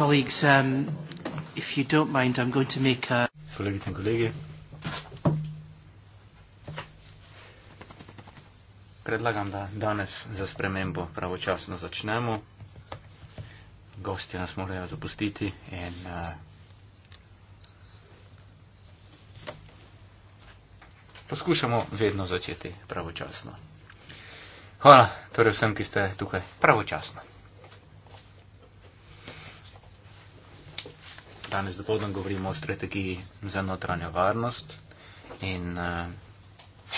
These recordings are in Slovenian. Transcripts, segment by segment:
colleagues, um, if you don't mind, I'm going to make a. Kolegice in kolegi. Predlagam, da danes za spremembo pravočasno začnemo. Gosti nas morajo zapustiti in. Uh, poskušamo vedno začeti pravočasno. Hvala torej vsem, ki ste tukaj pravočasno. danes dopoldan govorimo o strategiji za notranjo varnost. In uh,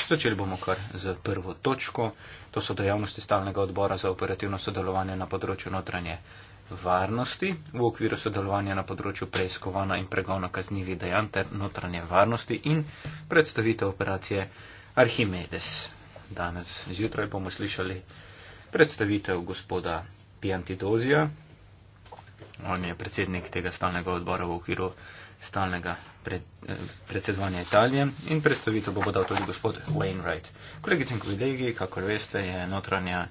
začeli bomo kar z prvo točko. To so dejavnosti stalnega odbora za operativno sodelovanje na področju notranje varnosti v okviru sodelovanja na področju preiskovanja in pregona kaznjivih dejanj ter notranje varnosti in predstavitev operacije Archimedes. Danes zjutraj bomo slišali predstavitev gospoda Piantidozija, On je predsednik tega stalnega odbora v okviru stalnega pred, eh, predsedovanja Italije in predstavitev bo podal tudi gospod Wainwright. Kolegice in kolegi, kako veste, je notranja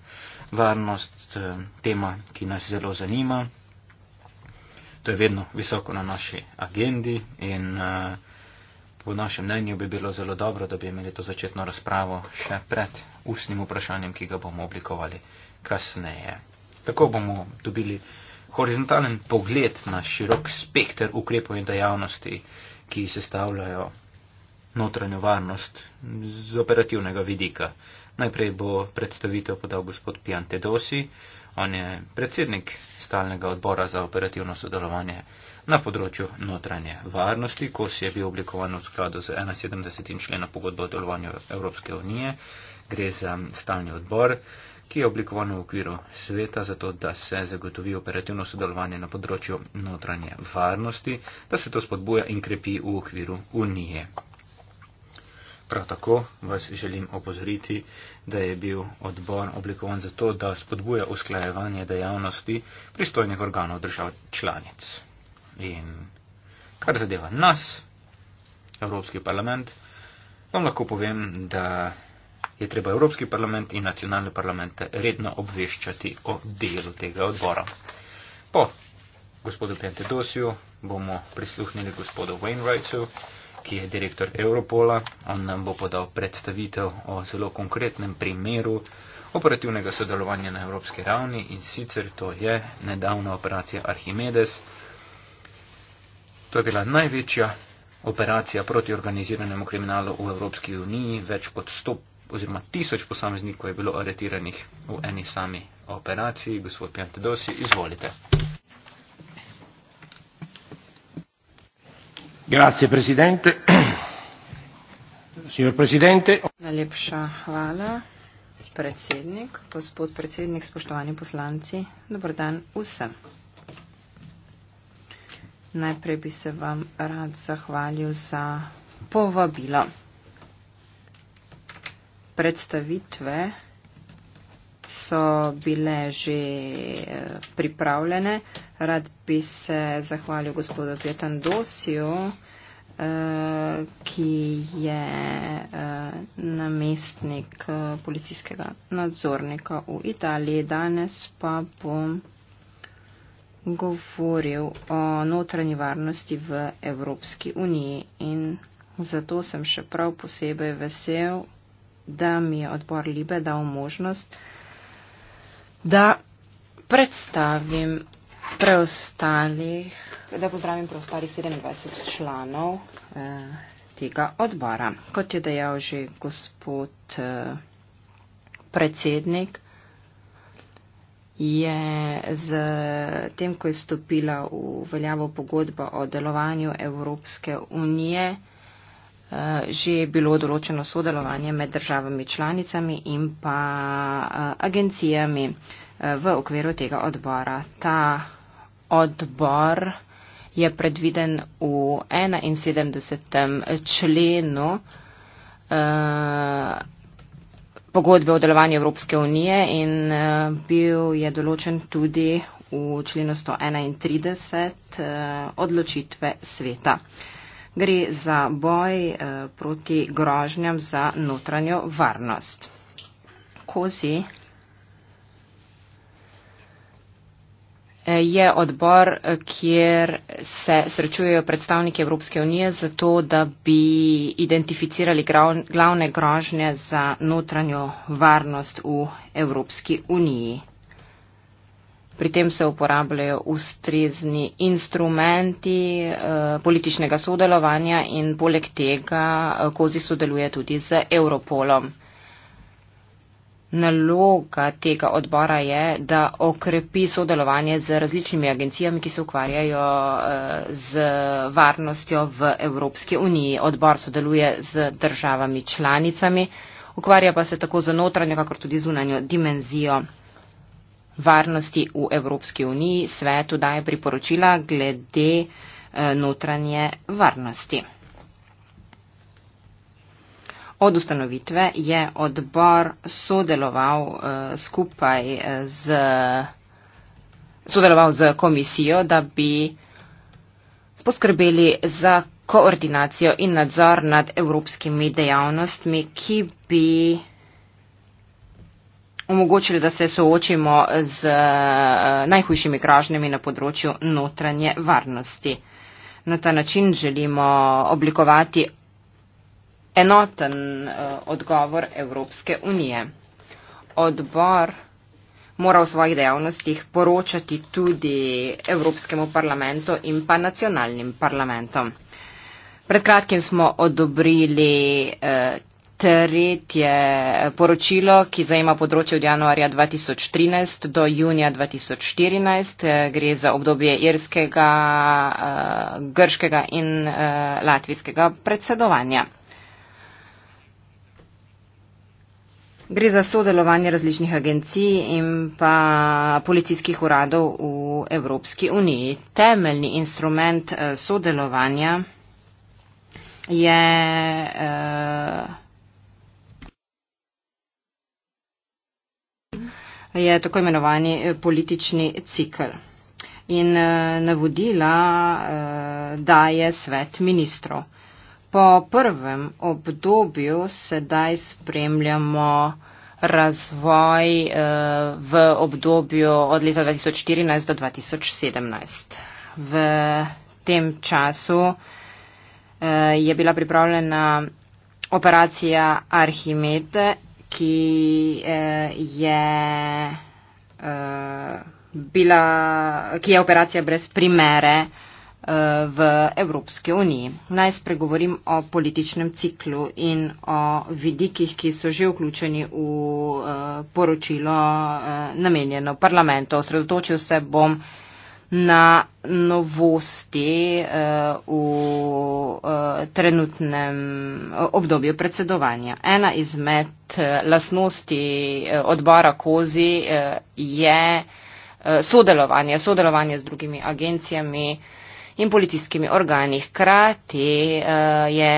varnost eh, tema, ki nas zelo zanima. To je vedno visoko na naši agendi in eh, po našem mnenju bi bilo zelo dobro, da bi imeli to začetno razpravo še pred ustnim vprašanjem, ki ga bomo oblikovali kasneje. Tako bomo dobili horizontalen pogled na širok spekter ukrepov in dejavnosti, ki sestavljajo notranjo varnost z operativnega vidika. Najprej bo predstavitev podal gospod Pijan Tedosi, on je predsednik stalnega odbora za operativno sodelovanje na področju notranje varnosti, ko se je bil oblikovan v skladu z 71. člena pogodbo o delovanju Evropske unije, gre za stalni odbor ki je oblikovan v okviru sveta, zato da se zagotovi operativno sodelovanje na področju notranje varnosti, da se to spodbuja in krepi v okviru unije. Prav tako vas želim opozoriti, da je bil odbor oblikovan zato, da spodbuja usklajevanje dejavnosti pristojnih organov držav članic. In kar zadeva nas, Evropski parlament, vam lahko povem, da je treba Evropski parlament in nacionalne parlamente redno obveščati o delu tega odbora. Po gospodu Pentedosiju bomo prisluhnili gospodu Wainwrightu, ki je direktor Europola. On nam bo podal predstavitev o zelo konkretnem primeru operativnega sodelovanja na evropski ravni in sicer to je nedavna operacija Archimedes. To je bila največja operacija proti organiziranemu kriminalu v Evropski uniji, več kot 100 oziroma tisoč posameznikov je bilo aretiranih v eni sami operaciji. Gospod Piantedosi, izvolite. Grazie, presidente. Signor presidente. Najlepša hvala, predsednik, gospod predsednik, spoštovani poslanci. Dobro dan vsem. Najprej bi se vam rad zahvalil za povabilo predstavitve so bile že eh, pripravljene. Rad bi se zahvalil gospodu Pietandosiju, eh, ki je eh, namestnik policijskega nadzornika v Italiji. Danes pa bom govoril o notranji varnosti v Evropski uniji in zato sem še prav posebej vesel, da mi je odbor Libe dal možnost, da predstavim preostalih, da pozdravim preostalih 27 članov eh, tega odbora. Kot je dejal že gospod eh, predsednik, je z tem, ko je stopila v veljavo pogodba o delovanju Evropske unije, eh, Eh, že bilo določeno sodelovanje med državami članicami in pa eh, agencijami eh, v okviru tega odbora. Ta odbor je predviden v 71. členu pogodbe o delovanju Evropske unije in bil je določen tudi v členu 131 odločitve sveta gre za boj eh, proti grožnjam za notranjo varnost. Kozi eh, je odbor, eh, kjer se srečujejo predstavniki Evropske unije za to, da bi identificirali glavne grožnje za notranjo varnost v Evropski uniji pri tem se uporabljajo ustrezni instrumenti eh, političnega sodelovanja in poleg tega eh, Kozi sodeluje tudi z Europolom. Naloga tega odbora je, da okrepi sodelovanje z različnimi agencijami, ki se ukvarjajo eh, z varnostjo v Evropski uniji. Odbor sodeluje z državami članicami, ukvarja pa se tako z notranjo, kakor tudi zunanjo dimenzijo varnosti v Evropski uniji svetu daje priporočila glede eh, notranje varnosti. Od ustanovitve je odbor sodeloval uh, skupaj eh, z, sodeloval z komisijo, da bi poskrbeli za koordinacijo in nadzor nad evropskimi dejavnostmi, ki bi omogočili, da se soočimo z eh, najhujšimi gražnjami na področju notranje varnosti. Na ta način želimo oblikovati enoten eh, odgovor Evropske unije. Odbor mora v svojih dejavnostih poročati tudi Evropskemu parlamentu in pa nacionalnim parlamentom. Pred kratkim smo odobrili eh, tretje poročilo, ki zajema področje od januarja 2013 do junija 2014. Gre za obdobje irskega, eh, grškega in eh, latvijskega predsedovanja. Gre za sodelovanje različnih agencij in pa policijskih uradov v Evropski uniji. Temeljni instrument eh, sodelovanja je eh, je tako imenovani eh, politični cikl. In eh, navodila eh, daje svet ministrov. Po prvem obdobju sedaj spremljamo razvoj v obdobju od leta 2014 do 2017. V tem času je bila pripravljena operacija Arhimede ki uh, je uh, bila, ki je operacija brez primere uh, v Evropske uniji. Naj spregovorim o političnem ciklu in o vidikih, ki so že vključeni v uh, poročilo uh, namenjeno parlamentu. Osredotočil se bom uh, na novosti uh, v uh, trenutnem eh, obdobju predsedovanja. Ena izmed uh, lasnosti uh, odbora Kozi uh, je uh, sodelovanje, sodelovanje z drugimi agencijami in policijskimi organi. Hkrati uh, je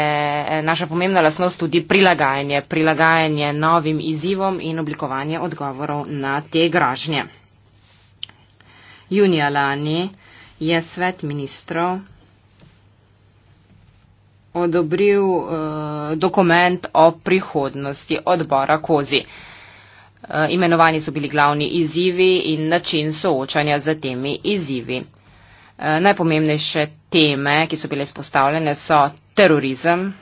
naša pomembna lasnost tudi prilagajanje, prilagajanje novim izzivom in oblikovanje odgovorov na te gražnje. Junija lani je svet ministrov odobril uh, dokument o prihodnosti odbora Kozi. Eh, imenovani so bili glavni izzivi in način soočanja z temi izzivi. Eh, najpomembnejše teme, ki so bile izpostavljene, so terorizem,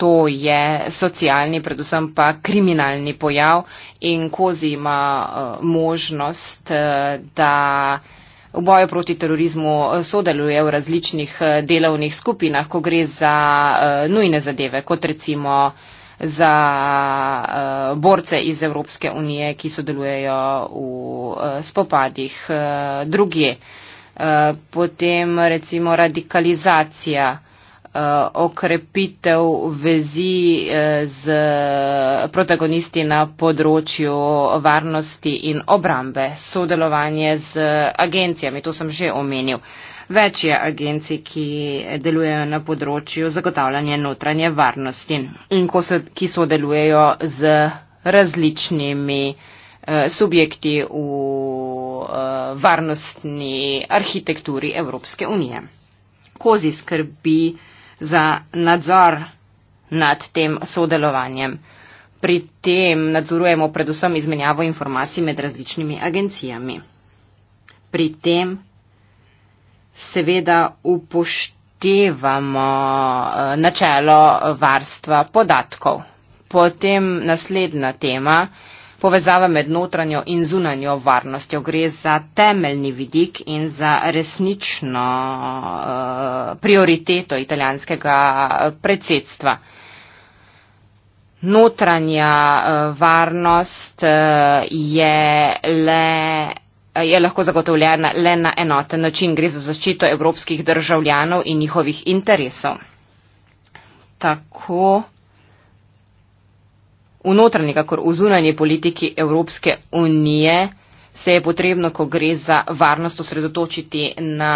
to je socialni, predvsem pa kriminalni pojav in kozi ima eh, možnost, eh, da v boju proti terorizmu eh, sodeluje v različnih delovnih skupinah, ko gre za nujne zadeve, kot recimo za borce iz Evropske unije, ki sodelujejo v spopadih drugje. Potem recimo radikalizacija. Eh, okrepitev vezi eh, z protagonisti na področju varnosti in obrambe, sodelovanje z agencijami, to sem že omenil. Več je agencij, ki delujejo na področju zagotavljanja notranje varnosti in ki sodelujejo z različnimi eh, subjekti v varnostni arhitekturi Evropske unije. Kozi skrbi za nadzor nad tem sodelovanjem. Pri tem nadzorujemo predvsem izmenjavo informacij med različnimi agencijami. Pri tem seveda upoštevamo eh, načelo varstva podatkov. Potem naslednja tema. Povezava med notranjo in zunanjo varnostjo gre za temeljni vidik in za resnično uh, prioriteto italijanskega eh, predsedstva. Notranja uh, varnost uh, je, le, je lahko zagotovljena le na enoten način. Gre za zaščito evropskih državljanov in njihovih interesov. Tako. V notranji, kakor v zunanji politiki Evropske unije se je potrebno, ko gre za varnost, osredotočiti na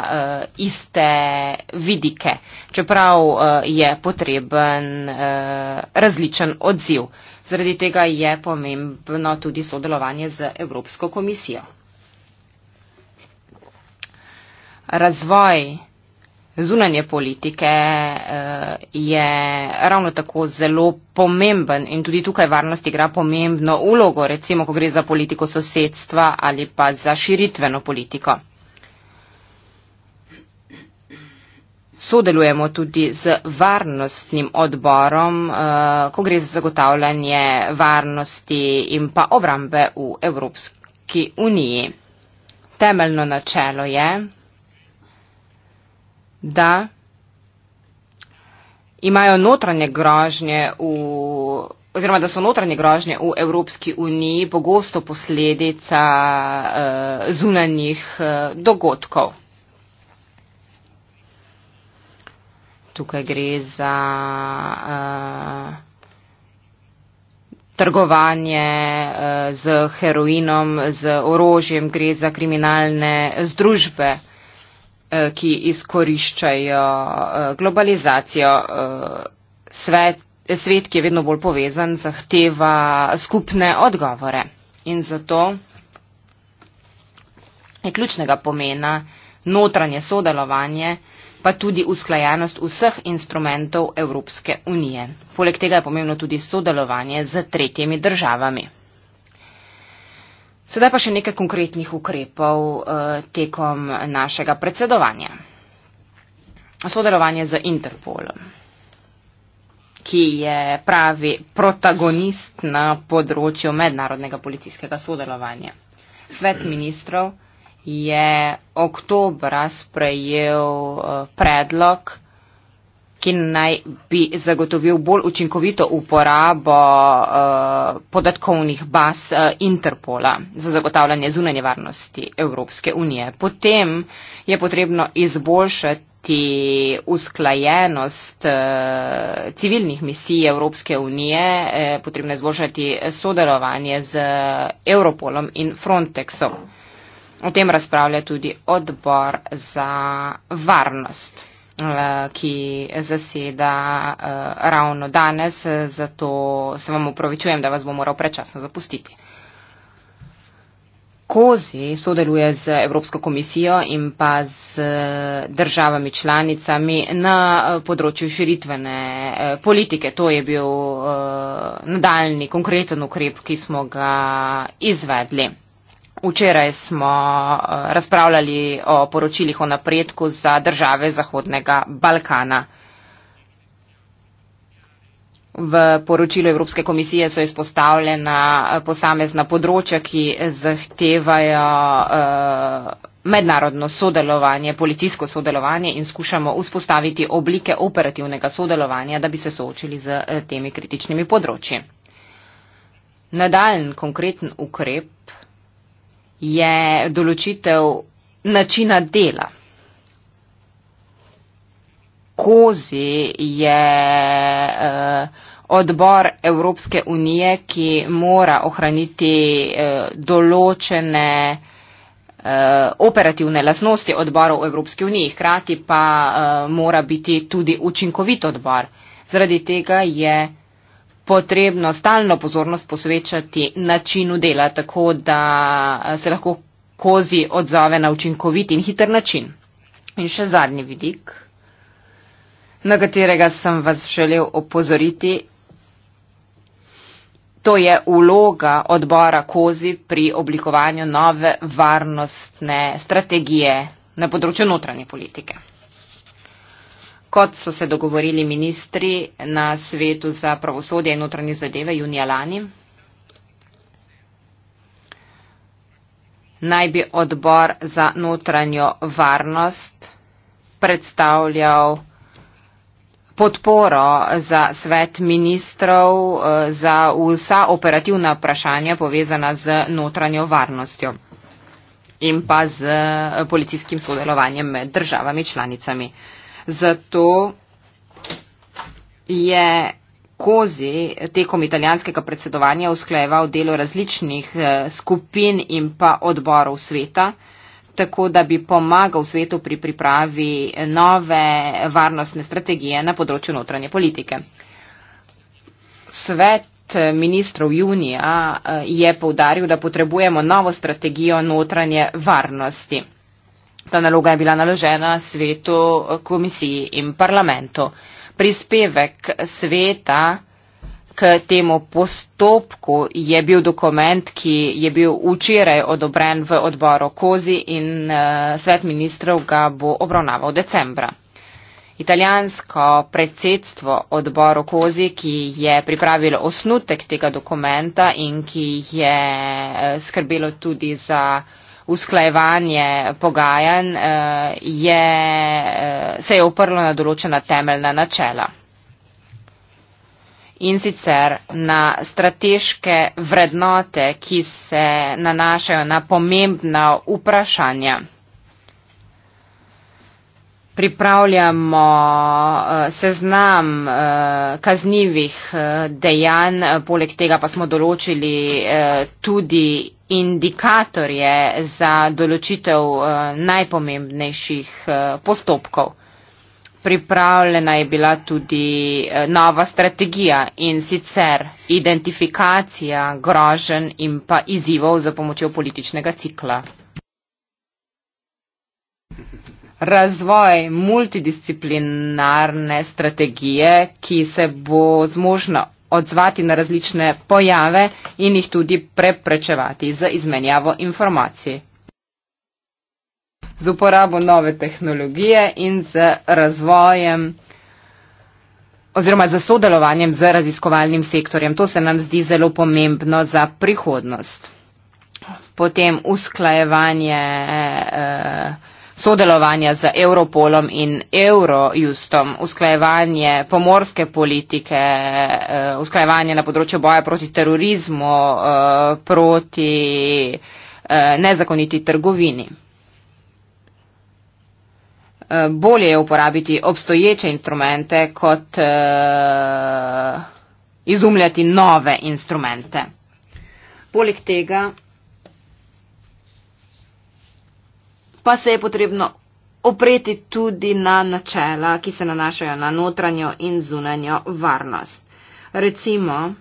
uh, iste vidike, čeprav uh, je potreben uh, različen odziv. Zaradi tega je pomembno tudi sodelovanje z Evropsko komisijo. Razvoj zunanje politike eh, je ravno tako zelo pomemben in tudi tukaj varnost igra pomembno ulogo, recimo, ko gre za politiko sosedstva ali pa za širitveno politiko. Sodelujemo tudi z varnostnim odborom, eh, ko gre za zagotavljanje varnosti in pa obrambe v Evropski uniji. Temeljno načelo je, da imajo notranje grožnje v oziroma da so notranje grožnje v Evropski uniji pogosto posledica uh, zunanjih uh, dogodkov. Tukaj gre za uh, trgovanje uh, z heroinom, z orožjem, gre za kriminalne združbe. Eh, ki izkoriščajo eh, globalizacijo. Eh, svet, svet, ki je vedno bolj povezan, zahteva skupne odgovore. In zato je ključnega pomena notranje sodelovanje, pa tudi usklajenost vseh instrumentov Evropske unije. Poleg tega je pomembno tudi sodelovanje z tretjimi državami. Sedaj pa še nekaj konkretnih ukrepov eh, tekom našega predsedovanja. Sodelovanje z Interpolom, ki je pravi protagonist na področju mednarodnega policijskega sodelovanja. Svet ministrov je oktobra sprejel eh, predlog, ki naj bi zagotovil bolj učinkovito uporabo eh, podatkovnih baz eh, Interpola za zagotavljanje zunanje varnosti Evropske unije. Potem je potrebno izboljšati usklajenost eh, civilnih misij Evropske unije, potrebno je zboljšati sodelovanje z Europolom in Frontexom. O tem razpravlja tudi odbor za varnost. Eh, ki zaseda eh, ravno danes, zato se vam upravičujem, da vas bo moral prečasno zapustiti. Kozi sodeluje z Evropsko komisijo in pa z eh, državami članicami na področju širitvene politike. To je bil nadaljni konkreten ukrep, ki smo ga izvedli. Včeraj smo eh, razpravljali o poročilih o napredku za države Zahodnega Balkana. V poročilu Evropske komisije so izpostavljena eh, posamezna področja, ki zahtevajo eh, mednarodno sodelovanje, policijsko sodelovanje in skušamo vzpostaviti oblike operativnega sodelovanja, da bi se soočili z temi kritičnimi področji. Nadaljen konkreten ukrep je določitev načina dela. Kozi je eh, odbor Evropske unije, ki mora ohraniti eh, določene eh, operativne lasnosti odborov Evropske unije, hkrati pa eh, mora biti tudi učinkovit odbor. Zaradi tega je eh, potrebno stalno pozornost posvečati načinu dela, tako da eh, se lahko kozi odzove na učinkovit in hiter način. In še zadnji vidik, na katerega sem vas želel opozoriti, to je vloga odbora kozi pri oblikovanju nove varnostne strategije na področju notranje politike. Kot so se dogovorili ministri na svetu za pravosodje in notranje zadeve junija lani, naj bi odbor za notranjo varnost predstavljal podporo za svet ministrov eh, za vsa operativna vprašanja povezana z notranjo varnostjo in pa z policijskim sodelovanjem med državami članicami. Zato je Kozi tekom italijanskega predsedovanja uskleval delo različnih eh, skupin in pa odborov sveta, tako da bi pomagal svetu pri pripravi nove varnostne strategije na področju notranje politike. Svet eh, ministrov junija eh, je povdaril, da potrebujemo novo strategijo notranje varnosti. Ta naloga je bila naložena svetu, komisiji in parlamentu. Prispevek sveta k temu postopku je bil dokument, ki je bil včeraj odobren v odboru Kozi in eh, svet ministrov ga bo obravnaval decembra. Italijansko predsedstvo odboru Kozi, ki je pripravilo osnutek tega dokumenta in ki je eh, skrbelo tudi za usklajevanje pogajanj eh, je, eh, se je oprlo na določena temeljna načela in sicer na strateške vrednote, ki se nanašajo na pomembna vprašanja pripravljamo eh, seznam eh, kaznivih eh, dejanj, poleg tega pa smo določili tudi indikatorje za določitev najpomembnejših postopkov. Pripravljena je bila tudi nova strategija in sicer identifikacija grožen in pa izzivov za pomočjo političnega cikla razvoj multidisciplinarne strategije, ki se bo zmožna odzvati na različne pojave in jih tudi preprečevati z izmenjavo informacij. Z uporabo nove tehnologije in z razvojem oziroma z sodelovanjem z raziskovalnim sektorjem. To se nam zdi zelo pomembno za prihodnost. Potem usklajevanje eh, sodelovanja z Europolom in Eurojustom, usklajevanje pomorske politike, eh, usklajevanje na področju boja proti terorizmu, eh, proti eh, nezakoniti trgovini. Bolje je uporabiti obstoječe instrumente, kot izumljati nove instrumente. Poleg tega, pa se je potrebno opreti tudi na načela, ki se nanašajo na notranjo in zunanjo varnost. Recimo,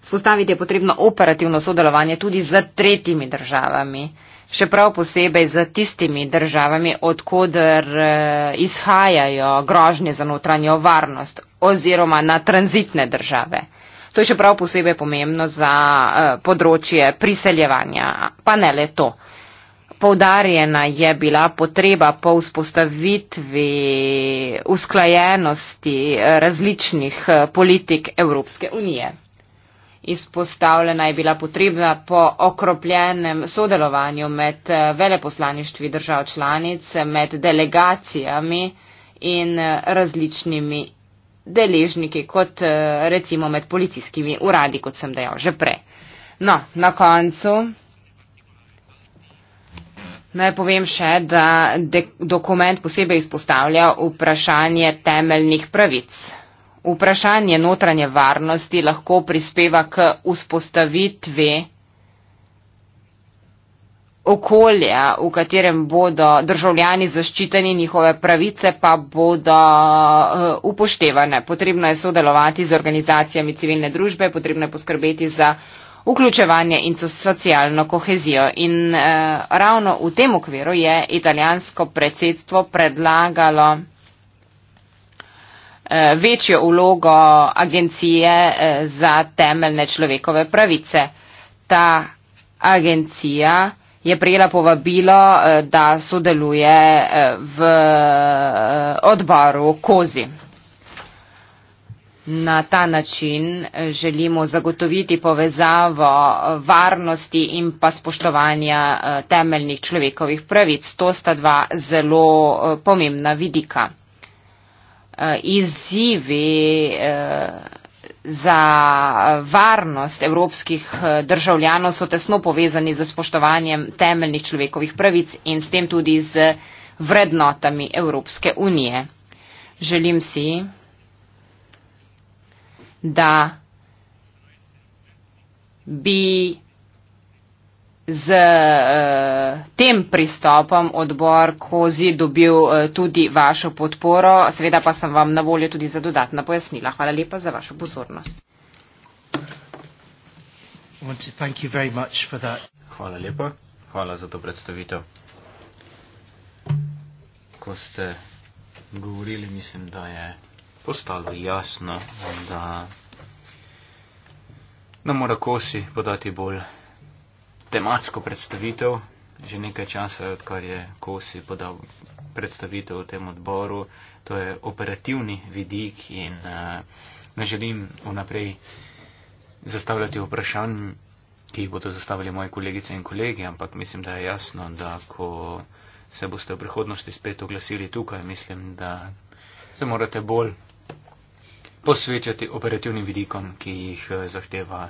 spostaviti je potrebno operativno sodelovanje tudi z tretjimi državami, še prav posebej z tistimi državami, odkuder eh, izhajajo grožnje za notranjo varnost oziroma na tranzitne države. To je še prav posebej pomembno za eh, področje priseljevanja, pa ne le to. Povdarjena je bila potreba po vzpostavitvi usklajenosti eh, različnih eh, politik Evropske unije. Izpostavljena je bila potreba po okropljenem sodelovanju med veleposlaništvi držav članic, med delegacijami in različnimi deležniki, kot eh, recimo med policijskimi uradi, kot sem dejal že prej. No, na koncu naj povem še, da dokument posebej izpostavlja vprašanje temeljnih pravic. Vprašanje notranje varnosti lahko prispeva k vzpostavitvi okolje, v katerem bodo državljani zaščiteni, njihove pravice pa bodo eh, upoštevane. Potrebno je sodelovati z organizacijami civilne družbe, potrebno je poskrbeti za vključevanje in socialno kohezijo. In eh, ravno v tem okviru je italijansko predsedstvo predlagalo eh, večjo vlogo agencije eh, za temeljne človekove pravice. Ta agencija eh, je prejela povabilo, eh, da sodeluje eh, v eh, odboru Kozi. Na ta način želimo zagotoviti povezavo varnosti in pa spoštovanja temeljnih človekovih pravic. To sta dva zelo pomembna vidika. Izzivi za eh, varnost evropskih eh, državljanov so tesno povezani z spoštovanjem temeljnih človekovih pravic in s tem tudi z vrednotami Evropske unije. Želim si, da bi z uh, tem pristopom odbor Kozi dobil uh, tudi vašo podporo. Seveda pa sem vam na voljo tudi za dodatna pojasnila. Hvala lepa za vašo pozornost. Hvala lepa. Hvala za to predstavitev. Ko ste govorili, mislim, da je postalo jasno, da, da mora Kosi podati bolj tematsko predstavitev. Že nekaj časa, odkar je Kosi podal predstavitev v tem odboru, to je operativni vidik in uh, ne želim vnaprej zastavljati vprašanj, ki jih bodo zastavili moje kolegice in kolegi, ampak mislim, da je jasno, da ko se boste v prihodnosti spet oglasili tukaj, mislim, da se morate bolj posvečati operativnim vidikom, ki jih eh, zahteva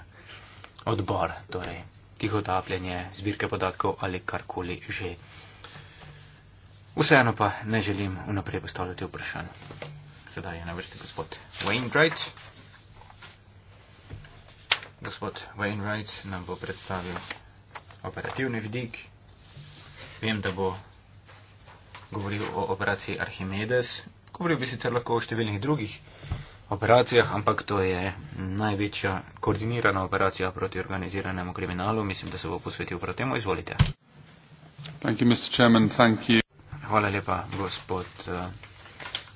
odbor. Torej tihotapljenje, zbirke podatkov ali karkoli že. Vseeno pa ne želim vnaprej postavljati vprašanj. Sedaj je na vrsti gospod Wainwright. Gospod Wainwright nam bo predstavil operativni vidik. Vem, da bo govoril o operaciji Archimedes. Govoril bi sicer lahko o številnih drugih operacijah, ampak to je največja koordinirana operacija proti organiziranemu kriminalu. Mislim, da se bo posvetil prav temu. Izvolite. You, Chairman, hvala lepa, gospod uh,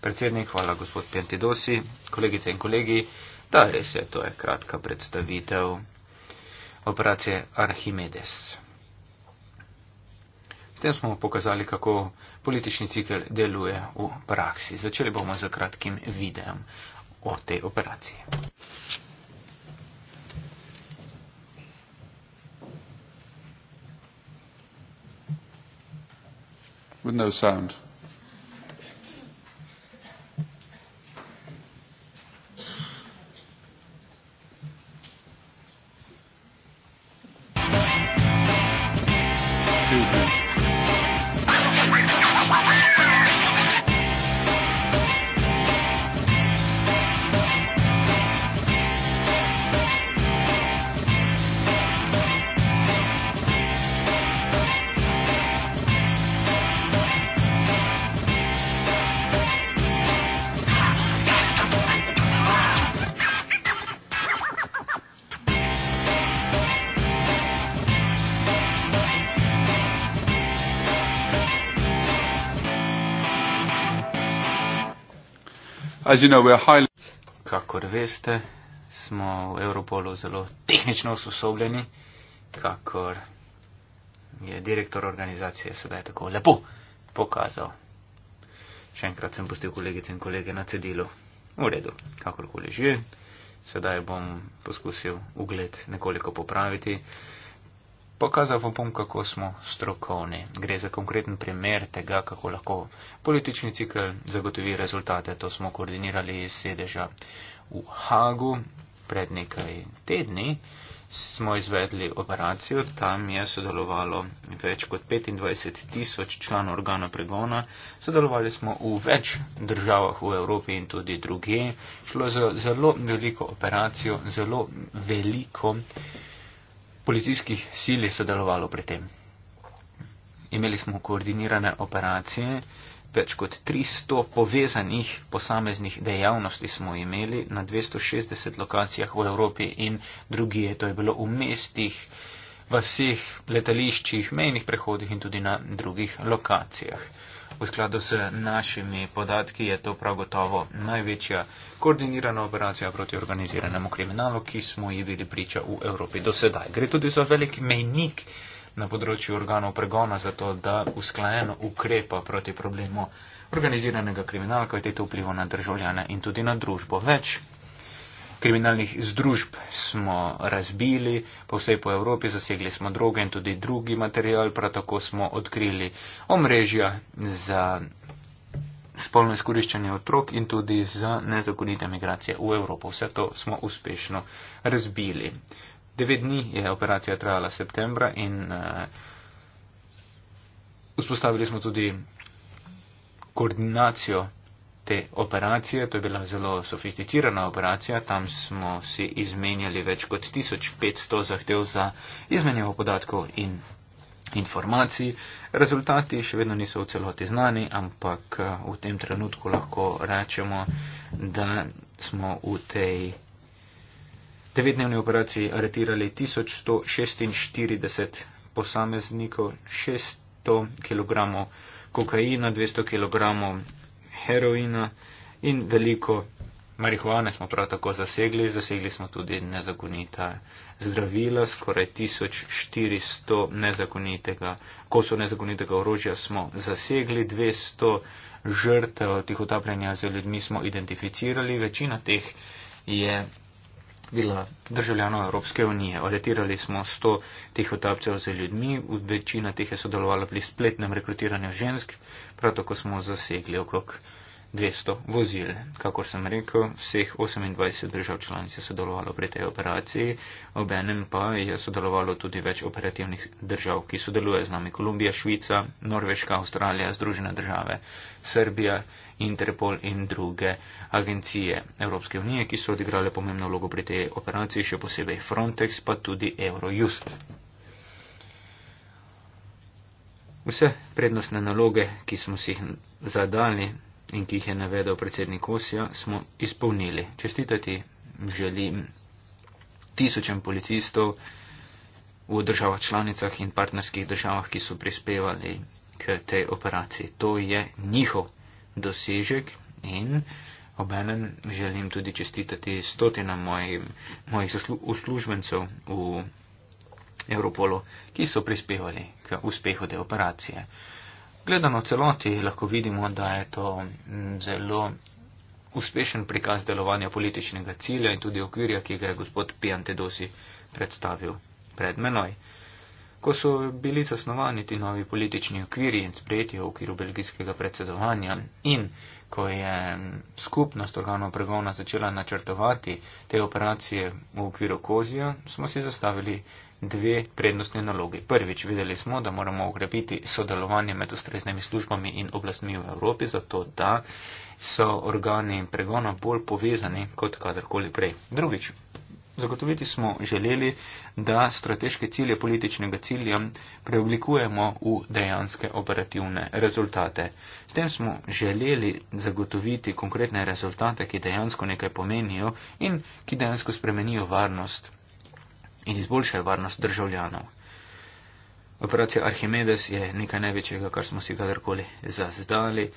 predsednik, hvala gospod Pentidosi, kolegice in kolegi. Da, res je, to je kratka predstavitev operacije Archimedes. S tem smo pokazali, kako politični cikl deluje v praksi. Začeli bomo z kratkim videom o te operacije. Wouldn't those no sound? As you know, we are highly... Kakor veste, smo v Europolu zelo tehnično usposobljeni, kakor je direktor organizacije sedaj tako lepo pokazal. Še enkrat sem pustil kolegice in kolege na cedilu. V redu, kakorkoli že. Sedaj bom poskusil ugled nekoliko popraviti. Pokazal vam bom, kako smo strokovni. Gre za konkreten primer tega, kako lahko politični cikl zagotovi rezultate. To smo koordinirali iz sedeža v Hagu. Pred nekaj tedni smo izvedli operacijo. Tam je sodelovalo več kot 25 tisoč članov organa pregona. Sodelovali smo v več državah v Evropi in tudi druge. Šlo je za zelo veliko operacijo, zelo veliko policijskih sil je sodelovalo pri tem. Imeli smo koordinirane operacije, več kot 300 povezanih posameznih dejavnosti smo imeli na 260 lokacijah v Evropi in drugije. To je bilo v mestih, vseh letališčih, mejnih prehodih in tudi na drugih lokacijah. V skladu s našimi podatki je to prav gotovo največja koordinirana operacija proti organiziranemu kriminalu, ki smo ji bili priča v Evropi do sedaj. Gre tudi za velik mejnik na področju organov pregona za to, da usklajeno ukrepa proti problemu organiziranega kriminala, kaj te to vpliva na državljane in tudi na družbo. Več kriminalnih združb smo razbili po vsej po Evropi, zasegli smo droge in tudi drugi material, prav tako smo odkrili omrežja za spolno izkoriščanje otrok in tudi za nezakonite migracije v Evropo. Vse to smo uspešno razbili. Devet dni je operacija trajala septembra in uh, vzpostavili smo tudi koordinacijo te operacije, to je bila zelo sofisticirana operacija, tam smo si izmenjali več kot 1500 zahtev za izmenjavo podatkov in informacij. Rezultati še vedno niso v celoti znani, ampak v tem trenutku lahko rečemo, da smo v tej devetdnevni operaciji aretirali 1146 posameznikov, 600 kg kokaina, 200 kg heroina in veliko marihuane smo prav tako zasegli. Zasegli smo tudi nezakonita zdravila, skoraj 1400 nezakonitega, kosov nezakonitega orožja smo zasegli, 200 žrtev tih utapljanja z ljudmi smo identificirali, večina teh je bila državljana Evropske unije. Aretirali smo 100 tih otapcev za ljudmi, večina teh je sodelovala pri spletnem rekrutiranju žensk, prav tako smo zasegli okrog 200 vozil. Kakor sem rekel, vseh 28 držav članic je sodelovalo pri tej operaciji, obenem pa je sodelovalo tudi več operativnih držav, ki sodelujejo z nami. Kolumbija, Švica, Norveška, Avstralija, Združene države, Srbija, Interpol in druge agencije Evropske unije, ki so odigrale pomembno vlogo pri tej operaciji, še posebej Frontex, pa tudi Eurojust. Vse prednostne naloge, ki smo si jih zadali, in ki jih je navedel predsednik Osija, smo izpolnili. Čestitati želim tisočem policistov v državah članicah in partnerskih državah, ki so prispevali k tej operaciji. To je njihov dosežek in obenem želim tudi čestitati stotina mojim, mojih uslužbencev v Evropolu, ki so prispevali k uspehu te operacije gledano celoti lahko vidimo, da je to mm, zelo uspešen prikaz delovanja političnega cilja in tudi okvirja, ki ga je gospod Piantedosi predstavil pred menoj. Ko so bili zasnovani ti novi politični okviri in sprejeti v okviru belgijskega predsedovanja in ko je mm, skupnost organov pregona začela načrtovati te operacije v okviru kozija, smo si zastavili dve prednostne naloge. Prvič, videli smo, da moramo ukrepiti sodelovanje med ustreznimi službami in oblastmi v Evropi, zato da so organi pregona bolj povezani kot kadarkoli prej. Drugič, zagotoviti smo želeli, da strateške cilje političnega cilja preoblikujemo v dejanske operativne rezultate. S tem smo želeli zagotoviti konkretne rezultate, ki dejansko nekaj pomenijo in ki dejansko spremenijo varnost in izboljšajo varnost državljanov. Operacija Archimedes je nekaj največjega, kar smo si kadarkoli zazdali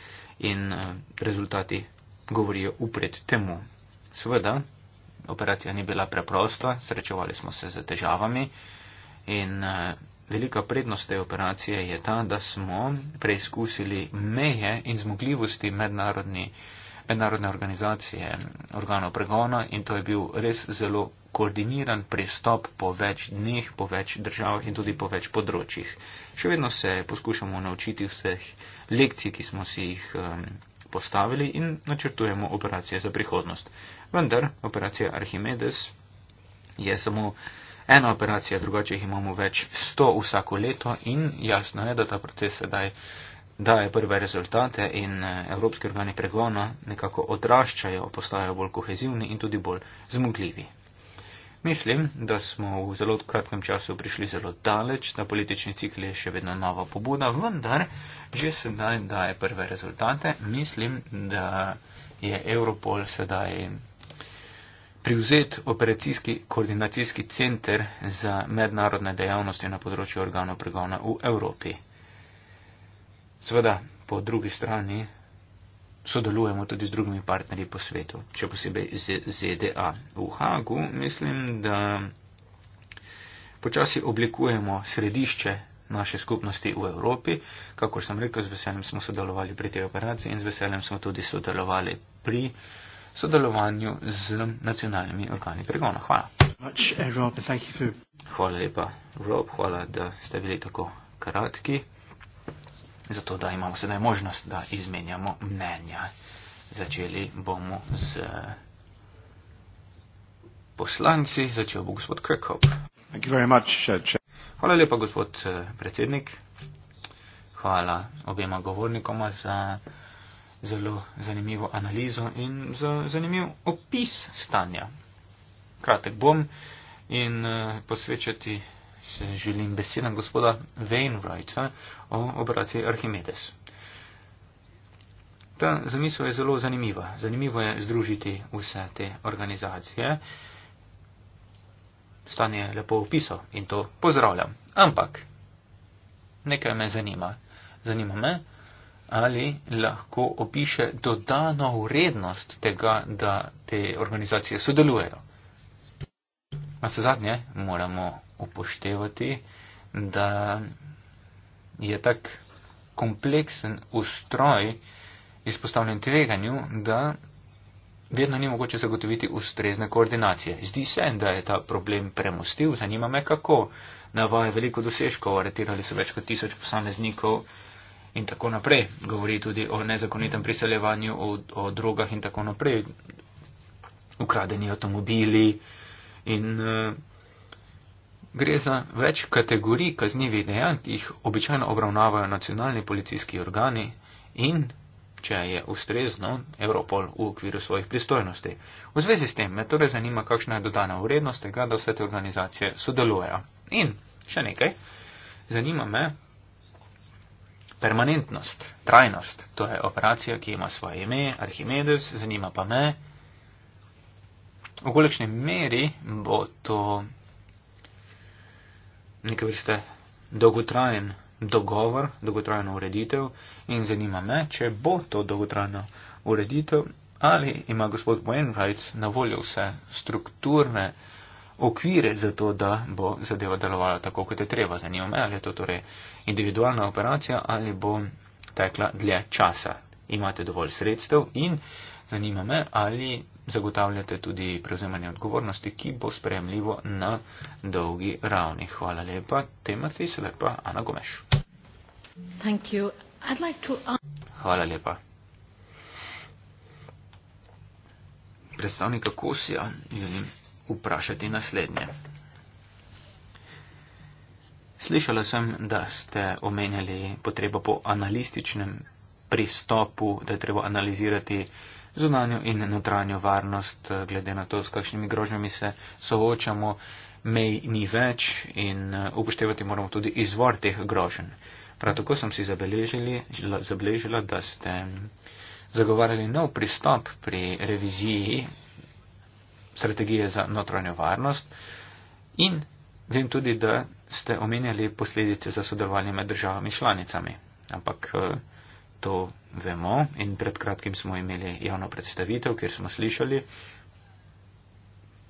in eh, rezultati govorijo upred temu. Sveda, operacija ni bila preprosta, srečevali smo se z težavami in eh, velika prednost te operacije je ta, da smo preizkusili meje in zmogljivosti mednarodnih mednarodne organizacije organov pregona in to je bil res zelo koordiniran pristop po več dneh, po več državah in tudi po več področjih. Še vedno se poskušamo naučiti vseh lekcij, ki smo si jih um, postavili in načrtujemo operacije za prihodnost. Vendar operacija Archimedes je samo ena operacija, drugače jih imamo več sto vsako leto in jasno je, da ta proces sedaj daje prve rezultate in eh, evropski organi pregona nekako odraščajo, postajajo bolj kohezivni in tudi bolj zmogljivi. Mislim, da smo v zelo kratkem času prišli zelo daleč, na politični cikli je še vedno nova pobuda, vendar že sedaj daje prve rezultate. Mislim, da je Europol sedaj privzet operacijski koordinacijski center za mednarodne dejavnosti na področju organov pregona v Evropi. Seveda, po drugi strani sodelujemo tudi z drugimi partnerji po svetu, še posebej z ZDA. V Hagu mislim, da počasi oblikujemo središče naše skupnosti v Evropi. Kako sem rekel, z veseljem smo sodelovali pri tej operaciji in z veseljem smo tudi sodelovali pri sodelovanju z nacionalnimi organi pregona. Hvala. Eh, hvala lepa, Rob, hvala, da ste bili tako kratki zato da imamo sedaj možnost, da izmenjamo mnenja. Začeli bomo z eh, poslanci, začel bo gospod Krkop. Uh, Hvala lepa, gospod eh, predsednik. Hvala obema govornikoma za zelo zanimivo analizo in za zanimiv opis stanja. Kratek bom in eh, posvečati Želim beseda gospoda Wainwrighta o operaciji Archimedes. Ta zamisel je zelo zanimiva. Zanimivo je združiti vse te organizacije. Stan je lepo opisal in to pozdravljam. Ampak nekaj me zanima. Zanima me, ali lahko opiše dodano vrednost tega, da te organizacije sodelujejo. Na se zadnje moramo upoštevati, da je tak kompleksen ustroj izpostavljen tveganju, da vedno ni mogoče zagotoviti ustrezne koordinacije. Zdi se, da je ta problem premustil, zanima me kako. Navaja veliko dosežkov, aretirali so več kot tisoč posameznikov in tako naprej. Govori tudi o nezakonitem priseljevanju, o, o drogah in tako naprej, ukradeni avtomobili in. Uh, gre za več kategorij kaznjivih dejanj, ki jih običajno obravnavajo nacionalni policijski organi in, če je ustrezno, Evropol v okviru svojih pristojnosti. V zvezi s tem me torej zanima, kakšna je dodana vrednost tega, da vse te organizacije sodelujejo. In še nekaj, zanima me permanentnost, trajnost. To je operacija, ki ima svoje ime, Archimedes, zanima pa me, v kolikšni meri bo to neke vrste dolgotrajen dogovor, dolgotrajno ureditev in zanima me, če bo to dolgotrajno ureditev ali ima gospod Wainwright na voljo vse strukturne okvire za to, da bo zadeva delovala tako, kot je treba. Zanima me, ali je to torej individualna operacija ali bo tekla dlje časa. Imate dovolj sredstev in zanima me, ali zagotavljate tudi prevzemanje odgovornosti, ki bo spremljivo na dolgi ravni. Hvala lepa, Timothy, se lepa, Ana Gomeš. Like Hvala lepa. Predstavnika Kosija želim vprašati naslednje. Slišala sem, da ste omenjali potrebo po analističnem pristopu, da je treba analizirati uh, zunanjo in notranjo varnost, eh, glede na to, s kakšnimi grožnjami se soočamo, mej ni več in eh, upoštevati moramo tudi izvor teh grožen. Prav tako sem si zabeležila, da ste zagovarjali nov pristop pri reviziji strategije za notranjo varnost in vem tudi, da ste omenjali posledice za sodelovanje med državami članicami. Ampak eh, to vemo in pred kratkim smo imeli javno predstavitev, kjer smo slišali,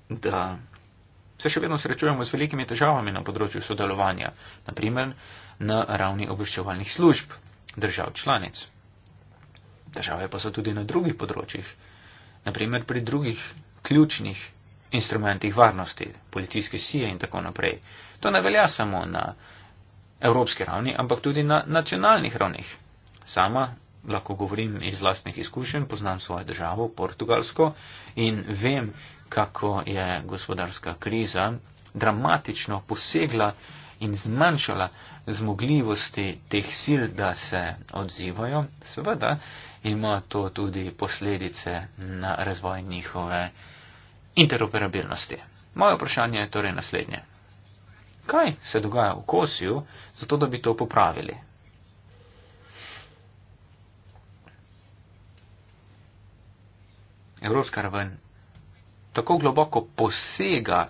da se še vedno srečujemo z velikimi težavami na področju sodelovanja, naprimer na ravni obveščevalnih služb držav članic. Države pa so tudi na drugih področjih, naprimer pri drugih ključnih instrumentih varnosti, policijske sije in tako naprej. To ne velja samo na evropski ravni, ampak tudi na nacionalnih ravnih. Sama lahko govorim iz vlastnih izkušenj, poznam svojo državo, Portugalsko, in vem, kako je gospodarska kriza dramatično posegla in zmanjšala zmogljivosti teh sil, da se odzivajo. Seveda ima to tudi posledice na razvoj njihove interoperabilnosti. Moje vprašanje je torej naslednje. Kaj se dogaja v kosju, zato da bi to popravili? evropska raven tako globoko posega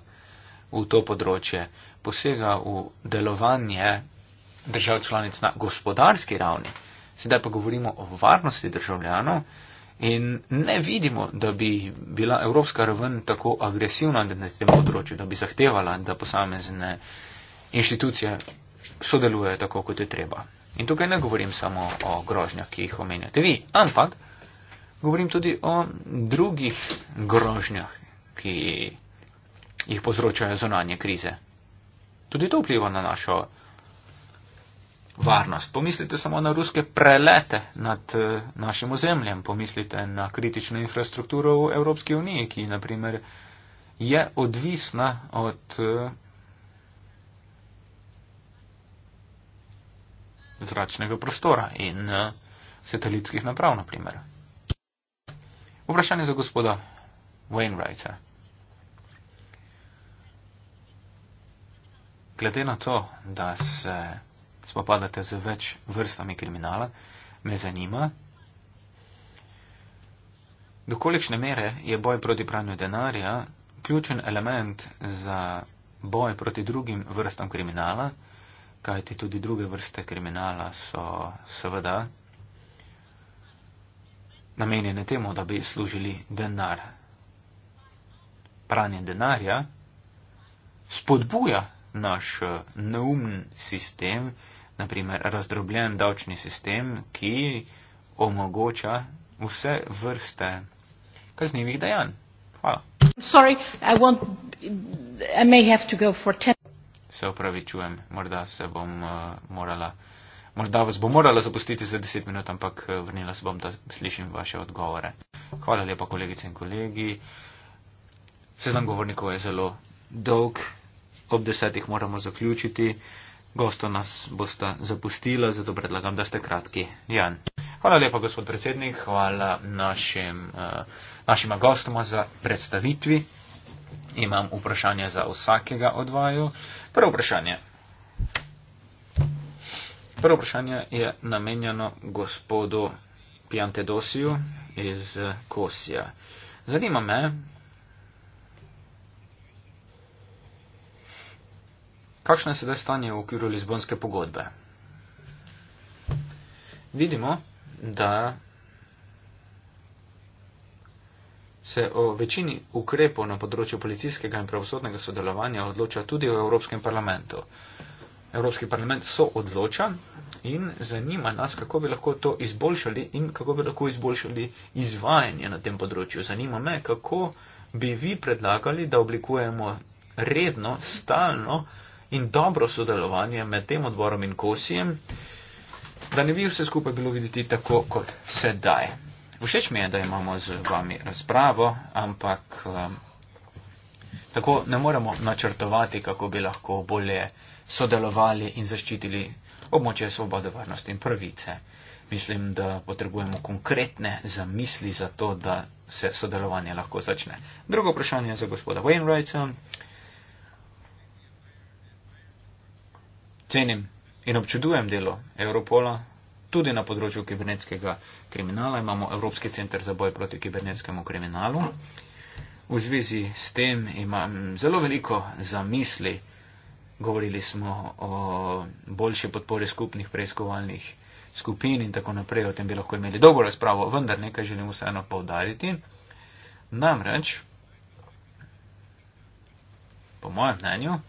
v to področje, posega v delovanje držav članic na gospodarski ravni. Sedaj pa govorimo o varnosti državljanov in ne vidimo, da bi bila evropska raven tako agresivna na tem področju, da bi zahtevala, da posamezne inštitucije sodelujejo tako, kot je treba. In tukaj ne govorim samo o grožnjah, ki jih omenjate vi, ampak govorim tudi o drugih grožnjah, ki jih povzročajo zonanje krize. Tudi to vpliva na našo varnost. Pomislite samo na ruske prelete nad eh, našim ozemljem, pomislite na kritično infrastrukturo v Evropski uniji, ki naprimer je odvisna od eh, zračnega prostora in eh, satelitskih naprav, naprimer. Vprašanje za gospoda Wainwrighta. Glede na to, da se spopadate z več vrstami kriminala, me zanima, do kolikšne mere je boj proti pranju denarja ključen element za boj proti drugim vrstam kriminala, kajti tudi druge vrste kriminala so seveda namenjene temu, da bi služili denar. Pranje denarja spodbuja naš eh, neumen sistem, naprimer razdrobljen davčni sistem, ki omogoča vse vrste kaznivih dejanj. Hvala. Sorry, ten... Se opravičujem, morda se bom uh, morala. Morda vas bo morala zapustiti za deset minut, ampak eh, vrnila se bom, da slišim vaše odgovore. Hvala lepa, kolegice in kolegi. Seznam govornikov je zelo dolg, ob desetih moramo zaključiti. Gosto nas boste zapustila, zato predlagam, da ste kratki. Jan. Hvala lepa, gospod predsednik, hvala našim, eh, našima gostoma za predstavitvi. Imam vprašanje za vsakega od vaju. Prvo vprašanje. Prvo vprašanje je namenjeno gospodu Piantedosiju iz Kosija. Zanima me, kakšno je sedaj stanje v okviru Lizbonske pogodbe. Vidimo, da se o večini ukrepov na področju policijskega in pravosodnega sodelovanja odloča tudi v Evropskem parlamentu. Evropski parlament so odloča in zanima nas, kako bi lahko to izboljšali in kako bi lahko izboljšali izvajanje na tem področju. Zanima me, kako bi vi predlagali, da oblikujemo redno, stalno in dobro sodelovanje med tem odborom in kosijem, da ne bi vse skupaj bilo videti tako kot sedaj. Všeč mi je, da imamo z vami razpravo, ampak um, tako ne moremo načrtovati, kako bi lahko bolje sodelovali in zaščitili območje svobode, varnosti in pravice. Mislim, da potrebujemo konkretne zamisli za to, da se sodelovanje lahko začne. Drugo vprašanje za gospoda Wainwrighta. Cenim in občudujem delo Europola. Tudi na področju kibernetskega kriminala imamo Evropski centr za boj proti kibernetskemu kriminalu. V zvezi s tem imam zelo veliko zamisli govorili smo o boljše podpore skupnih preiskovalnih skupin in tako naprej, o tem bi lahko imeli dolgo razpravo, vendar nekaj želim vseeno povdariti. Namreč, po mojem mnenju,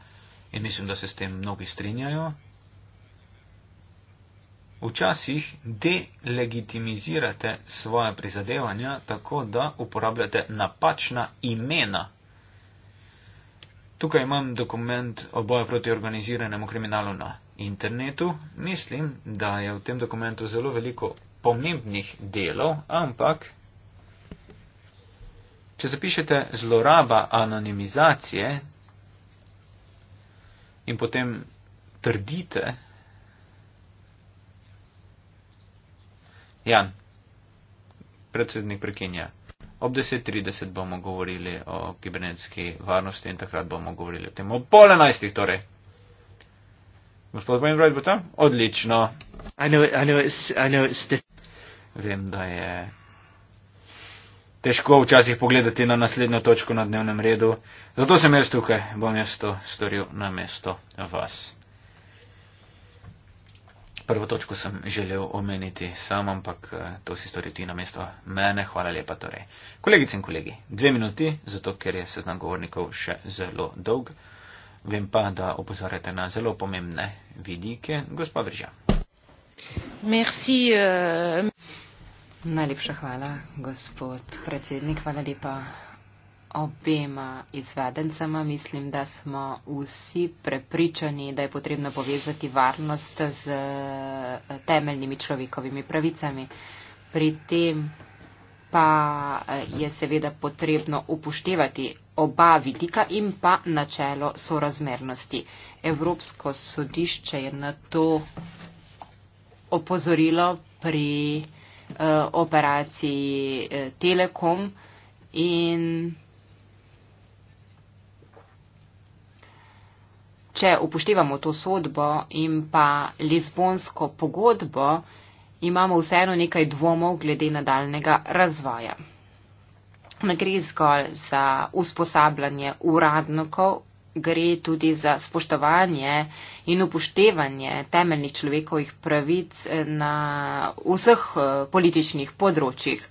in mislim, da se s tem mnogi strinjajo, včasih delegitimizirate svoje prizadevanja tako, da uporabljate napačna imena Tukaj imam dokument o boju proti organiziranemu kriminalu na internetu. Mislim, da je v tem dokumentu zelo veliko pomembnih delov, ampak če zapišete zloraba anonimizacije in potem trdite, Jan, predsednik prekinja ob 10.30 bomo govorili o kibernetski varnosti in takrat bomo govorili o tem. Ob pol enajstih torej. Gospod Wainwright bo tam? Odlično. I know it, I know it's, I know it's Vem, da je težko včasih pogledati na naslednjo točko na dnevnem redu, zato sem jaz tukaj, bom jaz to storil na mesto vas. Prvo točko sem želel omeniti sam, ampak eh, to si stori ti na mesto mene. Hvala lepa torej. Kolegice in kolegi, dve minuti, zato ker je seznam govornikov še zelo dolg. Vem pa, da opozarjate na zelo pomembne vidike. Gospa Vrža. Merci. Uh... Najlepša hvala, gospod predsednik. Hvala lepa obema izvedencama. Mislim, da smo vsi prepričani, da je potrebno povezati varnost z eh, temeljnimi človekovimi pravicami. Pri tem pa eh, je seveda potrebno upoštevati oba vidika in pa načelo sorazmernosti. Evropsko sodišče je na to opozorilo pri uh, operaciji uh, Telekom in če upoštevamo to sodbo in pa Lizbonsko pogodbo, imamo vseeno nekaj dvomov glede nadaljnega razvoja. Ne gre zgolj za usposabljanje uradnikov, gre tudi za spoštovanje in upoštevanje temeljnih človekovih pravic na vseh eh, političnih področjih.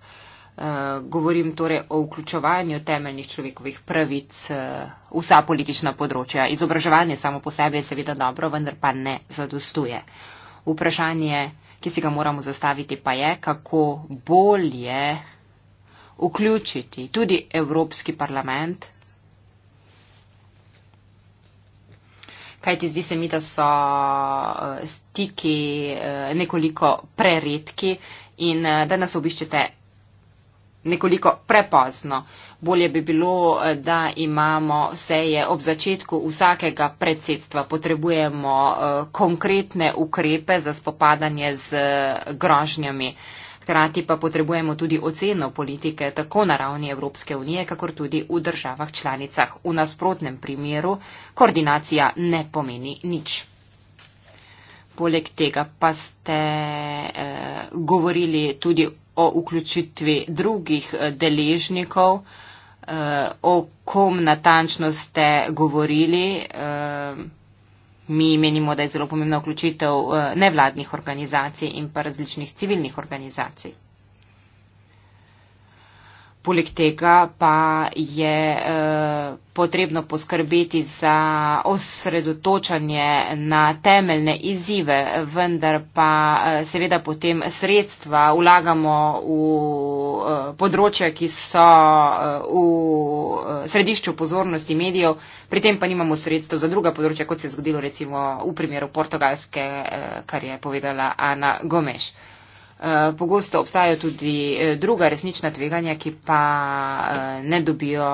Eh, govorim torej o vključovanju temeljnih človekovih pravic eh, v vsa politična področja. Izobraževanje samo po sebi je seveda dobro, vendar pa ne zadostuje. Vprašanje, ki si ga moramo zastaviti, pa je, kako bolje vključiti tudi Evropski parlament. Kaj ti zdi se mi, da so eh, stiki nekoliko preredki in da nas obiščete nekoliko prepozno. Bolje bi bilo, eh, da imamo vse je ob začetku vsakega predsedstva. Potrebujemo eh, konkretne ukrepe za spopadanje z eh, grožnjami. Hkrati pa potrebujemo tudi oceno politike tako na ravni Evropske unije, kakor tudi v državah članicah. V nasprotnem primeru koordinacija ne pomeni nič. Poleg tega pa ste eh, govorili tudi o vključitvi drugih eh, deležnikov, eh, o kom natančno ste govorili. Eh, mi menimo, da je zelo pomembna vključitev nevladnih organizacij in pa različnih civilnih organizacij. Poleg tega pa je eh, potrebno poskrbeti za osredotočanje na temeljne izzive, vendar pa eh, seveda potem sredstva ulagamo v eh, področja, ki so v središču pozornosti medijev, pri tem pa nimamo sredstev za druga področja, kot se je zgodilo recimo v primeru Portugalske, kar je povedala Ana Gomes. Eh, pogosto obstajajo tudi eh, druga resnična tveganja, ki pa eh, ne dobijo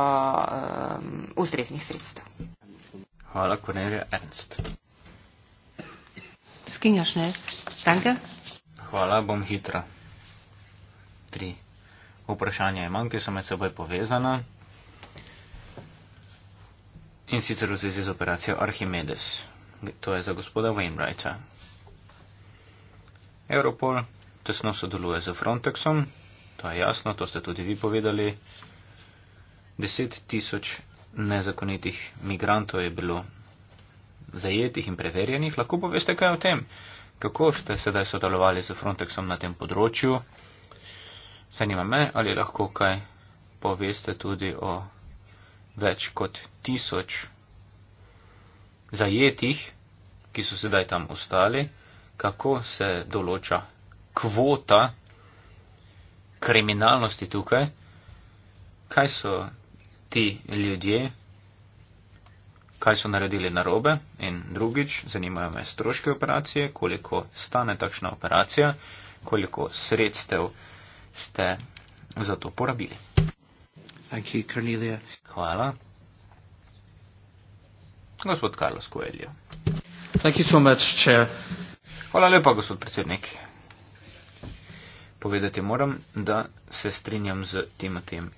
ustreznih sredstev. Hvala, Kornelija Ernst. Skinjaš, ne? Stanka? Hvala, bom hitra. Tri vprašanja imam, ki so med seboj povezana. In sicer v zvezi z operacijo Archimedes. To je za gospoda Wainwrighta. Europol tesno sodeluje z Frontexom, to je jasno, to ste tudi vi povedali. Deset tisoč nezakonitih migrantov je bilo zajetih in preverjenih. Lahko poveste kaj o tem, kako ste sedaj sodelovali z Frontexom na tem področju. Zanima me, ali lahko kaj poveste tudi o več kot tisoč zajetih, ki so sedaj tam ostali, kako se določa kvota kriminalnosti tukaj. Kaj so ti ljudje, kaj so naredili narobe in drugič, zanimajo me stroške operacije, koliko stane takšna operacija, koliko sredstev ste za to porabili. Thank you, Cornelia. Hvala. Gospod Carlos Coelho. Thank you so much, Chair. Hvala lepa, gospod predsednik. Povedati moram, da se strinjam z Timothyjem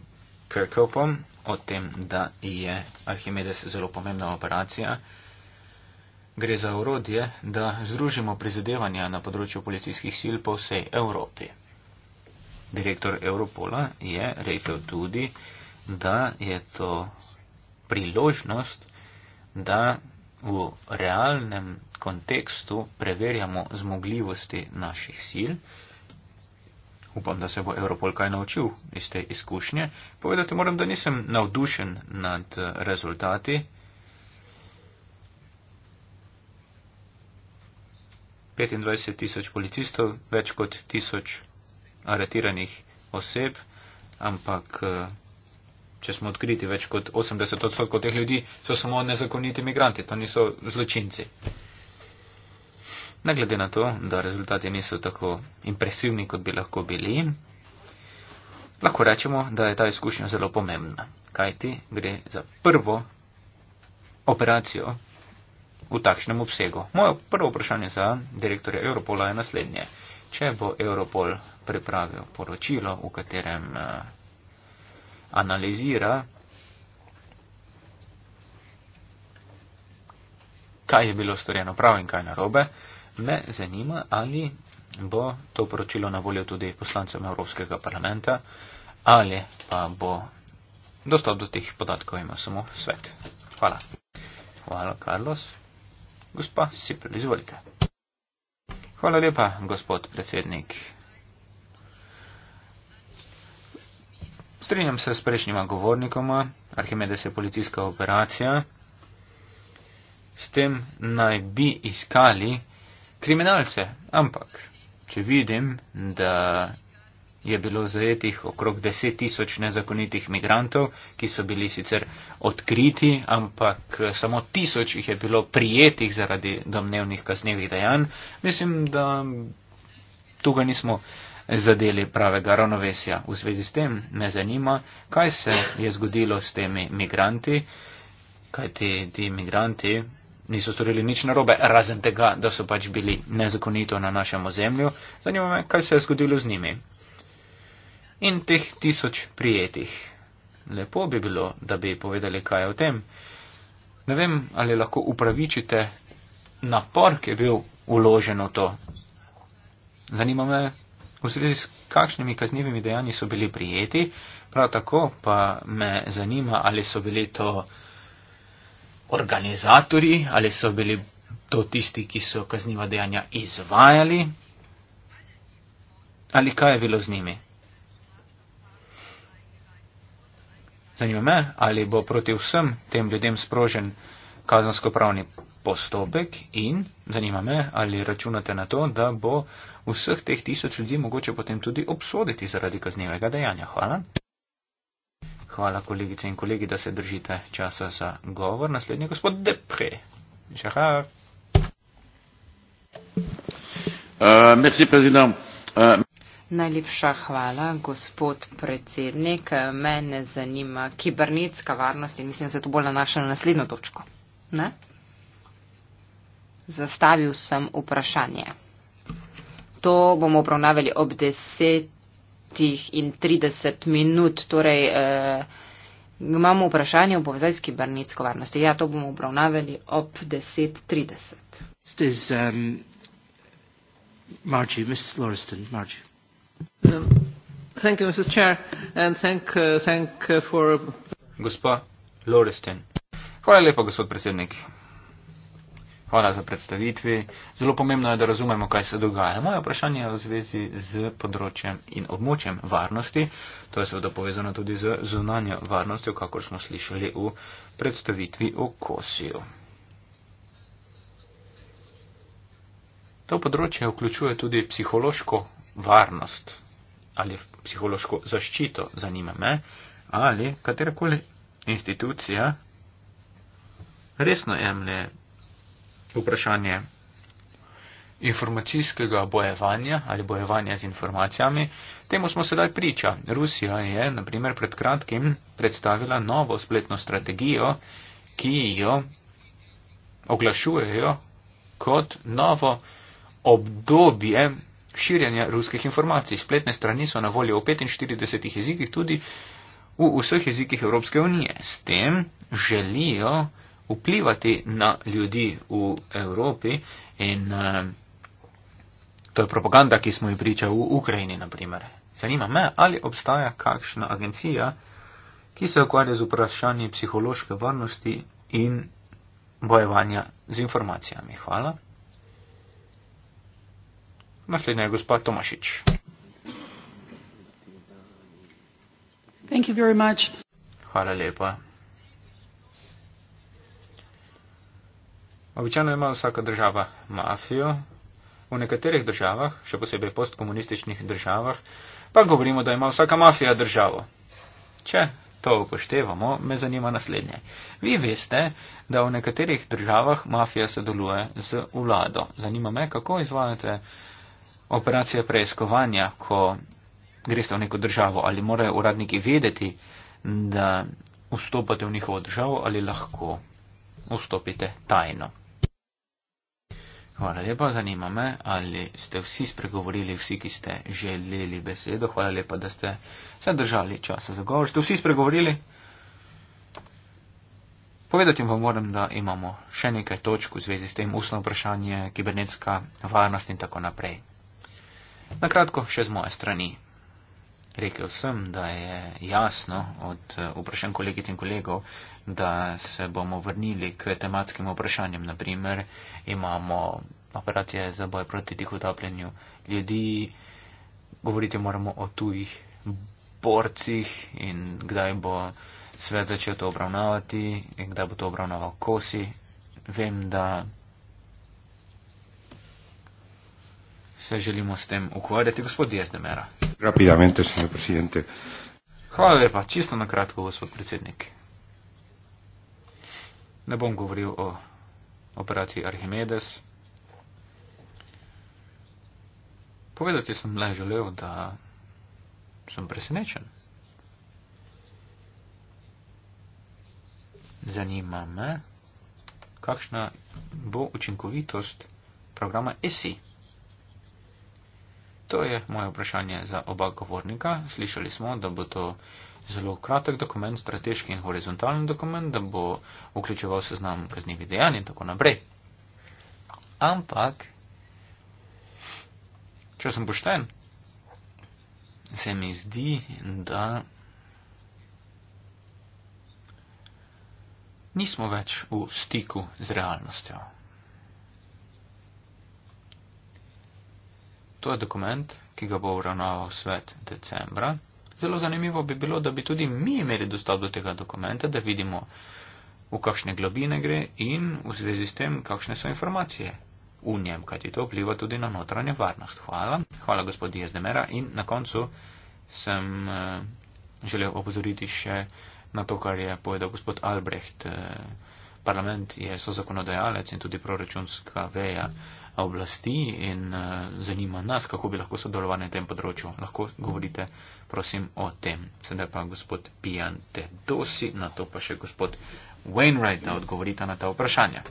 Kirkhopom o tem, da je Arhimedes zelo pomembna operacija. Gre za urodje, da združimo prizadevanja na področju policijskih sil po vsej Evropi. Direktor Europola je rekel tudi, da je to priložnost, da v realnem kontekstu preverjamo zmogljivosti naših sil. Upam, da se bo Evropol kaj naučil iz te izkušnje. Povedati moram, da nisem navdušen nad eh, rezultati. tisoč policistov, več kot tisoč aretiranih oseb, ampak eh, če smo odkriti, več kot 80 odstotkov teh ljudi so samo nezakoniti migranti, to niso zločinci. Ne glede na to, da rezultati niso tako impresivni, kot bi lahko bili, lahko rečemo, da je ta izkušnja zelo pomembna, kajti gre za prvo operacijo v takšnem obsegu. Moje prvo vprašanje za direktorja Europola je naslednje. Če bo Europol pripravil poročilo, v katerem eh, analizira, kaj je bilo storjeno prav in kaj narobe, Me zanima, ali bo to poročilo na voljo tudi poslancem Evropskega parlamenta, ali pa bo dostop do teh podatkov ima samo svet. Hvala. Hvala, Carlos. Gospa Sipel, izvolite. Hvala lepa, gospod predsednik. Strinjam se s prejšnjima govornikoma. Arhimedes je policijska operacija. S tem naj bi iskali kriminalce. Ampak, če vidim, da je bilo zajetih okrog 10 tisoč nezakonitih migrantov, ki so bili sicer odkriti, ampak eh, samo tisoč jih je bilo prijetih zaradi domnevnih kaznevih dejanj, mislim, da tukaj nismo zadeli pravega ravnovesja. V zvezi s tem me zanima, kaj se je zgodilo s temi migranti, kaj ti, ti migranti niso storili nič narobe, razen tega, da so pač bili nezakonito na našem ozemlju. Zanima me, kaj se je zgodilo z njimi. In teh tisoč prijetih. Lepo bi bilo, da bi povedali kaj o tem. Ne vem, ali lahko upravičite napor, ki je bil uložen v to. Zanima me, v zvezi s kakšnimi kaznjivimi dejanji so bili prijeti, prav tako pa me zanima, ali so bili to organizatorji, ali so bili to tisti, ki so kazniva dejanja izvajali, ali kaj je bilo z njimi. Zanima me, ali bo proti vsem tem ljudem sprožen kazansko-pravni postopek in zanima me, ali računate na to, da bo vseh teh tisoč ljudi mogoče potem tudi obsoditi zaradi kaznivega dejanja. Hvala. Hvala, kolegice in kolegi, da se držite časa za govor. Naslednji je gospod Depre. Žahar. Uh, Najlepša hvala, gospod predsednik. Mene zanima kibernetska varnost in mislim, da se to bolj nanaša na naslednjo točko. Ne? Zastavil sem vprašanje. To bomo obravnavali ob deset minutih in 30 minut. Torej, eh, imamo vprašanje o povezavi s kibernetsko varnosti. Ja, to bomo obravnavali ob 10.30. Um, um, uh, uh, Gospa Loristen. Hvala lepa, gospod predsednik. Hvala za predstavitvi. Zelo pomembno je, da razumemo, kaj se dogaja. Moje vprašanje je v zvezi z področjem in območjem varnosti. To je seveda povezano tudi z zunanjo varnostjo, kakor smo slišali v predstavitvi o Kosiju. To področje vključuje tudi psihološko varnost ali psihološko zaščito, zanima me, ali katerakoli institucija resno jemlje vprašanje informacijskega bojevanja ali bojevanja z informacijami. Temu smo sedaj priča. Rusija je, na primer, pred kratkim predstavila novo spletno strategijo, ki jo oglašujejo kot novo obdobje širjanja ruskih informacij. Spletne strani so na voljo v 45 jezikih, tudi v vseh jezikih Evropske unije. S tem želijo vplivati na ljudi v Evropi in uh, to je propaganda, ki smo jo pričali v Ukrajini, naprimer. Zanima me, ali obstaja kakšna agencija, ki se ukvarja z vprašanji psihološke varnosti in bojevanja z informacijami. Hvala. Naslednja je gospod Tomašič. Hvala lepa. Običajno ima vsaka država mafijo. V nekaterih državah, še posebej postkomunističnih državah, pa govorimo, da ima vsaka mafija državo. Če to upoštevamo, me zanima naslednje. Vi veste, da v nekaterih državah mafija sodeluje z vlado. Zanima me, kako izvajate operacije preiskovanja, ko greste v neko državo. Ali morajo uradniki vedeti, da vstopate v njihovo državo ali lahko vstopite tajno. Hvala lepa, zanima me, ali ste vsi spregovorili, vsi, ki ste želeli besedo. Hvala lepa, da ste se držali časa za govor. Ste vsi spregovorili? Povedati vam moram, da imamo še nekaj točk v zvezi s tem ustno vprašanje, kibernetska varnost in tako naprej. Na kratko, še z moje strani rekel sem, da je jasno od eh, vprašanj kolegic in kolegov, da se bomo vrnili k tematskim vprašanjem. Naprimer, imamo operacije za boj proti tihotapljenju ljudi, govoriti moramo o tujih borcih in kdaj bo svet začel to obravnavati in kdaj bo to obravnaval kosi. Vem, da se želimo s tem ukvarjati, gospod Jezdemera. Rapidamente, senjor presidente. Hvala lepa, čisto na kratko, gospod predsednik. Ne bom govoril o operaciji Arhimedes. Povedati sem le želel, da sem presenečen. Zanima me, kakšna bo učinkovitost programa ESI. To je moje vprašanje za oba govornika. Slišali smo, da bo to zelo kratek dokument, strateški in horizontalni dokument, da bo vključeval seznam kaznjivih dejanj in tako naprej. Ampak, če sem pošten, se mi zdi, da nismo več v stiku z realnostjo. To je dokument, ki ga bo uravnaval svet decembra. Zelo zanimivo bi bilo, da bi tudi mi imeli dostop do tega dokumenta, da vidimo, v kakšne globine gre in v zvezi s tem, kakšne so informacije v njem, kajti to vpliva tudi na notranje varnost. Hvala. Hvala, gospod Jezdemera. In na koncu sem eh, želel opozoriti še na to, kar je povedal gospod Albrecht. Eh, parlament je sozakonodajalec in tudi proračunska veja. Mm oblasti in eh, zanima nas, kako bi lahko sodelovali na tem področju. Lahko govorite, prosim, o tem. Sedaj pa gospod Pijan Tedosi, na to pa še gospod Wainwright, da odgovorite na ta vprašanja.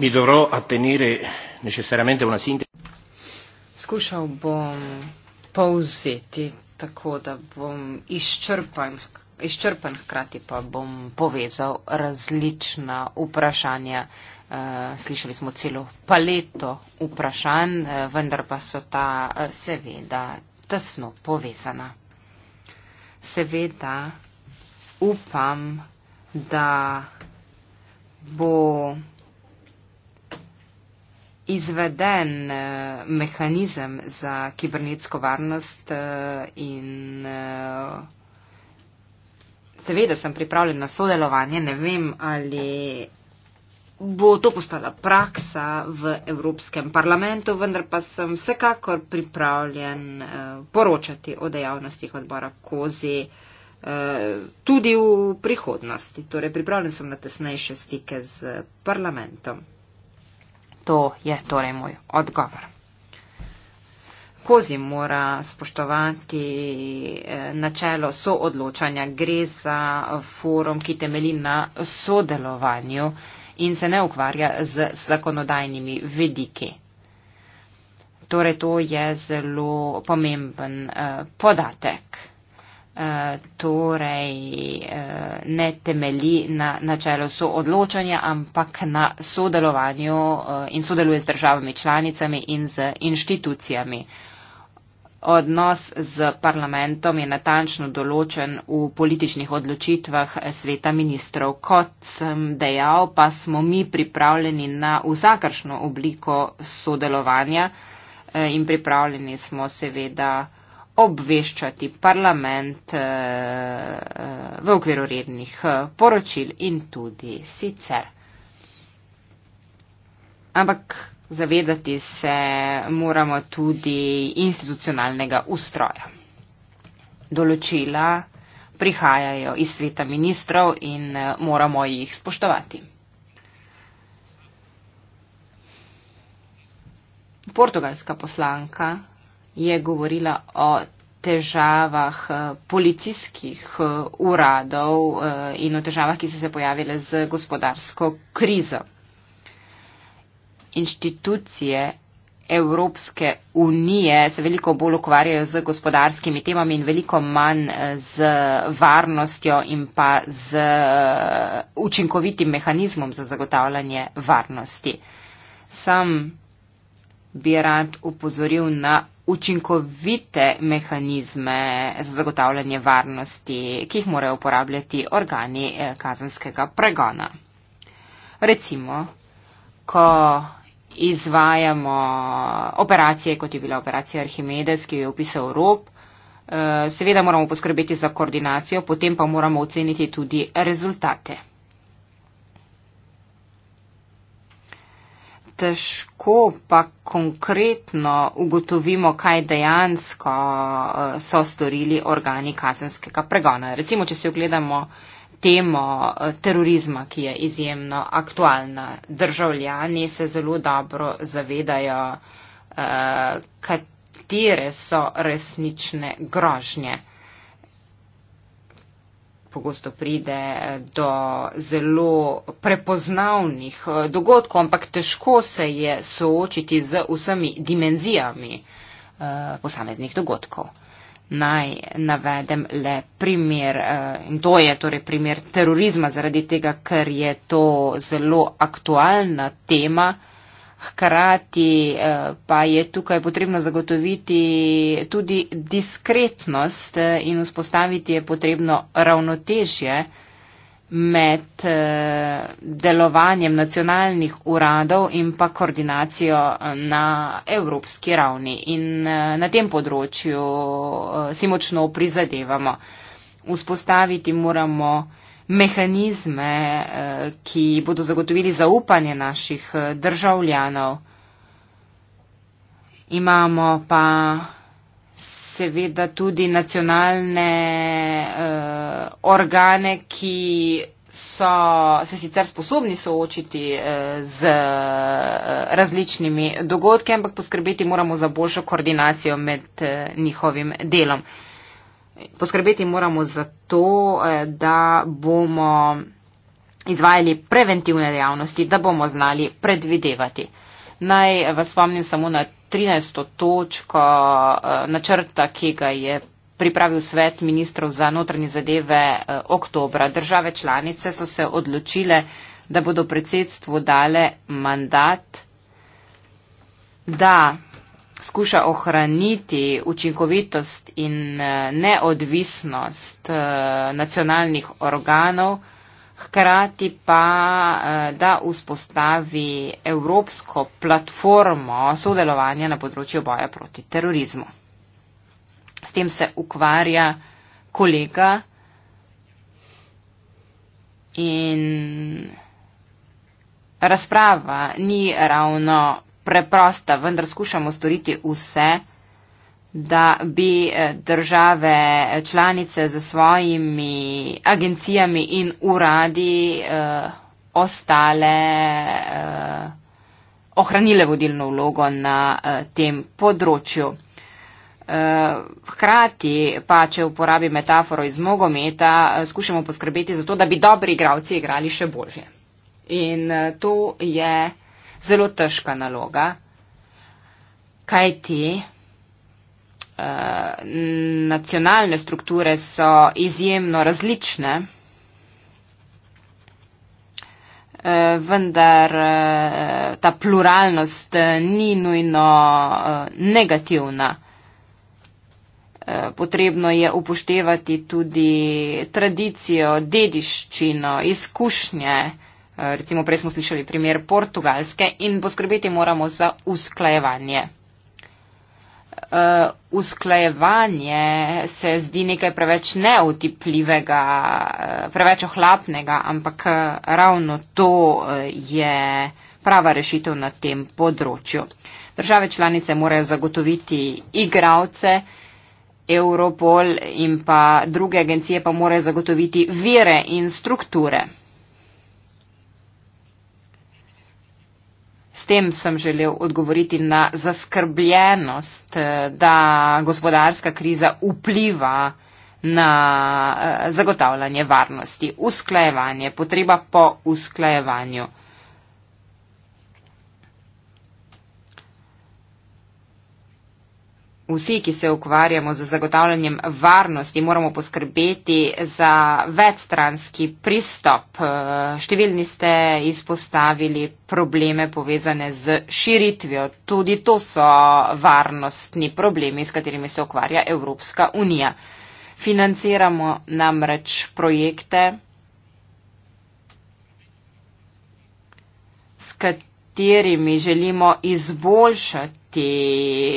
Mi dobro atenire, necessariamente una sintesi. Skušal bom povzeti tako, da bom izčrpan, izčrpan hkrati pa bom povezal različna vprašanja. Eh, slišali smo celo paleto vprašanj, eh, vendar pa so ta eh, seveda tesno povezana. Seveda upam, da bo izveden mehanizem za kibernetsko varnost in seveda sem pripravljen na sodelovanje, ne vem ali bo to postala praksa v Evropskem parlamentu, vendar pa sem vsekakor pripravljen eh, poročati o dejavnostih odbora Kozi eh, tudi v prihodnosti. Torej, pripravljen sem na tesnejše stike z parlamentom. To je torej moj odgovor. Kozi mora spoštovati eh, načelo soodločanja. Gre za forum, ki temeli na sodelovanju in se ne ukvarja z zakonodajnimi vediki. Torej, to je zelo pomemben eh, podatek. Eh, torej, eh, ne temeli na načelu soodločanja, ampak na sodelovanju eh, in sodeluje z državami članicami in z inštitucijami. Eh, Odnos z parlamentom je natančno določen v političnih odločitvah sveta ministrov. Kot sem dejal, pa smo mi pripravljeni na vsakršno obliko sodelovanja eh, in pripravljeni smo seveda obveščati parlament eh, eh, v okviru rednih poročil in tudi sicer. Ampak Zavedati se moramo tudi institucionalnega ustroja. Določila prihajajo iz sveta ministrov in eh, moramo jih spoštovati. Portugalska poslanka je govorila o težavah eh, policijskih eh, uradov in o težavah, ki so se pojavile z gospodarsko krizo inštitucije Evropske unije se veliko bolj ukvarjajo z gospodarskimi temami in veliko manj eh, z varnostjo in pa z eh, učinkovitim mehanizmom za zagotavljanje varnosti. Sam bi rad upozoril na učinkovite mehanizme za zagotavljanje varnosti, ki jih morajo uporabljati organi eh, kazanskega pregona. Recimo, ko izvajamo operacije, kot je bila operacija Arhimedes, ki jo je opisal Rob. Eh, seveda moramo poskrbeti za koordinacijo, potem pa moramo oceniti tudi rezultate. Težko pa konkretno ugotovimo, kaj dejansko eh, so storili organi kazenskega pregona. Recimo, če si ogledamo uh, temo eh, terorizma, ki je izjemno aktualna. Državljani se zelo dobro zavedajo, eh, katere so resnične grožnje. Pogosto pride eh, do zelo prepoznavnih dogodkov, ampak težko se je soočiti z vsemi dimenzijami posameznih dogodkov naj navedem le primer eh, in to je torej primer terorizma zaradi tega, ker je to zelo aktualna tema. Hkrati eh, pa je tukaj potrebno zagotoviti tudi diskretnost eh, in vzpostaviti je potrebno ravnotežje med eh, delovanjem nacionalnih uradov in pa koordinacijo eh, na evropski ravni. In eh, na tem področju si močno prizadevamo. Vzpostaviti moramo mehanizme, ki bodo zagotovili zaupanje naših državljanov. Imamo pa seveda tudi nacionalne eh, organe, ki so se sicer sposobni soočiti eh, z eh, različnimi dogodki, ampak poskrbeti moramo za boljšo koordinacijo med eh, njihovim delom. Poskrbeti moramo za to, eh, da bomo izvajali preventivne dejavnosti, da bomo znali predvidevati. Naj vas spomnim samo na 13. točko eh, načrta, ki ga je pripravil svet ministrov za notranje zadeve eh, oktobra. Države članice so se odločile, da bodo predsedstvu dale mandat, da skuša ohraniti učinkovitost in eh, neodvisnost eh, nacionalnih organov, hkrati pa da vzpostavi evropsko platformo sodelovanja na področju boja proti terorizmu. S tem se ukvarja kolega in razprava ni ravno preprosta, vendar skušamo storiti vse, da bi eh, države eh, članice za svojimi agencijami in uradi eh, ostale, eh, ohranile vodilno vlogo na eh, tem področju. Eh, hkrati pa, če uporabim metaforo iz nogometa, eh, skušamo poskrbeti za to, da bi dobri igravci igrali še bolje. In eh, to je zelo težka naloga, kaj ti nacionalne strukture so izjemno različne, vendar ta pluralnost ni nujno negativna. Eh, potrebno je upoštevati tudi tradicijo, dediščino, izkušnje. Eh, recimo prej smo slišali primer portugalske in poskrbeti moramo za usklajevanje. Eh, usklajevanje se zdi nekaj preveč neotipljivega, preveč ohlapnega, ampak ravno to je prava rešitev na tem področju. Države članice morajo zagotoviti igravce, Europol in pa druge agencije pa morajo zagotoviti vire in strukture. S tem sem želel odgovoriti na zaskrbljenost, da gospodarska kriza vpliva na eh, zagotavljanje varnosti, usklajevanje, potreba po usklajevanju. vsi, ki se ukvarjamo z zagotavljanjem varnosti, moramo poskrbeti za večstranski pristop. Eh, številni ste izpostavili probleme povezane z širitvijo. Tudi to so varnostni problemi, s katerimi se ukvarja Evropska unija. Financiramo namreč projekte, s katerimi katerimi želimo izboljšati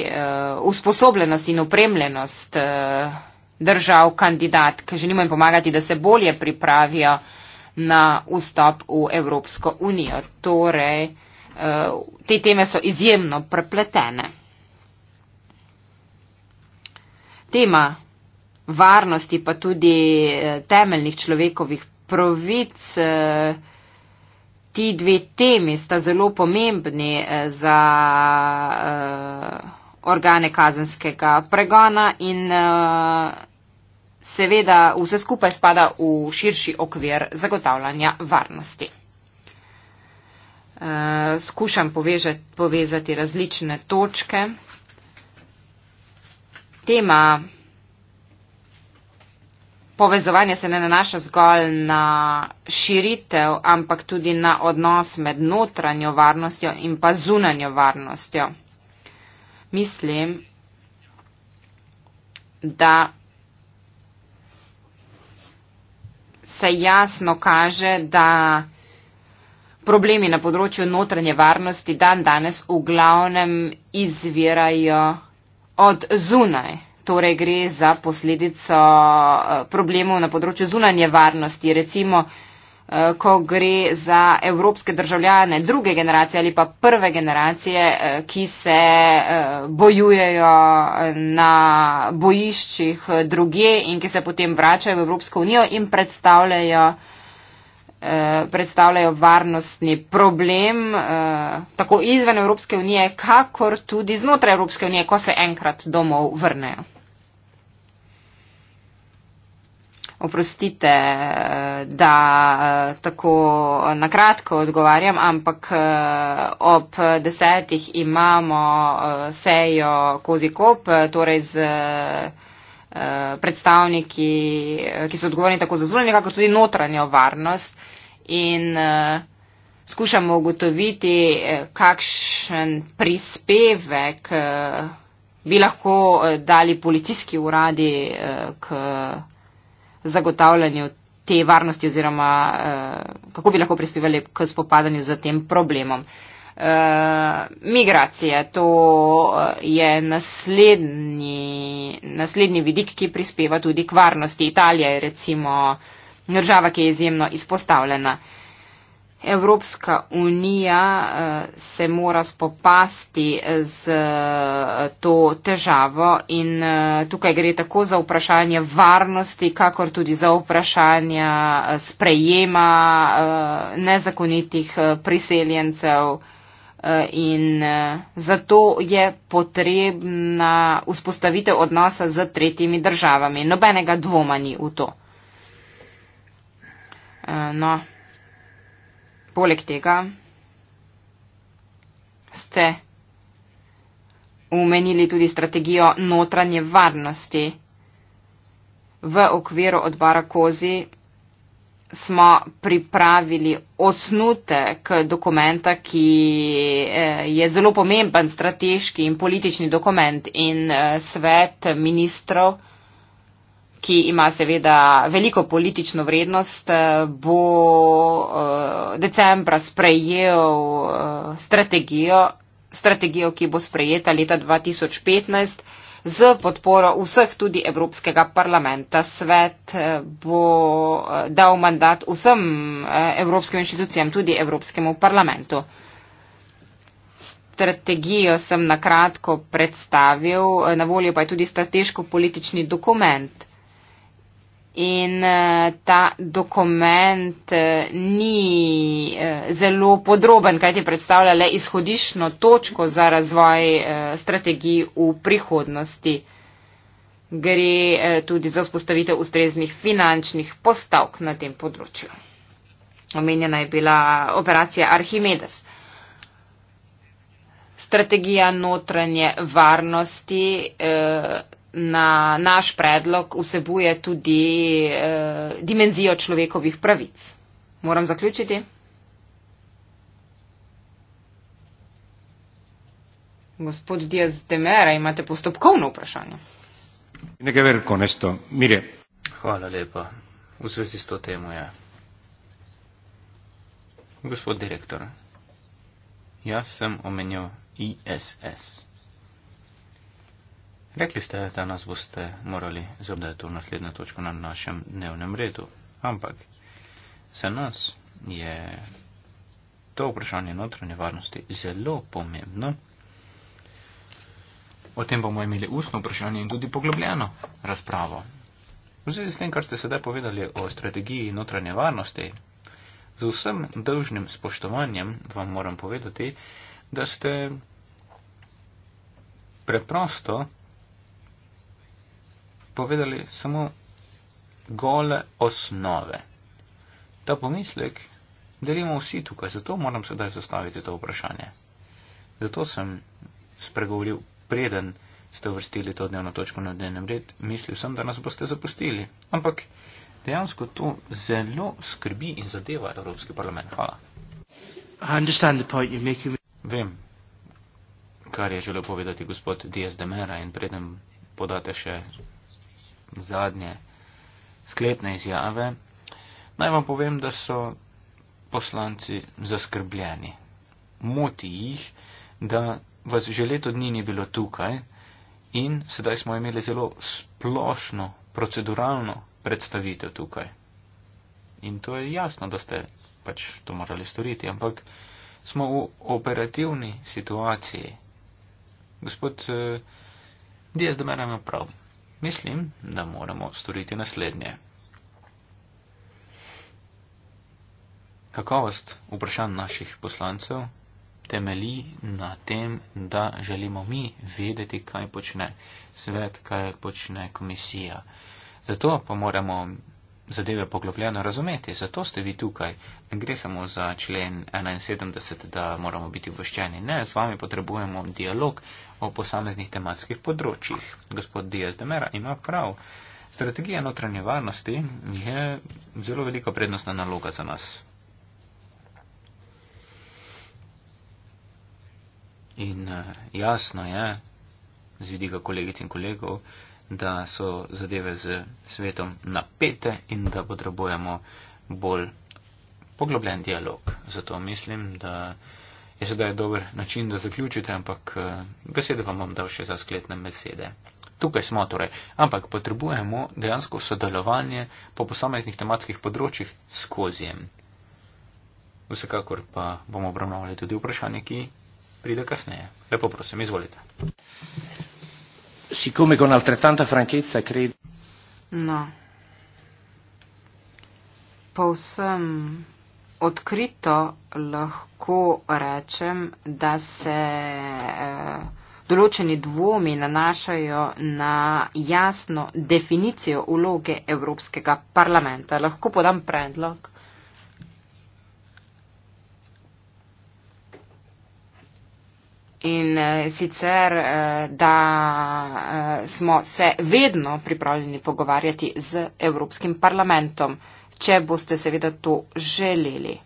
uh, usposobljenost in opremljenost uh, držav kandidatk. Želimo jim pomagati, da se bolje pripravijo na vstop v Evropsko unijo. Torej, uh, te teme so izjemno prepletene. Tema varnosti pa tudi temeljnih človekovih pravic. Uh, ti dve temi sta zelo pomembni eh, za uh, organe kazenskega pregona in uh, seveda vse skupaj spada v širši okvir zagotavljanja varnosti. Uh, skušam povežati, povezati različne točke. Tema povezovanje se ne nanaša zgolj na širitev, ampak tudi na odnos med notranjo varnostjo in pa zunanjo varnostjo. Mislim, da se jasno kaže, da problemi na področju notranje varnosti dan danes v glavnem izvirajo od zunaj torej gre za posledico eh, problemov na področju zunanje varnosti. Recimo, eh, ko gre za evropske državljane druge generacije ali pa prve generacije, eh, ki se bojujejo na bojiščih druge in ki se potem vračajo v Evropsko unijo in predstavljajo Eh, predstavljajo varnostni problem eh, tako izven Evropske unije, kakor tudi znotraj Evropske unije, ko se enkrat domov vrnejo. Oprostite, eh, da tako na kratko odgovarjam, ampak ob desetih imamo sejo Kozikop, torej z predstavniki, ki so odgovorni tako za zunanje, kakor tudi notranjo varnost in uh, skušamo ugotoviti, eh, kakšen prispevek uh, bi lahko dali policijski uradi uh, k zagotavljanju te varnosti oziroma uh, kako bi lahko prispevali k spopadanju z tem problemom. Uh, migracije, to je naslednji, naslednji vidik, ki prispeva tudi k varnosti. Italija je recimo uh, država, ki je izjemno izpostavljena. Evropska unija eh, se mora spopasti z eh, eh, to težavo in tukaj gre tako za vprašanje varnosti, kakor tudi za vprašanje sprejema nezakonitih priseljencev in zato je potrebna vzpostavitev odnosa z tretjimi državami. Nobenega dvoma ni v to. Eh, no, poleg tega ste umenili tudi strategijo notranje varnosti. V okviru odbora Kozi smo pripravili osnutek dokumenta, ki eh, je zelo pomemben strateški in politični dokument in eh, svet ministrov ki ima seveda veliko politično vrednost, eh, bo eh, decembra sprejel eh, strategijo, strategijo, ki bo sprejeta leta 2015 z podporo vseh tudi Evropskega parlamenta. Svet bo dal mandat vsem evropskim inštitucijam, tudi Evropskemu parlamentu. Strategijo sem nakratko predstavil, na voljo pa je tudi strateško-politični dokument in eh, ta dokument eh, ni eh, zelo podroben, kaj ti predstavlja le izhodišno točko za razvoj strategij v prihodnosti. Gre tudi za vzpostavitev ustreznih finančnih postavk na tem področju. Omenjena je bila operacija Archimedes. Strategija notranje varnosti na naš predlog vsebuje tudi eh, dimenzijo človekovih pravic. Moram zaključiti? Gospod Diaz de Mera, imate postopkovno vprašanje. Hvala lepa. V zvezi s to temo je. Ja. Gospod direktor, jaz sem omenil ISS. Rekli ste, da nas boste morali zobdati to naslednjo točko na našem dnevnem redu, ampak za nas je to vprašanje notranje varnosti zelo pomembno. O tem bomo imeli ustno vprašanje in tudi poglobljeno razpravo. V zvezi s tem, kar ste sedaj povedali o strategiji notranje varnosti, z vsem dolžnim spoštovanjem vam moram povedati, da ste preprosto povedali samo gole osnove. Ta pomislek delimo vsi tukaj, zato moram sedaj zastaviti to vprašanje. Zato sem spregovoril, preden ste uvrstili to dnevno točko na dnevnem red, mislil sem, da nas boste zapustili. Ampak dejansko to zelo skrbi in zadeva Evropski parlament. Hvala. Vem, kar je želel povedati gospod Diaz de Mera in preden podate še zadnje sklepne izjave, naj vam povem, da so poslanci zaskrbljeni. Moti jih, da vas že leto dni ni bilo tukaj in sedaj smo imeli zelo splošno proceduralno predstavitev tukaj. In to je jasno, da ste pač to morali storiti, ampak smo v operativni situaciji. Gospod, eh, di jaz, da me ne prav. Mislim, da moramo storiti naslednje. Kakovost vprašanj naših poslancev temelji na tem, da želimo mi vedeti, kaj počne svet, kaj počne komisija. Zato pa moramo zadeve poglobljeno razumeti. Zato ste vi tukaj. Ne gre samo za člen 71, da moramo biti obveščeni. Ne, z vami potrebujemo dialog o posameznih tematskih področjih. Gospod Diaz de Mera ima prav. Strategija notranje varnosti je zelo velika prednostna naloga za nas. In eh, jasno je, z vidika kolegic in kolegov, da so zadeve z svetom napete in da potrebujemo bolj poglobljen dialog. Zato mislim, da je sedaj dober način, da zaključite, ampak eh, besede vam bom dal še za skletne besede. Tukaj smo torej, ampak potrebujemo dejansko sodelovanje po posameznih tematskih področjih skozi. Vsekakor pa bomo obravnavali tudi vprašanje, ki pride kasneje. Lepo prosim, izvolite siccome con altrettanta franchezza credo. No. Povsem odkrito lahko rečem, da se eh, določeni dvomi nanašajo na jasno definicijo uloge Evropskega parlamenta. Lahko podam predlog. in uh, sicer, uh, da uh, smo se vedno pripravljeni pogovarjati z Evropskim parlamentom, če boste seveda to želeli.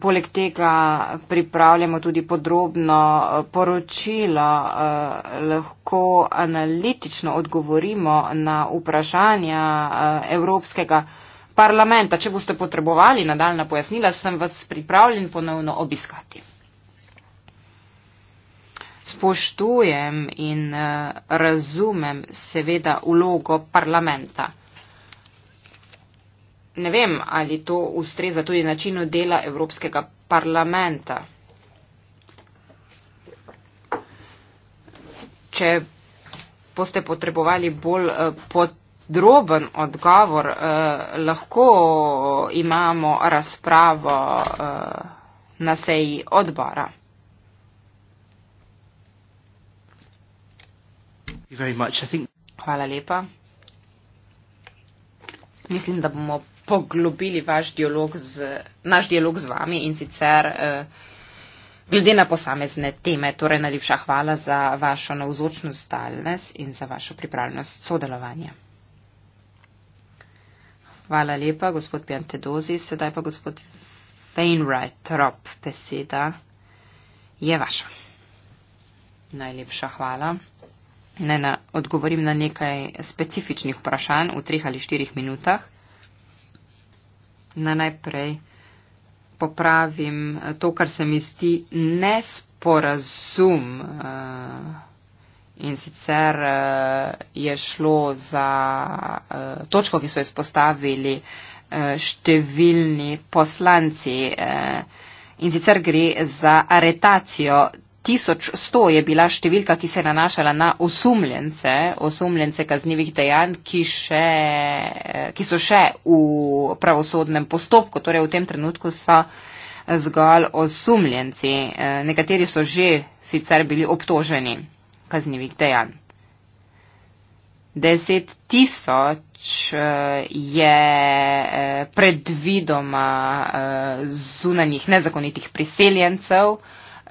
Poleg tega pripravljamo tudi podrobno poročilo, lahko analitično odgovorimo na vprašanja Evropskega parlamenta. Če boste potrebovali nadaljna pojasnila, sem vas pripravljen ponovno obiskati spoštujem in eh, razumem seveda vlogo parlamenta. Ne vem, ali to ustreza tudi načinu dela Evropskega parlamenta. Če boste potrebovali bolj eh, podroben odgovor, eh, lahko imamo razpravo na seji odbora. Hvala lepa. Mislim, da bomo poglobili dialog z, naš dialog z vami in sicer eh, glede na posamezne teme. Torej, najlepša hvala za vašo navzočnost stalnost in za vašo pripravljenost sodelovanja. Hvala lepa, gospod Piantedozi. Sedaj pa gospod Wainwright, rop, beseda je vaša. Najlepša hvala ne na, odgovorim na nekaj specifičnih vprašanj v treh ali štirih minutah. Na najprej popravim eh, to, kar se mi zdi nesporazum. Eh, in sicer eh, je šlo za točko, ki so izpostavili številni poslanci. In sicer gre za aretacijo 1100 je bila številka, ki se je nanašala na osumljence, osumljence kaznjivih dejanj, ki, še, ki so še v pravosodnem postopku. Torej v tem trenutku so zgolj osumljenci. E, nekateri so že sicer bili obtoženi kaznjivih dejanj. 10 tisoč e, je e, predvidoma zunanjih nezakonitih priseljencev,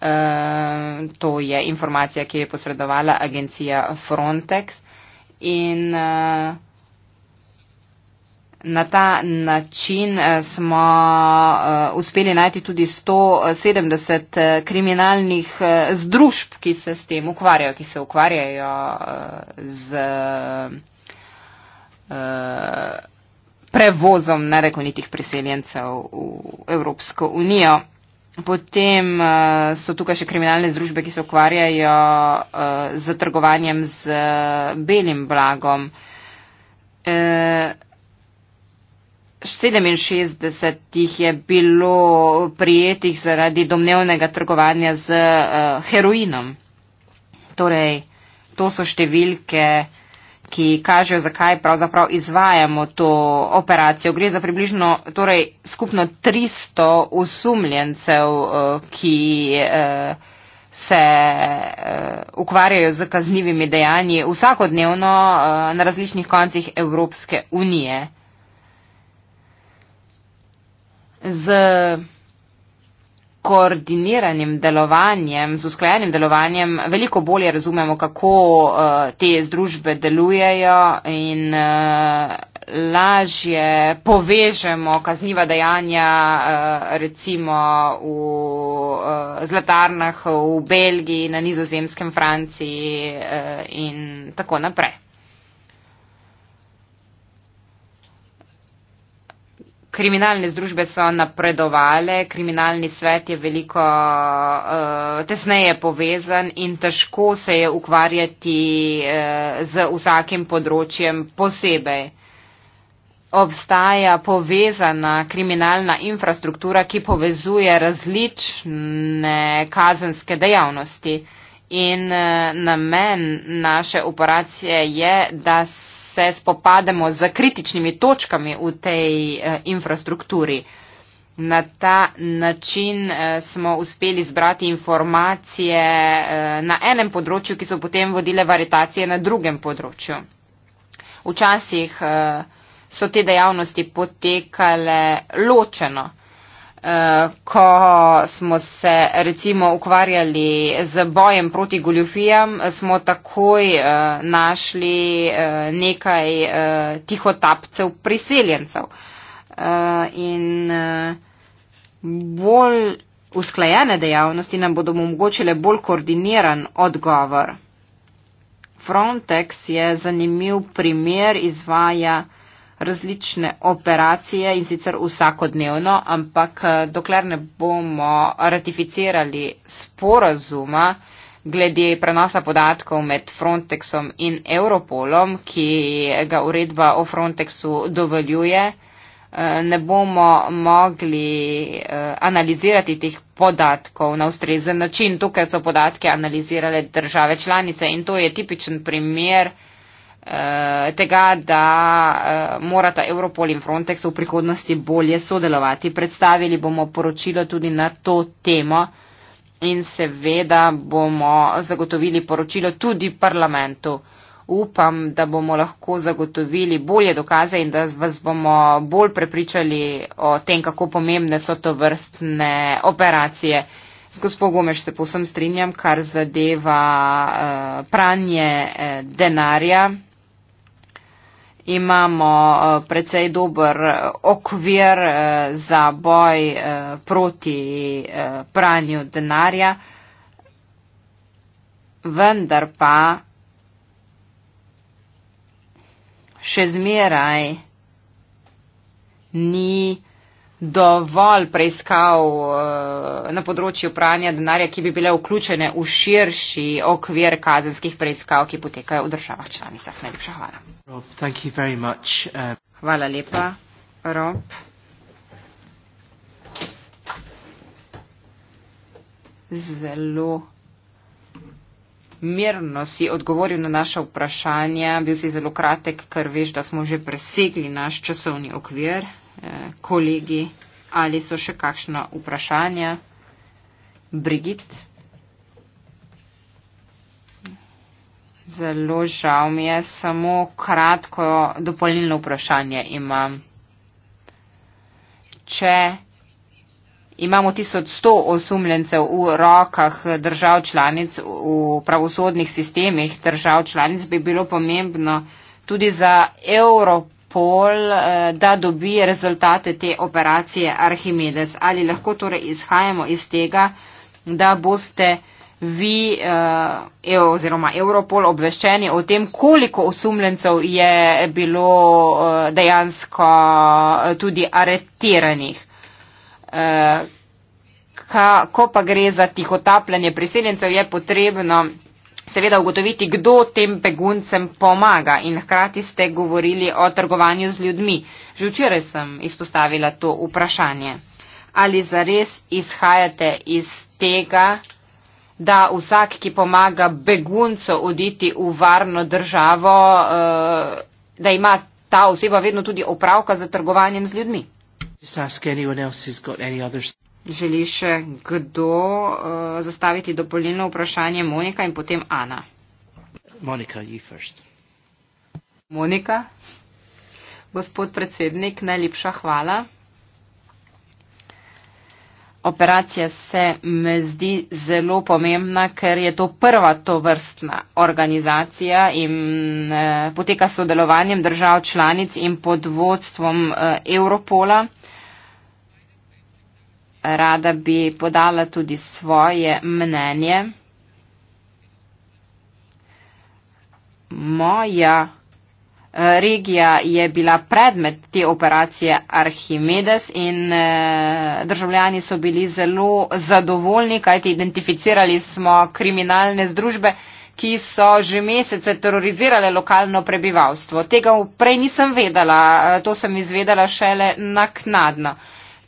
Ehm, to je informacija, ki jo je posredovala agencija Frontex. In eh, na ta način eh, smo eh, uspeli najti tudi 170 kriminalnih združb, ki se s tem ukvarjajo, ki se ukvarjajo z prevozom nerekonitih priseljencev v Evropsko unijo. Potem uh, so tukaj še kriminalne združbe, ki se ukvarjajo uh, z trgovanjem z uh, belim blagom. Uh, 67 jih je bilo prijetih zaradi domnevnega trgovanja z uh, heroinom. Torej, to so številke. Uh, ki kažejo, zakaj pravzaprav izvajamo to operacijo. Gre za približno torej, skupno 300 usumljencev, eh, ki eh, se eh, ukvarjajo z kaznjivimi dejanji vsakodnevno na različnih koncih Evropske unije. Z koordiniranim delovanjem, z usklajenim delovanjem, veliko bolje razumemo, kako uh, te združbe delujejo in uh, lažje povežemo kazniva dejanja, uh, recimo v uh, zlatarnah v Belgiji, na nizozemskem Franciji uh, in tako naprej. kriminalne združbe so napredovale, kriminalni svet je veliko uh, tesneje povezan in težko se je ukvarjati uh, z vsakim področjem posebej. Obstaja povezana kriminalna infrastruktura, ki povezuje različne kazenske dejavnosti in uh, namen naše operacije je, da se se spopademo z kritičnimi točkami v tej eh, infrastrukturi. Na ta način eh, smo uspeli zbrati informacije eh, na enem področju, ki so potem vodile varitacije na drugem področju. Včasih so te dejavnosti potekale ločeno. Eh, ko smo se recimo ukvarjali z bojem proti goljufijam, smo takoj eh, našli eh, nekaj tihotapcev priseljencev. In bolj usklajene dejavnosti nam bodo omogočile bolj koordiniran odgovor. Frontex je zanimiv primer izvaja različne operacije in sicer vsakodnevno, ampak eh, dokler ne bomo ratificirali sporazuma glede prenosa podatkov med Frontexom in Europolom, ki ga uredba o Frontexu dovoljuje, eh, ne bomo mogli eh, analizirati teh podatkov na ustrezen način. Tukaj so podatke analizirale države članice in to je tipičen primer Eh, tega, da eh, morata Europol in Frontex v prihodnosti bolje sodelovati. Predstavili bomo poročilo tudi na to temo in seveda bomo zagotovili poročilo tudi parlamentu. Upam, da bomo lahko zagotovili bolje dokaze in da vas bomo bolj prepričali o tem, kako pomembne so to vrstne operacije. S gospod Gomeš se posem strinjam, kar zadeva eh, pranje denarja imamo eh, precej dober eh, okvir eh, za boj proti pranju denarja, vendar pa še zmeraj ni dovolj preiskav uh, na področju pranja denarja, ki bi bile vključene v širši okvir kazenskih preiskav, ki potekajo v državah članicah. Najlepša hvala. Rob, much, uh... Hvala lepa, Rob. Zelo mirno si odgovoril na naša vprašanja. Bil si zelo kratek, ker veš, da smo že presegli naš časovni okvir. Eh, kolegi, ali so še kakšna vprašanja? Brigit. Zelo žal mi je, samo kratko dopolnilno vprašanje imam. Če imamo 1100 osumljencev v rokah držav članic, v pravosodnih sistemih držav članic, bi bilo pomembno tudi za Evropo Interpol, eh, da dobi rezultate te operacije Archimedes. Ali lahko torej izhajamo iz tega, da boste vi eh, oziroma Europol obveščeni o tem, koliko osumljencev je bilo eh, dejansko tudi aretiranih. Ko pa gre za tihotapljanje priseljencev, je potrebno seveda ugotoviti, kdo tem beguncem pomaga in hkrati ste govorili o trgovanju z ljudmi. Že včeraj sem izpostavila to vprašanje. Ali zares izhajate iz tega, da vsak, ki pomaga beguncu oditi v varno državo, eh, da ima ta oseba vedno tudi opravka za trgovanjem z ljudmi? Just ask anyone else who's got any other stuff. Želi še kdo uh, zastaviti dopolnilno vprašanje Monika in potem Ana. Monika, you first. Monika, gospod predsednik, najlepša hvala. Operacija se me zdi zelo pomembna, ker je to prva tovrstna organizacija in eh, poteka sodelovanjem držav članic in pod vodstvom eh, Europola rada bi podala tudi svoje mnenje. Moja eh, regija je bila predmet te operacije Archimedes in eh, državljani so bili zelo zadovoljni, kajti identificirali smo kriminalne združbe, ki so že mesece terorizirale lokalno prebivalstvo. Tega prej nisem vedela, eh, to sem izvedela šele naknadno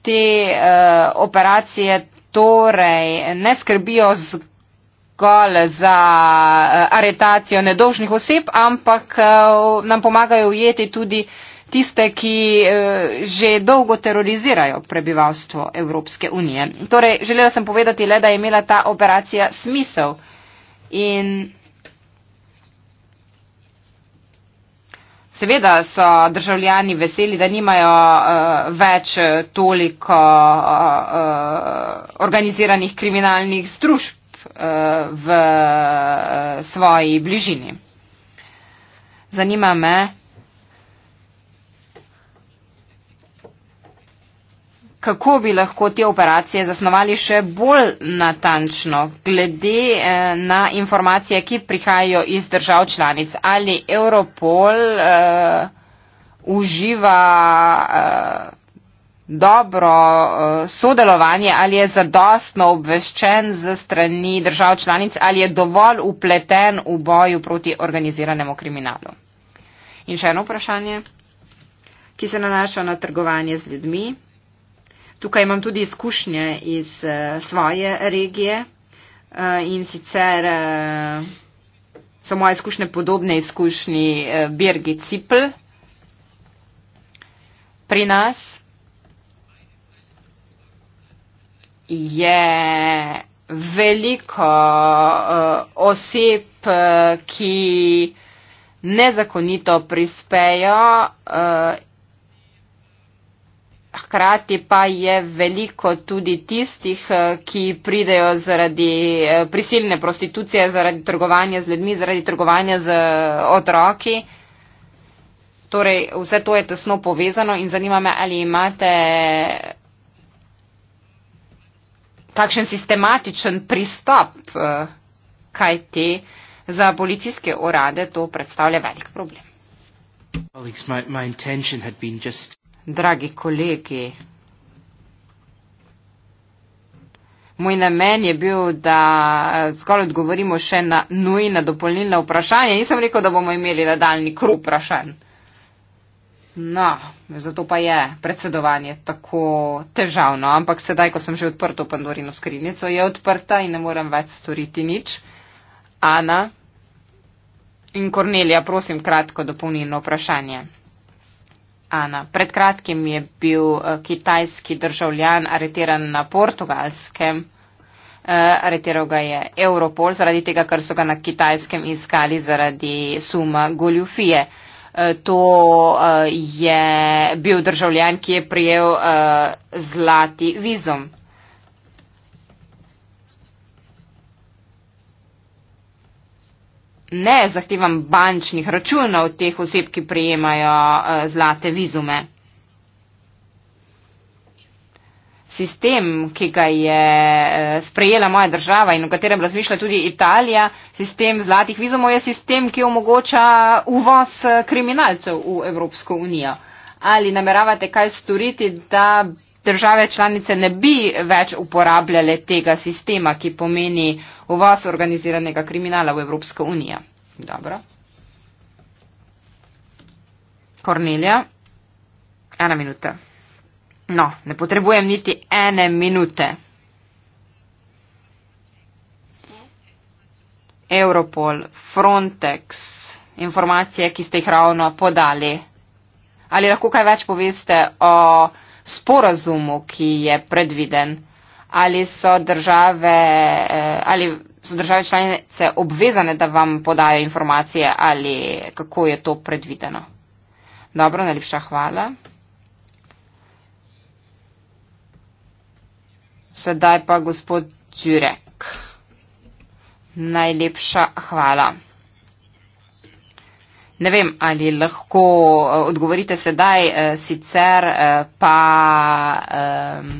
te uh, operacije torej ne skrbijo zgolj za uh, aretacijo nedožnih oseb, ampak uh, nam pomagajo ujeti tudi tiste, ki uh, že dolgo terorizirajo prebivalstvo Evropske unije. Torej, želela sem povedati le, da je imela ta operacija smisel. In Seveda so državljani veseli, da nimajo uh, več eh, toliko uh, uh, organiziranih kriminalnih združb uh, v uh, svoji bližini. Zanima me, kako bi lahko te operacije zasnovali še bolj natančno, glede eh, na informacije, ki prihajajo iz držav članic. Ali Europol uh, uživa uh, dobro uh, sodelovanje, ali je zadostno obveščen z strani držav članic, ali je dovolj upleten v boju proti organiziranemu kriminalu. In še eno vprašanje ki se nanaša na trgovanje z ljudmi. Tukaj imam tudi izkušnje iz uh, svoje regije uh, in sicer uh, so moje izkušnje podobne izkušnji uh, Birgi Cipl pri nas. Je veliko uh, oseb, ki nezakonito prispejo uh, hkrati pa je veliko tudi tistih, eh, ki pridejo zaradi eh, prisilne prostitucije, zaradi trgovanja z ljudmi, zaradi trgovanja z eh, otroki. Torej, vse to je tesno povezano in zanima me, ali imate kakšen sistematičen pristop, kaj te za policijske urade to predstavlja velik problem. My, my intention had been just dragi kolegi. Moj namen je bil, da zgolj odgovorimo še na nujna dopolnilna vprašanja. Nisem rekel, da bomo imeli nadaljni kruh vprašanj. No, zato pa je predsedovanje tako težavno. Ampak sedaj, ko sem že odprto Pandorino skrinjico, je odprta in ne morem več storiti nič. Ana in Kornelija, prosim, kratko dopolnilno vprašanje. Ana, pred kratkim je bil eh, kitajski državljan areteran na portugalskem. Eh, Areteral ga je Europol zaradi tega, ker so ga na kitajskem iskali zaradi suma goljufije. Eh, to je bil državljan, ki je prijel zlati vizum. ne zahtevam bančnih računov teh oseb, ki prijemajo e, zlate vizume. Sistem, ki ga je e, sprejela moja država in v katerem razmišlja tudi Italija, sistem zlatih vizumov je sistem, ki omogoča uvoz e, kriminalcev v Evropsko unijo. Ali nameravate kaj storiti, da države članice ne bi več uporabljale tega sistema, ki pomeni uvoz organiziranega kriminala v Evropsko unijo. Dobro. Kornelija, ena minuta. No, ne potrebujem niti ene minute. Europol, Frontex, informacije, ki ste jih ravno podali. Ali lahko kaj več poveste o sporazumu, ki je predviden? Ali so države, eh, ali so države članice obvezane, da vam podajo informacije ali kako je to predvideno? Dobro, najlepša hvala. Sedaj pa gospod Čurek. Najlepša hvala. Ne vem, ali lahko eh, odgovorite sedaj, eh, sicer eh, pa. Um,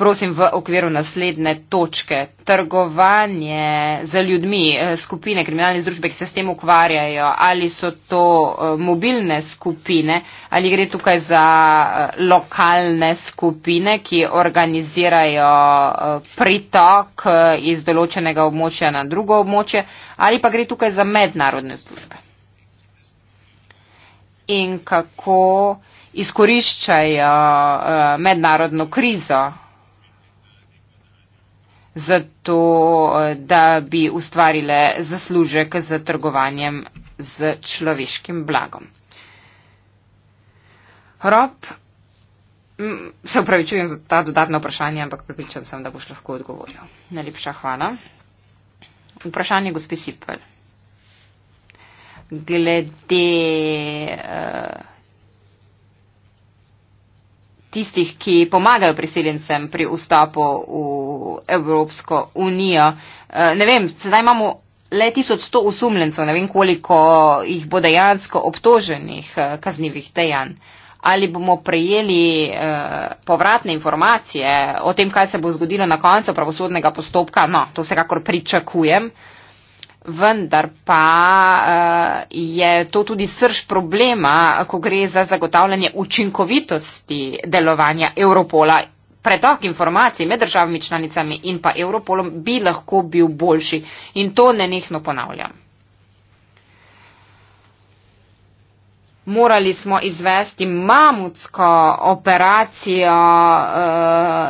prosim, v okviru naslednje točke. Trgovanje z ljudmi, eh, skupine kriminalne združbe, ki se s tem ukvarjajo, ali so to eh, mobilne skupine, ali gre tukaj za eh, lokalne skupine, ki organizirajo pritok iz določenega območja na drugo območje, ali pa gre tukaj za mednarodne službe. In kako izkoriščajo mednarodno krizo zato eh, da bi ustvarile zaslužek za trgovanjem z človeškim blagom. Rob, se upravičujem za ta dodatna vprašanja, ampak pripričam sem, da boš lahko odgovoril. Najlepša hvala. Vprašanje gospe Sipel. Glede. Uh, tistih, ki pomagajo priseljencem pri vstopu v Evropsko unijo. E, ne vem, sedaj imamo le 1100 osumljencev, ne vem koliko jih bo dejansko obtoženih e, kaznjivih dejanj. Ali bomo prejeli e, povratne informacije o tem, kaj se bo zgodilo na koncu pravosodnega postopka? No, to vsekakor pričakujem vendar pa eh, je to tudi srž problema, ko gre za zagotavljanje učinkovitosti delovanja Europola. Pretok informacij med državami članicami in pa Europolom bi lahko bil boljši in to nenehno ponavljam. Morali smo izvesti mamutsko operacijo.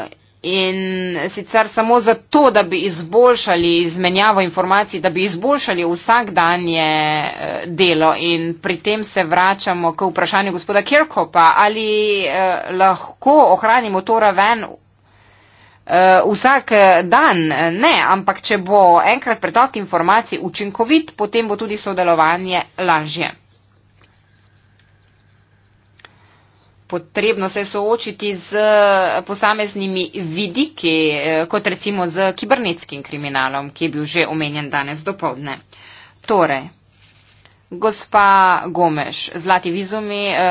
Uh, In sicer samo zato, da bi izboljšali izmenjavo informacij, da bi izboljšali vsakdanje eh, delo. In pri tem se vračamo k vprašanju gospoda Kirkopa, ali eh, lahko ohranimo to raven eh, vsak dan. Ne, ampak če bo enkrat pretok informacij učinkovit, potem bo tudi sodelovanje lažje. potrebno se soočiti z posameznimi vidiki, eh, kot recimo z kibernetskim kriminalom, ki je bil že omenjen danes dopoledne. Torej, gospa Gomeš, zlati vizumi, eh,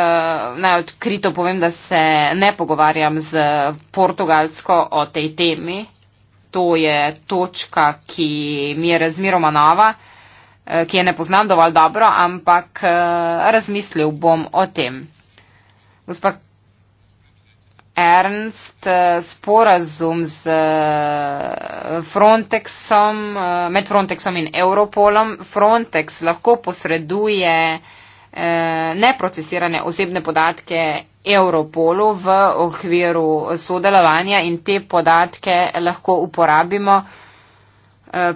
naj odkrito povem, da se ne pogovarjam z portugalsko o tej temi. To je točka, ki mi je razmeroma nova, eh, ki je ne poznam dovolj dobro, ampak razmislil bom o tem. Gospa Ernst, eh, sporazum z eh, Frontexom, eh, med Frontexom in Europolom. Frontex lahko posreduje neprocesirane osebne podatke Europolu v okviru sodelovanja in te podatke lahko uporabimo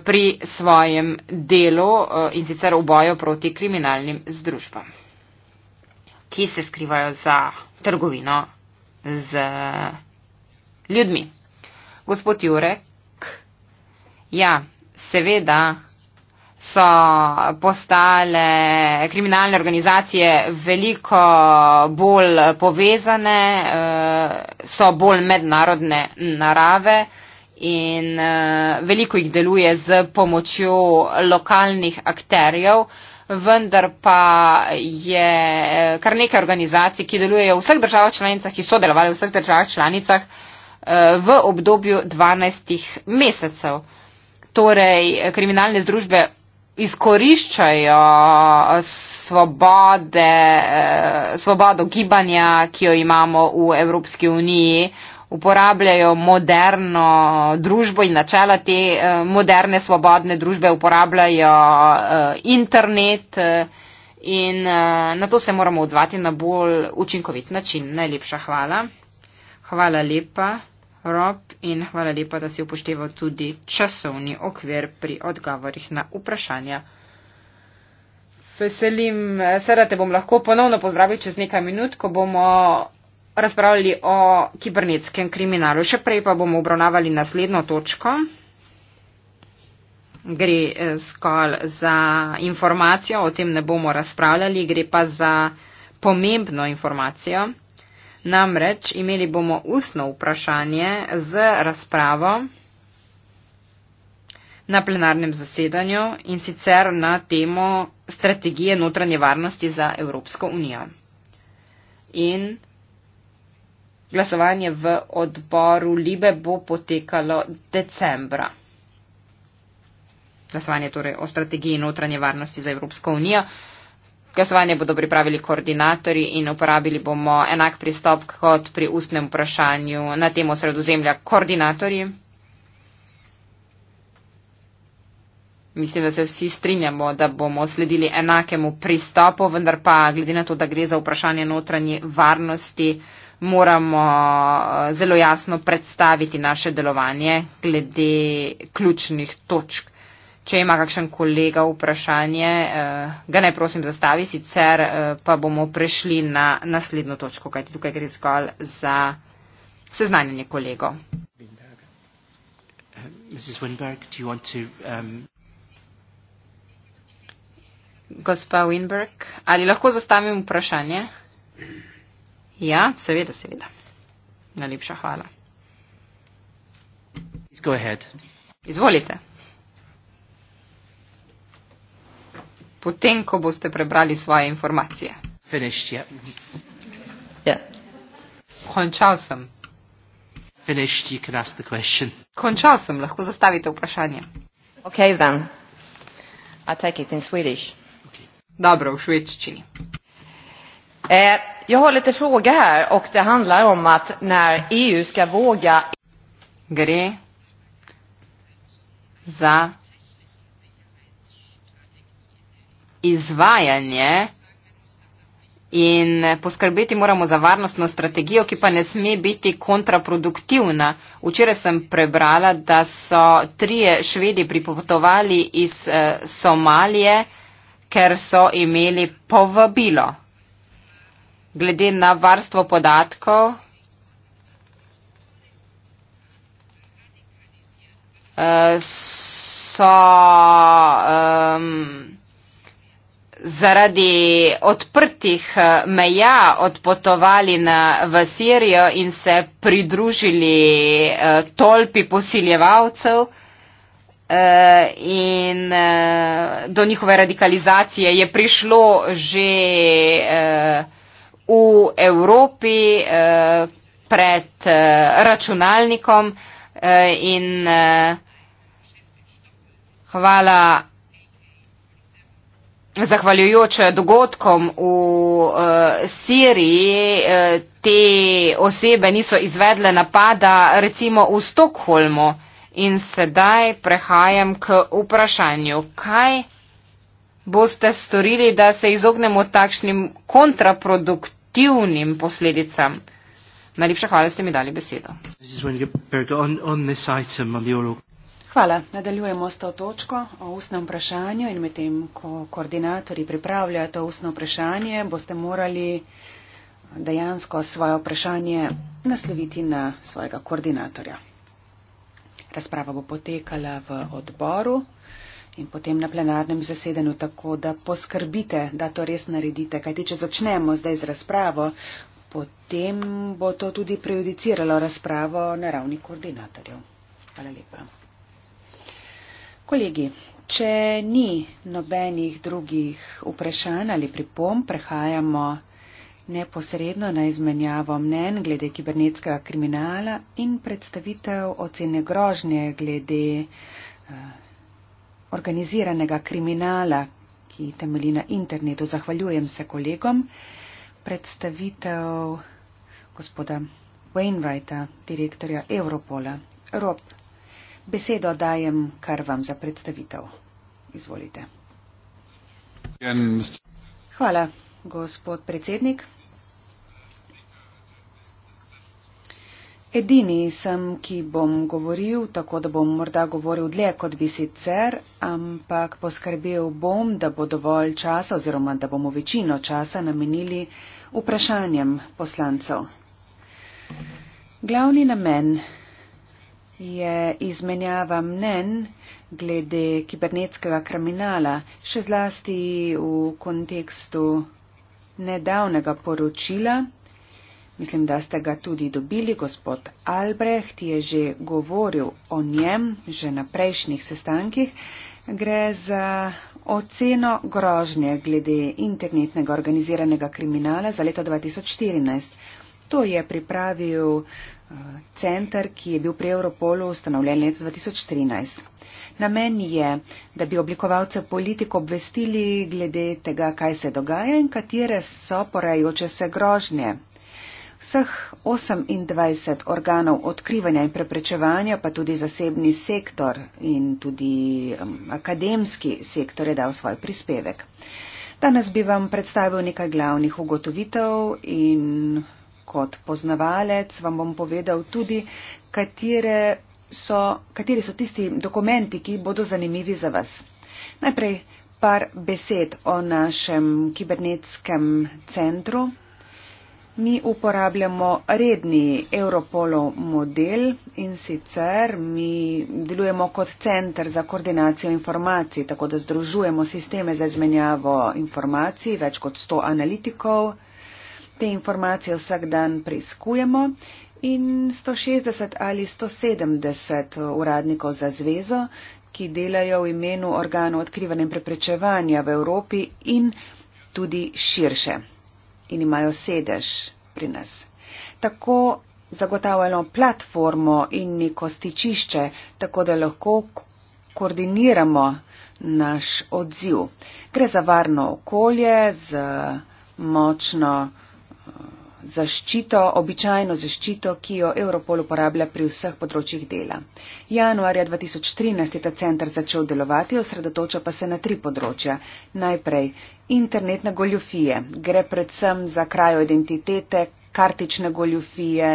pri svojem delu in sicer v boju proti kriminalnim združbam ki se skrivajo za trgovino z ljudmi. Gospod Jurek, ja, seveda so postale kriminalne organizacije veliko bolj povezane, eh, so bolj mednarodne narave in eh, veliko jih deluje z pomočjo lokalnih akterjev vendar pa je eh, kar nekaj organizacij, ki delujejo v vseh državah članicah, ki so delovali v vseh državah članicah eh, v obdobju 12 mesecev. Torej, kriminalne združbe izkoriščajo eh, svobode, svobodo gibanja, ki jo imamo v Evropski uniji, uporabljajo moderno družbo in načela te eh, moderne svobodne družbe, uporabljajo eh, internet eh, in na to se moramo odzvati na bolj učinkovit način. Najlepša hvala. Hvala lepa, Rob, in hvala lepa, da si upošteval tudi časovni okvir pri odgovorih na vprašanja. Veselim, sedaj te bom lahko ponovno pozdravil čez nekaj minut, ko bomo razpravljali o kibernetskem kriminalu. Še prej pa bomo obravnavali naslednjo točko. Gre skolj eh, za informacijo, o tem ne bomo razpravljali, gre pa za pomembno informacijo. Namreč imeli bomo ustno vprašanje z razpravo na plenarnem zasedanju in sicer na temo strategije notranje varnosti za Evropsko unijo. In Glasovanje v odboru Libe bo potekalo decembra. Glasovanje torej o strategiji notranje varnosti za Evropsko unijo. Glasovanje bodo pripravili koordinatori in uporabili bomo enak pristop kot pri ustnem vprašanju na temo sredozemlja koordinatorji. Mislim, da se vsi strinjamo, da bomo sledili enakemu pristopu, vendar pa glede na to, da gre za vprašanje notranje varnosti, moramo eh, zelo jasno predstaviti naše delovanje glede ključnih točk. Če ima kakšen kolega vprašanje, eh, ga ne prosim zastavi, sicer eh, pa bomo prešli na naslednjo točko, kajti tukaj gre zgolj za seznanjanje kolego. Um, Gospa Winberg, ali lahko zastavim vprašanje? Ja, seveda, seveda. Najlepša hvala. Izvolite. Potem, ko boste prebrali svoje informacije. Finished, yep. yeah. Ja. Končal sem. Finished, you can ask the question. Končal sem, lahko zastavite vprašanje. Okay, then. I take it in Swedish. Okay. Dobro, v švedščini. Eh, jag har lite fråga här och det handlar om att när EU ska våga Gre za izvajanje in poskrbeti moramo za varnostno strategijo, ki pa ne sme biti kontraproduktivna. Včeraj sem prebrala, da so trije švedi pripotovali iz eh, Somalije, ker so imeli povabilo glede na varstvo podatkov eh, so um, zaradi odprtih eh, meja odpotovali na, v Sirijo in se pridružili uh, tolpi posiljevalcev uh, in uh, do njihove radikalizacije je prišlo že uh, v Evropi eh, pred eh, računalnikom eh, in hvala zahvaljujoč dogodkom v Siriji te osebe niso izvedle napada recimo v Stokholmu in sedaj prehajam k vprašanju, kaj boste storili, da se izognemo takšnim kontraproduktivnim negativnim posledicam. Najlepša hvala, da ste mi dali besedo. Hvala. Nadaljujemo s to točko o ustnem vprašanju in medtem, ko koordinatori pripravljajo to ustno vprašanje, boste morali dejansko svoje vprašanje nasloviti na svojega koordinatorja. Razprava bo potekala v odboru in potem na plenarnem zasedanju tako, da poskrbite, da to res naredite. Kajti, če začnemo zdaj z razpravo, potem bo to tudi prejudiciralo razpravo na ravni koordinatorjev. Hvala lepa. Kolegi, če ni nobenih drugih vprašanj ali pripom, prehajamo neposredno na izmenjavo mnen glede kibernetskega kriminala in predstavitev ocene grožnje glede. Uh, organiziranega kriminala, ki temelji na internetu. Zahvaljujem se kolegom. Predstavitev gospoda Wainwrighta, direktorja Europola. Rob, besedo dajem kar vam za predstavitev. Izvolite. Hvala, gospod predsednik. Edini sem, ki bom govoril, tako da bom morda govoril dlje, kot bi sicer, ampak poskrbel bom, da bo dovolj časa oziroma da bomo večino časa namenili vprašanjem poslancev. Glavni namen je izmenjava mnen glede kibernetskega kriminala, še zlasti v kontekstu nedavnega poročila Mislim, da ste ga tudi dobili, gospod Albrecht je že govoril o njem že na prejšnjih sestankih. Gre za oceno grožnje glede internetnega organiziranega kriminala za leto 2014. To je pripravil eh, centr, ki je bil pri Europolu ustanovljen leta 2013. Namen je, da bi oblikovalce politik obvestili glede tega, kaj se dogaja in katere so porajoče se grožnje Vseh 28 organov odkrivanja in preprečevanja, pa tudi zasebni sektor in tudi um, akademski sektor je dal svoj prispevek. Danes bi vam predstavil nekaj glavnih ugotovitev in kot poznavalec vam bom povedal tudi, katere so, kateri so tisti dokumenti, ki bodo zanimivi za vas. Najprej par besed o našem kibernetskem centru, Mi uporabljamo redni Europolov model in sicer mi delujemo kot centr za koordinacijo informacij, tako da združujemo sisteme za izmenjavo informacij, več kot 100 analitikov. Te informacije vsak dan preiskujemo in 160 ali 170 uradnikov za zvezo, ki delajo v imenu organov odkrivanja in preprečevanja v Evropi in tudi širše in imajo sedež pri nas. Tako zagotavljamo platformo in neko stičišče, tako da lahko koordiniramo naš odziv. Gre za varno okolje z močno zaščito, običajno zaščito, ki jo Europol uporablja pri vseh področjih dela. Januarja 2013 je ta center začel delovati, osredotoča pa se na tri področja. Najprej internetne goljufije, gre predvsem za krajo identitete, kartične goljufije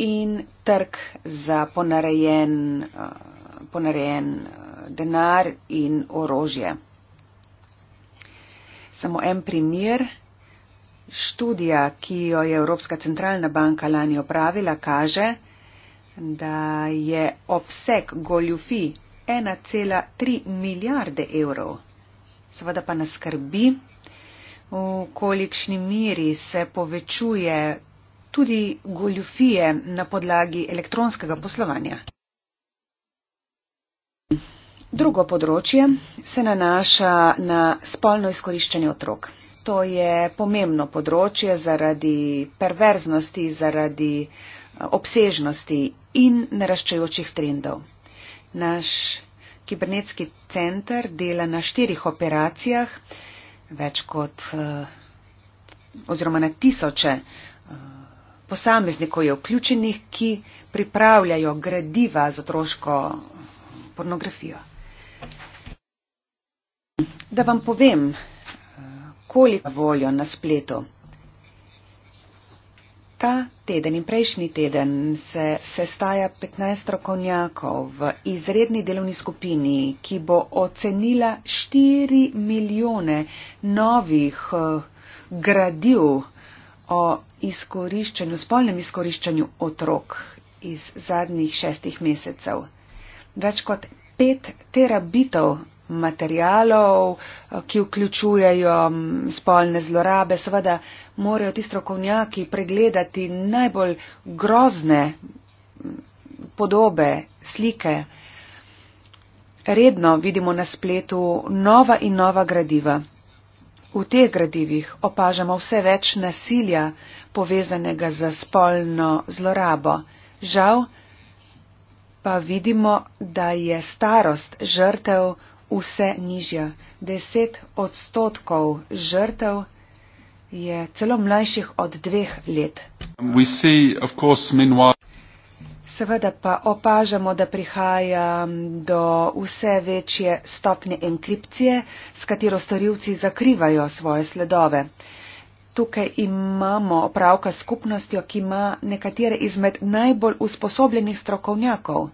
in trg za ponarejen, eh, ponarejen eh, denar in orožje. Samo en primer. Študija, ki jo je Evropska centralna banka lani opravila, kaže, da je obseg goljufi 1,3 milijarde evrov. Seveda pa nas skrbi, v kolikšni miri se povečuje tudi goljufije na podlagi elektronskega poslovanja. Drugo področje se nanaša na spolno izkoriščanje otrok to je pomembno področje zaradi perverznosti, zaradi eh, obsežnosti in naraščajočih trendov. Naš kibernetski center dela na štirih operacijah, več kot eh, oziroma na tisoče eh, posameznikov je vključenih, ki pripravljajo gradiva za otroško pornografijo. Da vam povem, koli voljo na spletu. Ta teden in prejšnji teden se sestaja 15 strokovnjakov v izredni delovni skupini, ki bo ocenila 4 milijone novih eh, gradiv o izkoriščanju, spolnem izkoriščanju otrok iz zadnjih šestih mesecev. Več kot 5 terabitov materialov, ki vključujejo spolne zlorabe. Seveda morajo ti strokovnjaki pregledati najbolj grozne podobe, slike. Redno vidimo na spletu nova in nova gradiva. V teh gradivih opažamo vse več nasilja povezanega z spolno zlorabo. Žal pa vidimo, da je starost žrtev vse nižja. Deset odstotkov žrtev je celo mlajših od dveh let. Seveda pa opažamo, da prihaja do vse večje stopnje enkripcije, s katero storilci zakrivajo svoje sledove. Tukaj imamo opravka skupnostjo, ki ima nekatere izmed najbolj usposobljenih strokovnjakov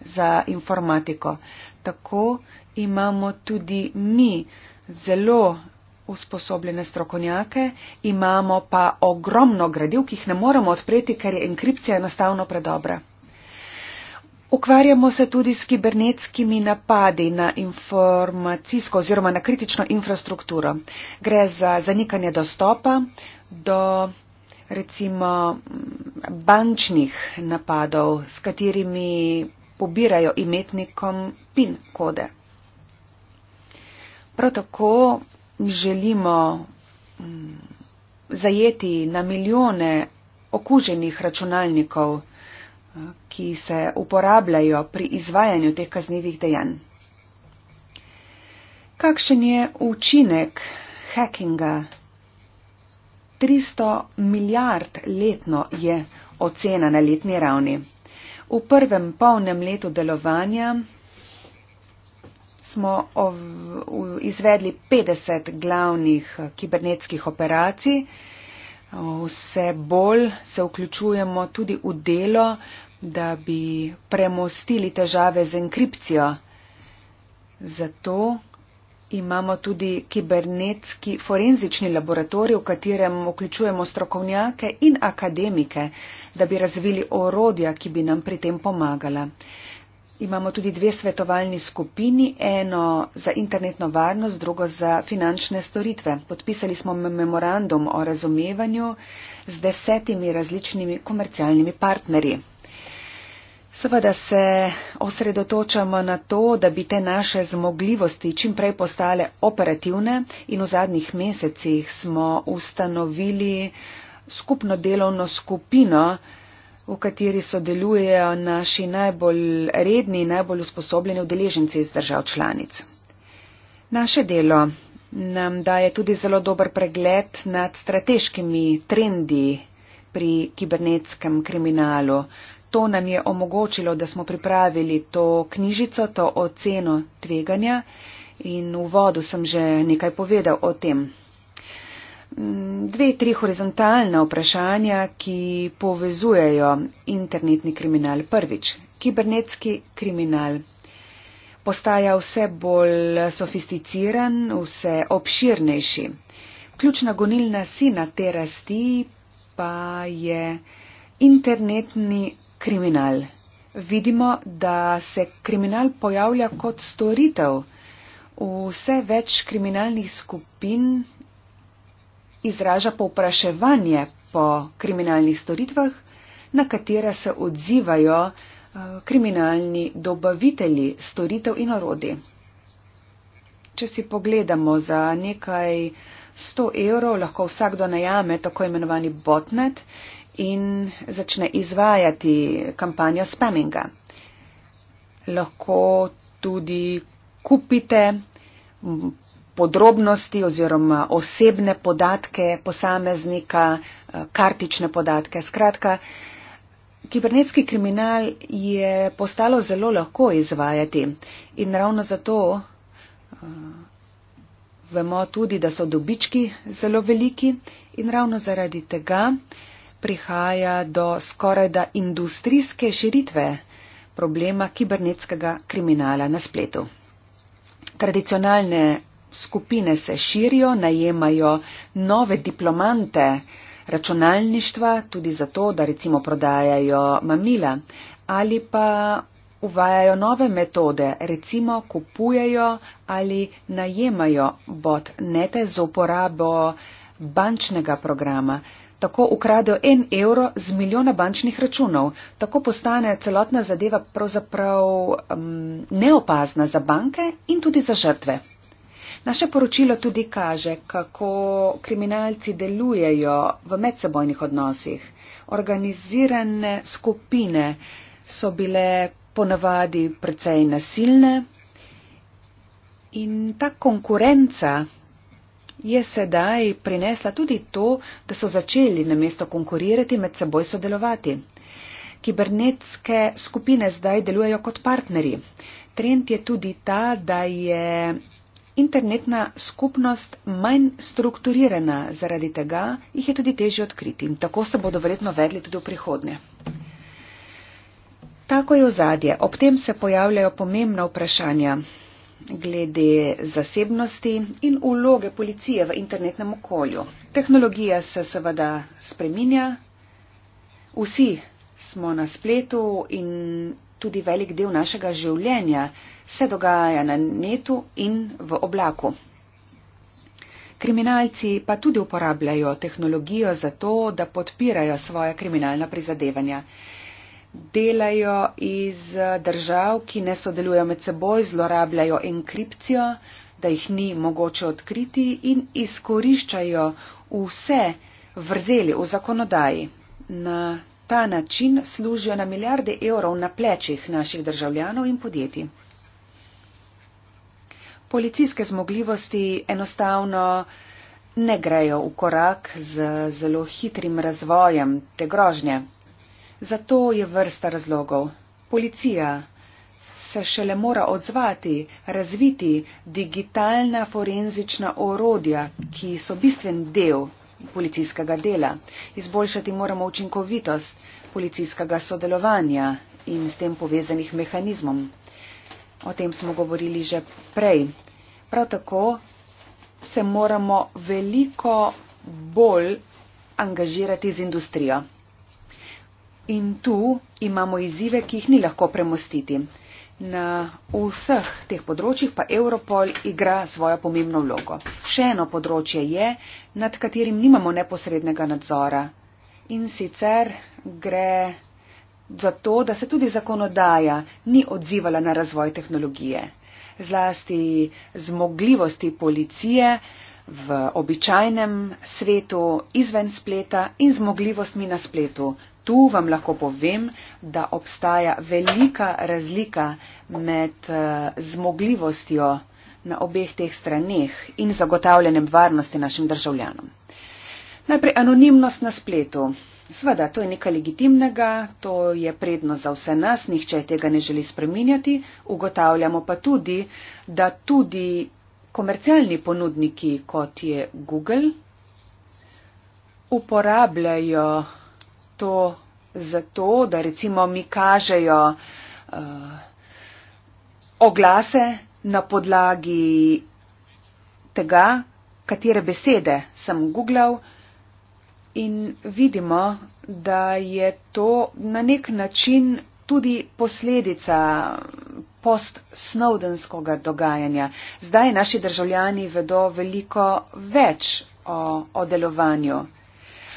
za informatiko. Tako imamo tudi mi zelo usposobljene strokovnjake, imamo pa ogromno gradiv, ki jih ne moremo odpreti, ker je enkripcija enostavno predobra. Ukvarjamo se tudi s kibernetskimi napadi na informacijsko oziroma na kritično infrastrukturo. Gre za zanikanje dostopa do recimo bančnih napadov, s katerimi pobirajo imetnikom PIN kode. Prav tako želimo mm, zajeti na milijone okuženih računalnikov, eh, ki se uporabljajo pri izvajanju teh kaznjivih dejanj. Kakšen je učinek hackinga? 300 milijard letno je ocena na letni ravni. V prvem polnem letu delovanja smo ov, izvedli 50 glavnih eh, kibernetskih operacij. Vse bolj se vključujemo tudi v delo, da bi premostili težave z enkripcijo. Zato imamo tudi kibernetski forenzični laboratorij, v katerem vključujemo strokovnjake in akademike, da bi razvili orodja, ki bi nam pri tem pomagala. Imamo tudi dve svetovalni skupini, eno za internetno varnost, drugo za finančne storitve. Podpisali smo memorandum o razumevanju z desetimi različnimi komercialnimi partnerji. Seveda se osredotočamo na to, da bi te naše zmogljivosti čim prej postale operativne in v zadnjih mesecih smo ustanovili skupno delovno skupino, v kateri sodelujejo naši najbolj redni in najbolj usposobljeni udeleženci iz držav članic. Naše delo nam daje tudi zelo dober pregled nad strateškimi trendi pri kibernetskem kriminalu. To nam je omogočilo, da smo pripravili to knjižico, to oceno tveganja in v vodu sem že nekaj povedal o tem dve, tri horizontalna vprašanja, ki povezujejo internetni kriminal. Prvič, kibernetski kriminal postaja vse bolj sofisticiran, vse obširnejši. Ključna gonilna sina te rasti pa je internetni kriminal. Vidimo, da se kriminal pojavlja kot storitev. Vse več kriminalnih skupin izraža povpraševanje po kriminalnih storitvah, na katera se odzivajo eh, kriminalni dobavitelji storitev in orodi. Če si pogledamo za nekaj 100 evrov, lahko vsakdo najame tako imenovani botnet in začne izvajati kampanjo spaminga. Lahko tudi kupite podrobnosti oziroma osebne podatke posameznika, eh, kartične podatke. Skratka, kibernetski kriminal je postalo zelo lahko izvajati in ravno zato eh, vemo tudi, da so dobički zelo veliki in ravno zaradi tega prihaja do skorajda industrijske širitve problema kibernetskega kriminala na spletu. Tradicionalne skupine se širijo, najemajo nove diplomante računalništva, tudi zato, da recimo prodajajo mamila ali pa uvajajo nove metode, recimo kupujejo ali najemajo botnete z uporabo bančnega programa. Tako ukradejo en evro z milijona bančnih računov. Tako postane celotna zadeva pravzaprav um, neopazna za banke in tudi za žrtve. Naše poročilo tudi kaže, kako kriminalci delujejo v medsebojnih odnosih. Organizirane skupine so bile ponavadi precej nasilne in ta konkurenca je sedaj prinesla tudi to, da so začeli namesto konkurirati med seboj sodelovati. Kibernetske skupine zdaj delujejo kot partnerji. Trend je tudi ta, da je internetna skupnost manj strukturirana, zaradi tega jih je tudi težje odkriti in tako se bodo verjetno vedli tudi v prihodnje. Tako je ozadje. Ob tem se pojavljajo pomembna vprašanja glede zasebnosti in uloge policije v internetnem okolju. Tehnologija se seveda spreminja, vsi smo na spletu in tudi velik del našega življenja, se dogaja na netu in v oblaku. Kriminalci pa tudi uporabljajo tehnologijo za to, da podpirajo svoje kriminalna prizadevanja. Delajo iz držav, ki ne sodelujo med seboj, zlorabljajo enkripcijo, da jih ni mogoče odkriti in izkoriščajo vse vrzeli v zakonodaji. Na ta način služijo na milijarde evrov na plečih naših državljanov in podjetij. Policijske zmogljivosti enostavno ne grejo v korak z zelo hitrim razvojem te grožnje. Zato je vrsta razlogov. Policija se šele mora odzvati, razviti digitalna forenzična orodja, ki so bistven del policijskega dela. Izboljšati moramo učinkovitost policijskega sodelovanja in s tem povezanih mehanizmom. O tem smo govorili že prej. Prav tako se moramo veliko bolj angažirati z industrijo. In tu imamo izzive, ki jih ni lahko premostiti. Na vseh teh področjih pa Europol igra svojo pomembno vlogo. Še eno področje je, nad katerim nimamo neposrednega nadzora. In sicer gre za to, da se tudi zakonodaja ni odzivala na razvoj tehnologije. Zlasti zmogljivosti policije v običajnem svetu izven spleta in zmogljivostmi na spletu, tu vam lahko povem, da obstaja velika razlika med eh, zmogljivostjo na obeh teh straneh in zagotavljanjem varnosti našim državljanom. Najprej anonimnost na spletu. Sveda, to je nekaj legitimnega, to je prednost za vse nas, nihče tega ne želi spreminjati. Ugotavljamo pa tudi, da tudi komercialni ponudniki, kot je Google, uporabljajo to zato, da recimo mi kažejo uh, oglase na podlagi tega, katere besede sem googlal in vidimo, da je to na nek način tudi posledica post-snowdenskega dogajanja. Zdaj naši državljani vedo veliko več o, o delovanju.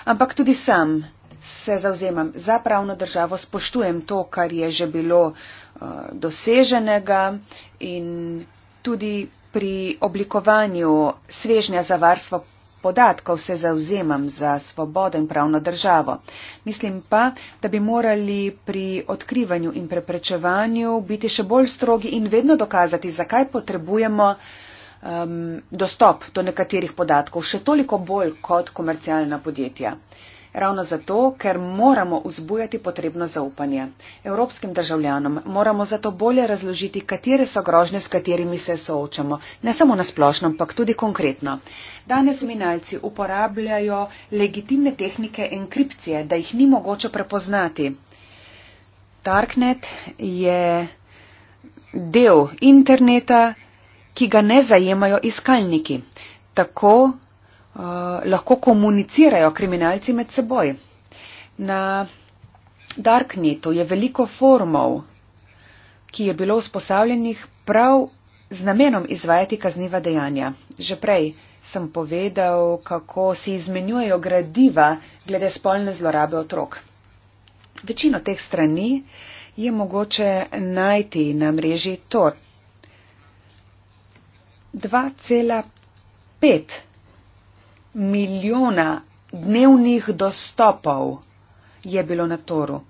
Ampak tudi sam se zauzemam za pravno državo, spoštujem to, kar je že bilo uh, doseženega in tudi pri oblikovanju svežnja za varstvo podatkov se zauzemam za svobodo in pravno državo. Mislim pa, da bi morali pri odkrivanju in preprečevanju biti še bolj strogi in vedno dokazati, zakaj potrebujemo um, dostop do nekaterih podatkov, še toliko bolj kot komercialna podjetja. Ravno zato, ker moramo vzbujati potrebno zaupanje. Evropskim državljanom moramo zato bolje razložiti, katere so grožnje, s katerimi se soočamo. Ne samo na splošno, ampak tudi konkretno. Danes kriminalci uporabljajo legitimne tehnike enkripcije, da jih ni mogoče prepoznati. Darknet je del interneta, ki ga ne zajemajo iskalniki. Tako Eh, lahko komunicirajo kriminalci med seboj. Na Darknetu je veliko formov, ki je bilo usposabljenih prav z namenom izvajati kazniva dejanja. Že prej sem povedal, kako se izmenjujejo gradiva glede spolne zlorabe otrok. Večino teh strani je mogoče najti na mreži Tor. 2,5 milijona dnevnih dostopov je bilo na toru.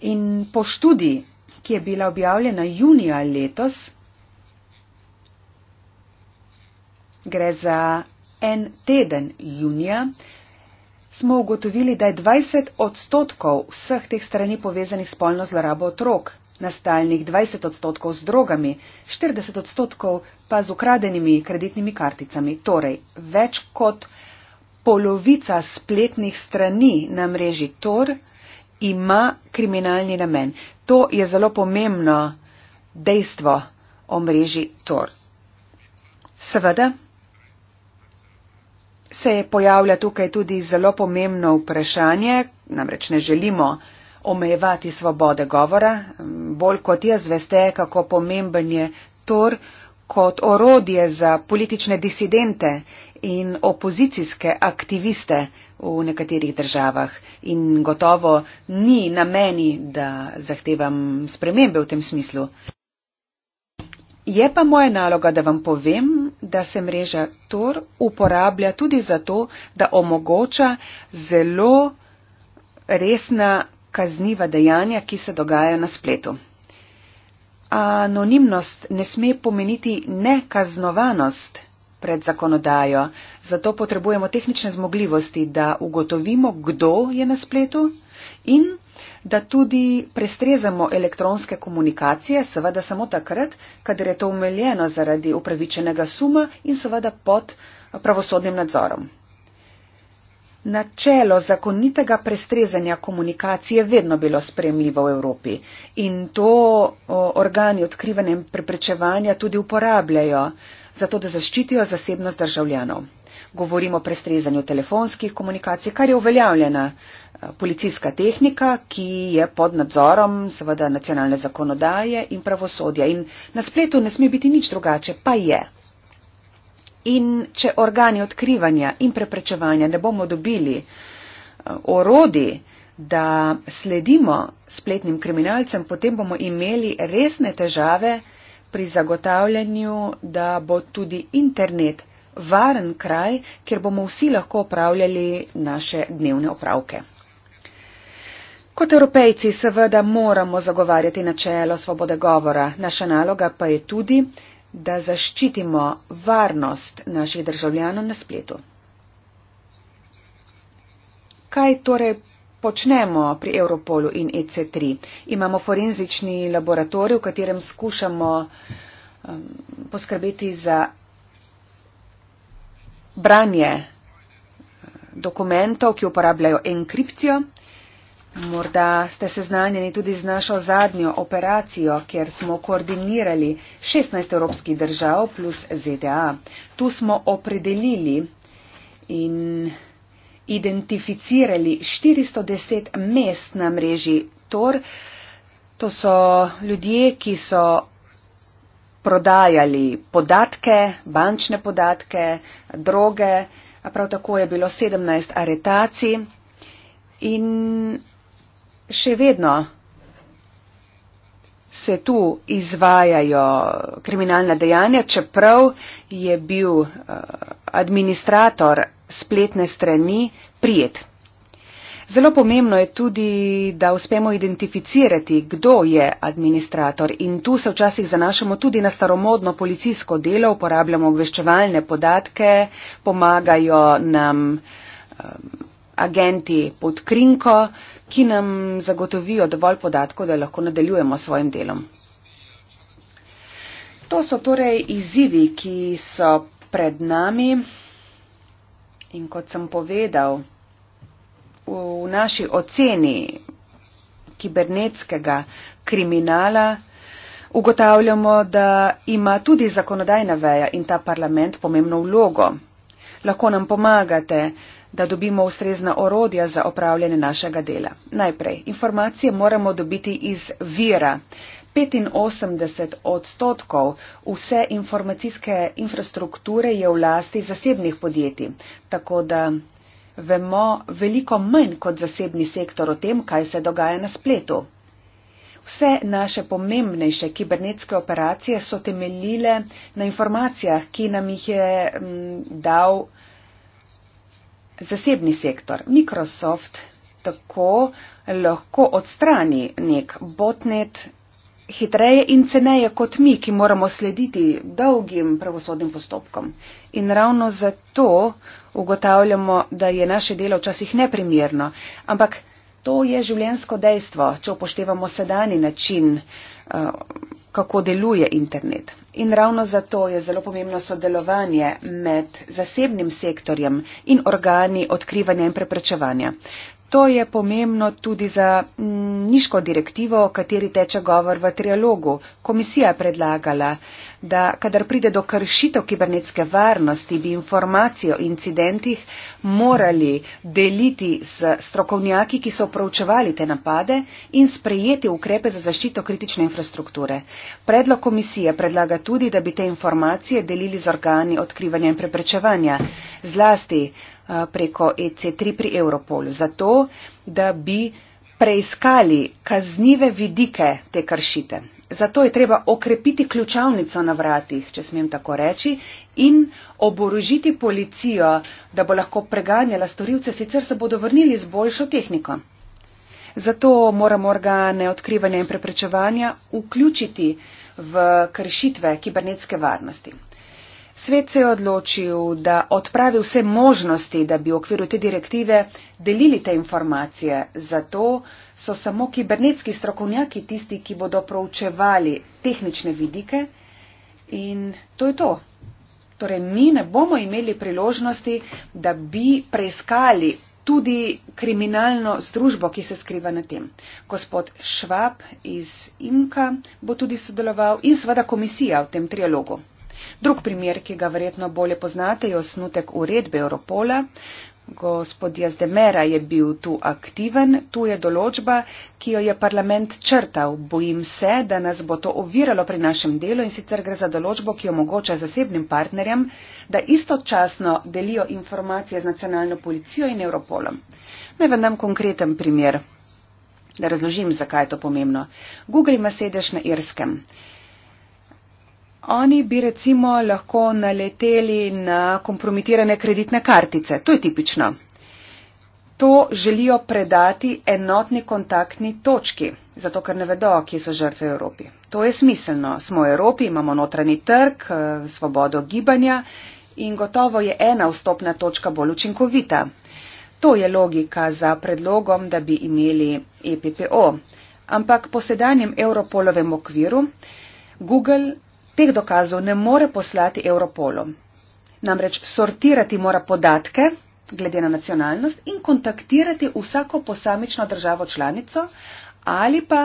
In po študiji, ki je bila objavljena junija letos, gre za en teden junija, smo ugotovili, da je 20 odstotkov vseh teh strani povezanih spolno zlorabo otrok nastalnih 20 odstotkov z drogami, 40 odstotkov pa z ukradenimi kreditnimi karticami. Torej, več kot polovica spletnih strani na mreži Tor ima kriminalni namen. To je zelo pomembno dejstvo o mreži Tor. Seveda se je pojavlja tukaj tudi zelo pomembno vprašanje, namreč ne želimo omejevati svobode govora, bolj kot jaz veste, kako pomemben je Tor kot orodje za politične disidente in opozicijske aktiviste v nekaterih državah. In gotovo ni na meni, da zahtevam spremembe v tem smislu. Je pa moja naloga, da vam povem, da se mreža Tor uporablja tudi zato, da omogoča zelo resna kazniva dejanja, ki se dogajajo na spletu. Anonimnost ne sme pomeniti nekaznovanost pred zakonodajo, zato potrebujemo tehnične zmogljivosti, da ugotovimo, kdo je na spletu in da tudi prestrezamo elektronske komunikacije, seveda samo takrat, kadar je to umeljeno zaradi upravičenega suma in seveda pod pravosodnim nadzorom. Načelo zakonitega prestrezanja komunikacije je vedno bilo spremljivo v Evropi in to organi odkrivanja in preprečevanja tudi uporabljajo, zato da zaščitijo zasebnost državljanov. Govorimo o prestrezanju telefonskih komunikacij, kar je uveljavljena e, policijska tehnika, ki je pod nadzorom seveda nacionalne zakonodaje in pravosodja. In na spletu ne sme biti nič drugače, pa je. In če organi odkrivanja in preprečevanja ne bomo dobili eh, orodi, da sledimo spletnim kriminalcem, potem bomo imeli resne težave pri zagotavljanju, da bo tudi internet varen kraj, kjer bomo vsi lahko opravljali naše dnevne opravke. Kot evropejci seveda moramo zagovarjati načelo svobode govora, naša naloga pa je tudi, da zaščitimo varnost naših državljanov na spletu. Kaj torej počnemo pri Europolu in EC3? Imamo forenzični laboratorij, v katerem skušamo um, poskrbeti za branje uh, dokumentov, ki uporabljajo enkripcijo. Morda ste seznanjeni tudi z našo zadnjo operacijo, kjer smo koordinirali 16 evropskih držav plus ZDA. Tu smo opredelili in identificirali 410 mest na mreži TOR. To so ljudje, ki so prodajali podatke, bančne podatke, droge. Prav tako je bilo 17 aretacij. In še vedno se tu izvajajo kriminalna dejanja, čeprav je bil eh, administrator spletne strani prijet. Zelo pomembno je tudi, da uspemo identificirati, kdo je administrator in tu se včasih zanašamo tudi na staromodno policijsko delo, uporabljamo obveščevalne podatke, pomagajo nam um, agenti pod krinko. Uh, ki nam zagotovijo dovolj podatkov, da lahko nadaljujemo svojim delom. To so torej izzivi, ki so pred nami in kot sem povedal, v naši oceni kibernetskega kriminala ugotavljamo, da ima tudi zakonodajna veja in ta parlament pomembno vlogo. Lahko nam pomagate da dobimo ustrezna orodja za opravljanje našega dela. Najprej, informacije moramo dobiti iz vira. 85 odstotkov vse informacijske infrastrukture je v lasti zasebnih podjetij, tako da vemo veliko manj kot zasebni sektor o tem, kaj se dogaja na spletu. Vse naše pomembnejše kibernetske operacije so temeljile na informacijah, ki nam jih je mm, dal zasebni sektor, Microsoft, tako lahko odstrani nek botnet hitreje in ceneje kot mi, ki moramo slediti dolgim pravosodnim postopkom. In ravno zato ugotavljamo, da je naše delo včasih neprimerno. Ampak to je življensko dejstvo, če upoštevamo sedani način uh, Eh, kako deluje internet. In ravno zato je zelo pomembno sodelovanje med zasebnim sektorjem in organi odkrivanja in preprečevanja. To je pomembno tudi za mm, niško direktivo, o kateri teče govor v trialogu. Komisija je predlagala uh, da kadar pride do kršitev kibernetske varnosti, bi informacijo o incidentih morali deliti s strokovnjaki, ki so proučevali te napade in sprejeti ukrepe za zaščito kritične infrastrukture. Predlog komisije predlaga tudi, da bi te informacije delili z organi odkrivanja in preprečevanja, zlasti eh, preko EC3 pri Europolu, zato da bi preiskali kaznive vidike te kršite zato je treba okrepiti ključavnico na vratih, če smem tako reči, in oborožiti policijo, da bo lahko preganjala storilce, sicer se bodo vrnili z boljšo tehniko. Zato moramo organe odkrivanja in preprečevanja vključiti v kršitve kibernetske varnosti. Svet se je odločil, da odpravi vse možnosti, da bi v okviru te direktive delili te informacije, zato so samo kibernetski strokovnjaki tisti, ki bodo proučevali tehnične vidike in to je to. Torej, mi ne bomo imeli priložnosti, da bi preiskali tudi kriminalno združbo, ki se skriva na tem. Gospod Švab iz Imka bo tudi sodeloval in seveda komisija v tem trialogu. Drug primer, ki ga verjetno bolje poznate, je osnutek uredbe Europola, Gospod Jazdemera je bil tu aktiven, tu je določba, ki jo je parlament črtal. Bojim se, da nas bo to oviralo pri našem delu in sicer gre za določbo, ki omogoča zasebnim partnerjem, da istočasno delijo informacije z nacionalno policijo in Europolom. Naj vam dam konkreten primer, da razložim, zakaj je to pomembno. Google ima sedež na Irskem oni bi recimo lahko naleteli na kompromitirane kreditne kartice. To je tipično. To želijo predati enotni kontaktni točki, zato ker ne vedo, kje so žrtve Evropi. To je smiselno. Smo v Evropi, imamo notranji trg, eh, svobodo gibanja in gotovo je ena vstopna točka bolj učinkovita. To je logika za predlogom, da bi imeli EPPO. Ampak po sedanjem Europolovem okviru Google teh dokazov ne more poslati Europolu. Namreč sortirati mora podatke glede na nacionalnost in kontaktirati vsako posamično državo članico ali pa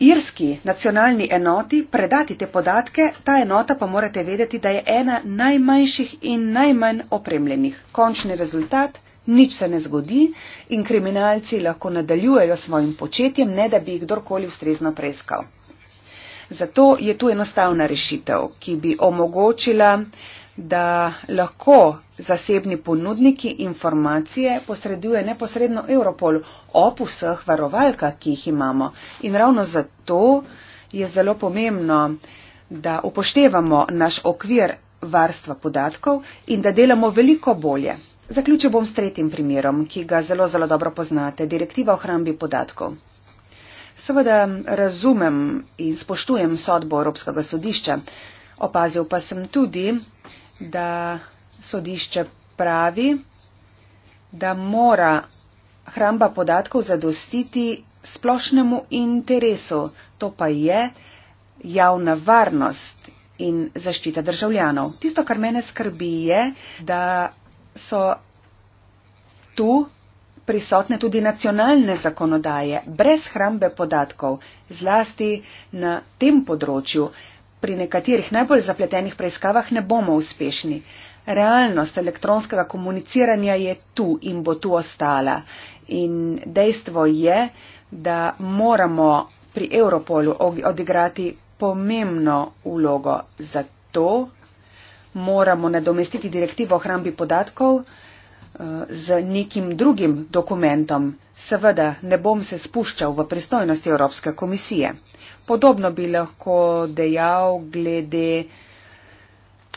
irski nacionalni enoti predati te podatke, ta enota pa morate vedeti, da je ena najmanjših in najmanj opremljenih. Končni rezultat, nič se ne zgodi in kriminalci lahko nadaljujejo svojim početjem, ne da bi jih kdorkoli ustrezno preiskal. Zato je tu enostavna rešitev, ki bi omogočila, da lahko zasebni ponudniki informacije posreduje neposredno Europolu ob vseh varovalkah, ki jih imamo. In ravno zato je zelo pomembno, da upoštevamo naš okvir varstva podatkov in da delamo veliko bolje. Zaključil bom s tretjim primerom, ki ga zelo, zelo dobro poznate, direktiva o hrambi podatkov. Seveda razumem in spoštujem sodbo Evropskega sodišča. Opazil pa sem tudi, da sodišče pravi, da mora hramba podatkov zadostiti splošnemu interesu, to pa je javna varnost in zaščita državljanov. Tisto, kar mene skrbi, je, da so tu prisotne tudi nacionalne zakonodaje brez hrambe podatkov, zlasti na tem področju. Pri nekaterih najbolj zapletenih preiskavah ne bomo uspešni. Realnost elektronskega komuniciranja je tu in bo tu ostala. In dejstvo je, da moramo pri Europolu odigrati pomembno vlogo. Zato moramo nadomestiti direktivo o hrambi podatkov. Eh, z nekim drugim dokumentom. Seveda ne bom se spuščal v pristojnosti Evropske komisije. Podobno bi lahko dejal glede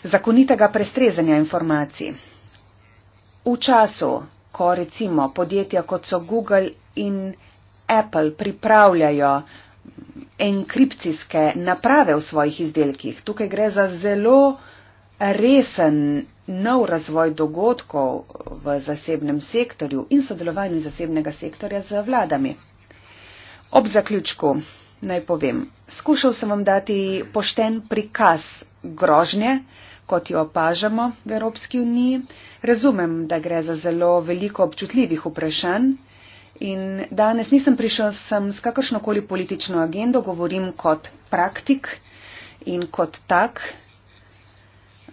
zakonitega prestrezanja informacij. V času, ko recimo podjetja kot so Google in Apple pripravljajo enkripcijske naprave v svojih izdelkih, tukaj gre za zelo resen nov razvoj dogodkov v zasebnem sektorju in sodelovanju zasebnega sektorja z vladami. Ob zaključku naj povem, skušal sem vam dati pošten prikaz grožnje, kot jo opažamo v Evropski uniji. Razumem, da gre za zelo veliko občutljivih vprašanj. In danes nisem prišel sem s kakršnokoli politično agendo, govorim kot praktik in kot tak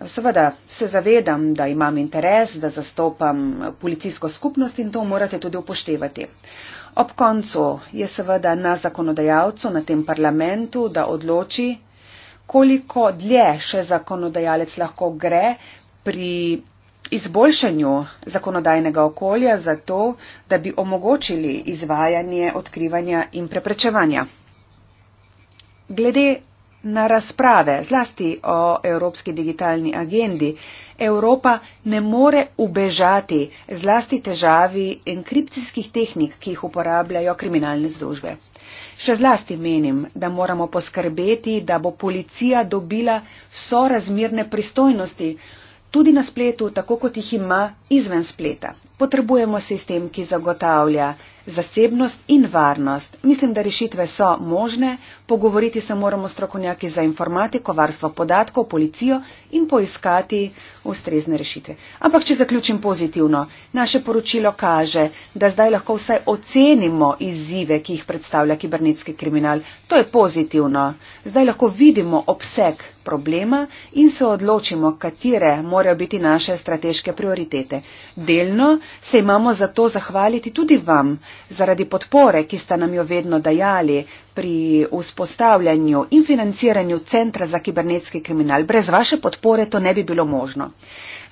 Seveda se zavedam, da imam interes, da zastopam policijsko skupnost in to morate tudi upoštevati. Ob koncu je seveda na zakonodajalcu, na tem parlamentu, da odloči, koliko dlje še zakonodajalec lahko gre pri izboljšanju zakonodajnega okolja za to, da bi omogočili izvajanje odkrivanja in preprečevanja. Glede na razprave, zlasti o Evropski digitalni agendi. Evropa ne more ubežati zlasti težavi enkripcijskih tehnik, ki jih uporabljajo kriminalne združbe. Še zlasti menim, da moramo poskrbeti, da bo policija dobila sorazmirne pristojnosti tudi na spletu, tako kot jih ima izven spleta. Potrebujemo sistem, ki zagotavlja zasebnost in varnost. Mislim, da rešitve so možne, pogovoriti se moramo strokovnjaki za informatiko, varstvo podatkov, policijo in poiskati ustrezne rešitve. Ampak, če zaključim pozitivno, naše poročilo kaže, da zdaj lahko vsaj ocenimo izzive, ki jih predstavlja kibernetski kriminal. To je pozitivno. Zdaj lahko vidimo obseg problema in se odločimo, katere morajo biti naše strateške prioritete. Delno se imamo za to zahvaliti tudi vam, zaradi podpore, ki ste nam jo vedno dajali pri vzpostavljanju in financiranju Centra za kibernetski kriminal. Brez vaše podpore to ne bi bilo možno.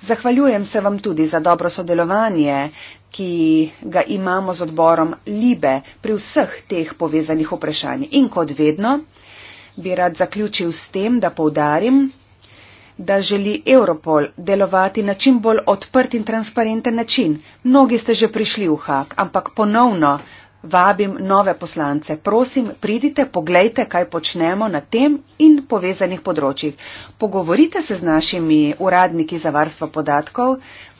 Zahvaljujem se vam tudi za dobro sodelovanje, ki ga imamo z odborom Libe pri vseh teh povezanih vprašanjih. In kot vedno, bi rad zaključil s tem, da povdarim, da želi Europol delovati na čim bolj odprt in transparenten način. Mnogi ste že prišli v Hak, ampak ponovno vabim nove poslance. Prosim, pridite, pogledajte, kaj počnemo na tem in povezanih področjih. Pogovorite se z našimi uradniki za varstvo podatkov.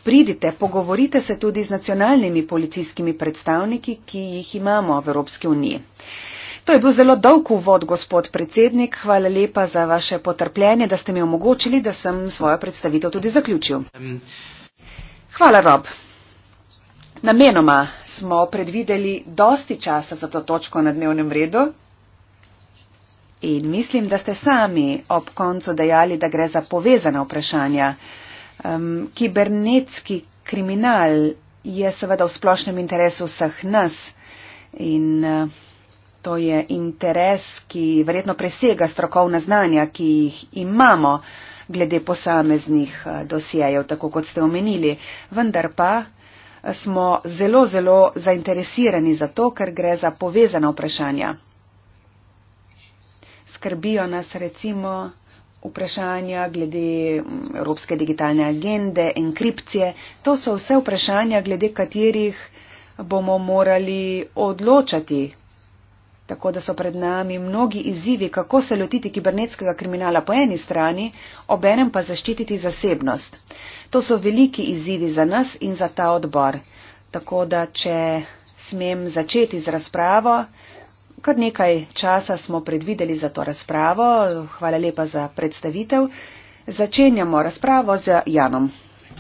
Pridite, pogovorite se tudi z nacionalnimi policijskimi predstavniki, ki jih imamo v Evropski uniji. To je bil zelo dolg uvod, gospod predsednik. Hvala lepa za vaše potrpljenje, da ste mi omogočili, da sem svojo predstavitev tudi zaključil. Hvala, Rob. Namenoma smo predvideli dosti časa za to točko na dnevnem redu in mislim, da ste sami ob koncu dejali, da gre za povezana vprašanja. Um, kibernetski kriminal je seveda v splošnem interesu vseh nas in uh, To je interes, ki verjetno presega strokovna znanja, ki jih imamo glede posameznih eh, dosijajev, tako kot ste omenili. Vendar pa eh, smo zelo, zelo zainteresirani za to, ker gre za povezana vprašanja. Skrbijo nas recimo vprašanja glede mm, Evropske digitalne agende, enkripcije. To so vse vprašanja, glede katerih bomo morali odločati, Tako da so pred nami mnogi izzivi, kako se lotiti kibernetskega kriminala po eni strani, obenem pa zaščititi zasebnost. To so veliki izzivi za nas in za ta odbor. Tako da, če smem začeti z razpravo, kar nekaj časa smo predvideli za to razpravo. Hvala lepa za predstavitev. Začenjamo razpravo z Janom.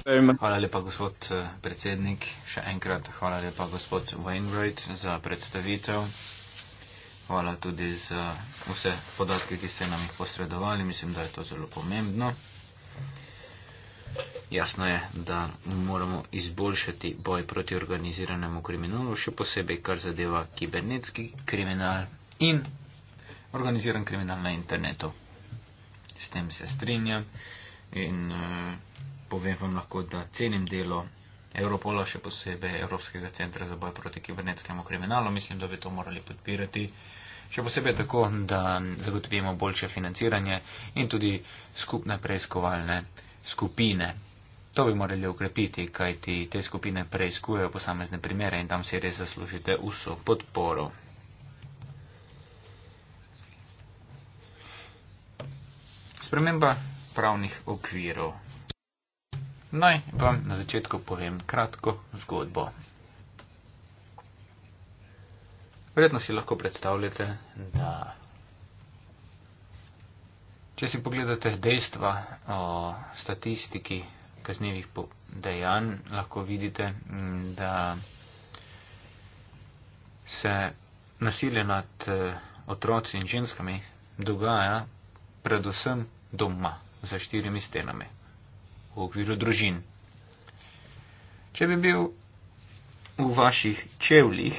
Hvala lepa, gospod eh, predsednik. Še enkrat hvala lepa, gospod Wainwright, za predstavitev. Hvala tudi za vse podatke, ki ste nam jih posredovali. Mislim, da je to zelo pomembno. Jasno je, da moramo izboljšati boj proti organiziranemu kriminalu, še posebej kar zadeva kibernetski kriminal in organiziran kriminal na internetu. S tem se strinjam in eh, povem vam lahko, da cenim delo Europola, še posebej Evropskega centra za boj proti kibernetskemu kriminalu. Mislim, da bi to morali podpirati. Še posebej tako, da zagotovimo boljše financiranje in tudi skupne preiskovalne skupine. To bi morali ukrepiti, kajti te skupine preiskujejo posamezne primere in tam si res zaslužite vso podporo. Sprememba pravnih okvirov. Naj vam na začetku povem kratko zgodbo. Verjetno si lahko predstavljate, da če si pogledate dejstva o statistiki kaznjivih dejanj, lahko vidite, da se nasilje nad eh, otroci in ženskami dogaja predvsem doma, za štirimi stenami v okviru družin. Če bi bil v vaših čevljih,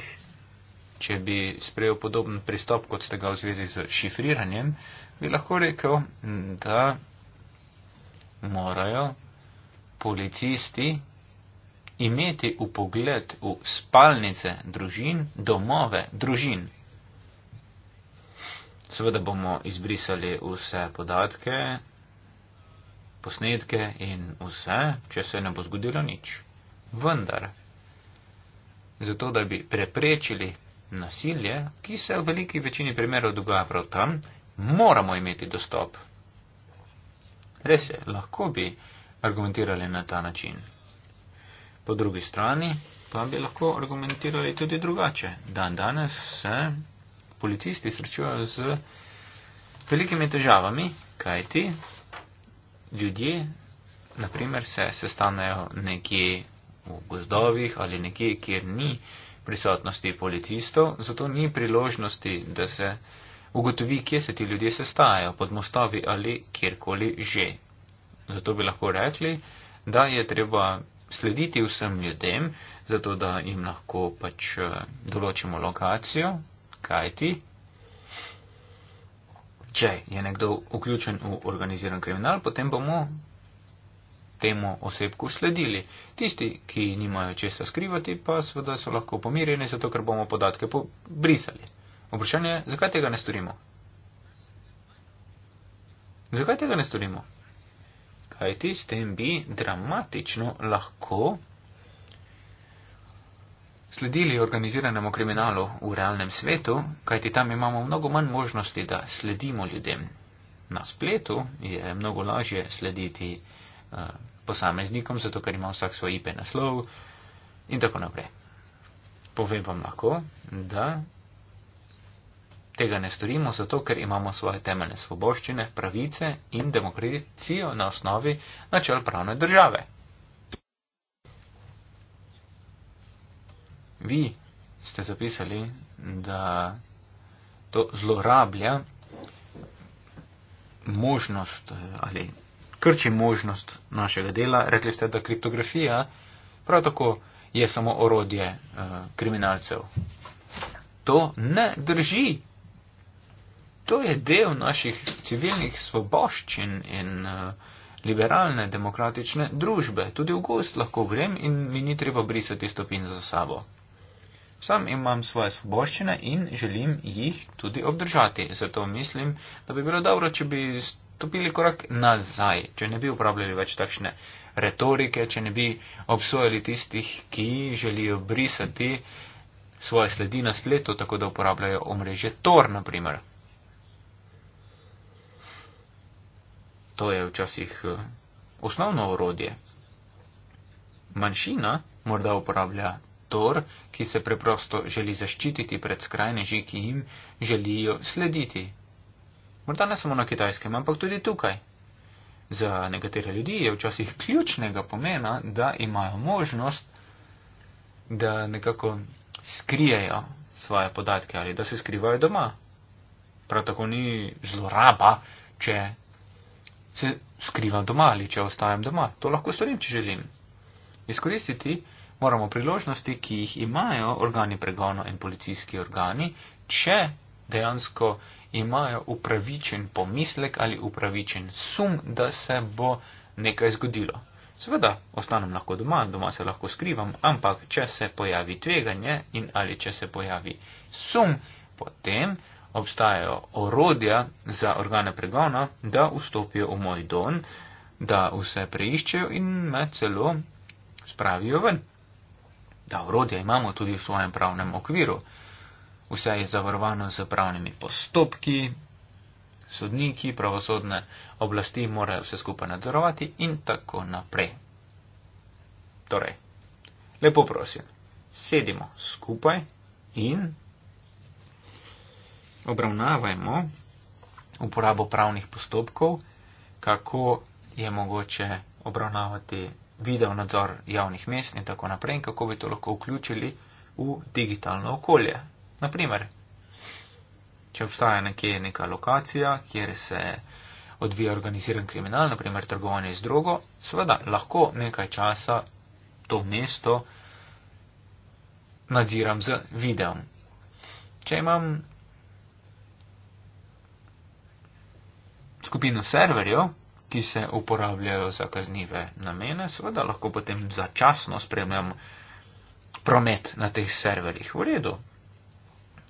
če bi sprejel podoben pristop, kot ste ga v zvezi z šifriranjem, bi lahko rekel, da morajo policisti imeti v pogled v spalnice družin, domove družin. Seveda bomo izbrisali vse podatke, posnetke in vse, če se ne bo zgodilo nič. Vendar, zato da bi preprečili nasilje, ki se v veliki večini primerov dogaja prav tam, moramo imeti dostop. Res je, lahko bi argumentirali na ta način. Po drugi strani pa bi lahko argumentirali tudi drugače. Dan danes se policisti srečujejo z velikimi težavami, kajti ljudje, naprimer, se sestanejo nekje v gozdovih ali nekje, kjer ni prisotnosti policistov, zato ni priložnosti, da se ugotovi, kje se ti ljudje sestajajo, pod mostovi ali kjerkoli že. Zato bi lahko rekli, da je treba slediti vsem ljudem, zato da jim lahko pač eh, določimo lokacijo, kajti če je nekdo vključen v organiziran kriminal, potem bomo temu osebku sledili. Tisti, ki nimajo česa skrivati, pa seveda so lahko pomirjeni, zato ker bomo podatke brisali. Vprašanje je, zakaj tega ne storimo? Zakaj tega ne storimo? Kajti s tem bi dramatično lahko sledili organiziranemu kriminalu v realnem svetu, kajti tam imamo mnogo manj možnosti, da sledimo ljudem. Na spletu je mnogo lažje slediti uh, posameznikom, zato ker ima vsak svoj IP naslov in tako naprej. Povem vam lahko, da tega ne storimo, zato ker imamo svoje temeljne svoboščine, pravice in demokracijo na osnovi načel pravne države. vi ste zapisali, da to zlorablja možnost ali krči možnost našega dela. Rekli ste, da kriptografija prav tako je samo orodje uh, kriminalcev. To ne drži. To je del naših civilnih svoboščin in uh, liberalne demokratične družbe. Tudi v gost lahko grem in mi ni treba brisati stopin za sabo. Sam imam svoje svoboščine in želim jih tudi obdržati. Zato mislim, da bi bilo dobro, če bi stopili korak nazaj, če ne bi uporabljali več takšne retorike, če ne bi obsojali tistih, ki želijo brisati svoje sledi na spletu, tako da uporabljajo omrežje Tor, naprimer. To je včasih eh, osnovno orodje. Manjšina morda uporablja Tor, ki se preprosto želi zaščititi pred skrajneži, ki jim želijo slediti. Morda ne samo na kitajskem, ampak tudi tukaj. Za nekatere ljudi je včasih ključnega pomena, da imajo možnost, da nekako skrijejo svoje podatke ali da se skrivajo doma. Prav tako ni zloraba, če se skrivam doma ali če ostajam doma. To lahko storim, če želim. Izkoristiti moramo priložnosti, ki jih imajo organi pregona in policijski organi, če dejansko imajo upravičen pomislek ali upravičen sum, da se bo nekaj zgodilo. Seveda, ostanem lahko doma, doma se lahko skrivam, ampak če se pojavi tveganje in ali če se pojavi sum, potem obstajajo orodja za organe pregona, da vstopijo v moj don, da vse preiščejo in me celo spravijo ven da orodja imamo tudi v svojem pravnem okviru. Vse je zavarovano z pravnimi postopki, sodniki, pravosodne oblasti morajo vse skupaj nadzorovati in tako naprej. Torej, lepo prosim, sedimo skupaj in obravnavajmo uporabo pravnih postopkov, kako je mogoče obravnavati video nadzor javnih mest in tako naprej, in kako bi to lahko vključili v digitalno okolje. Naprimer, če obstaja nekje neka lokacija, kjer se odvija organiziran kriminal, naprimer trgovanje z drogo, seveda lahko nekaj časa to mesto nadziram z videom. Če imam skupino serverjev, ki se uporabljajo za kaznive namene, seveda lahko potem začasno spremljam promet na teh serverjih. V redu,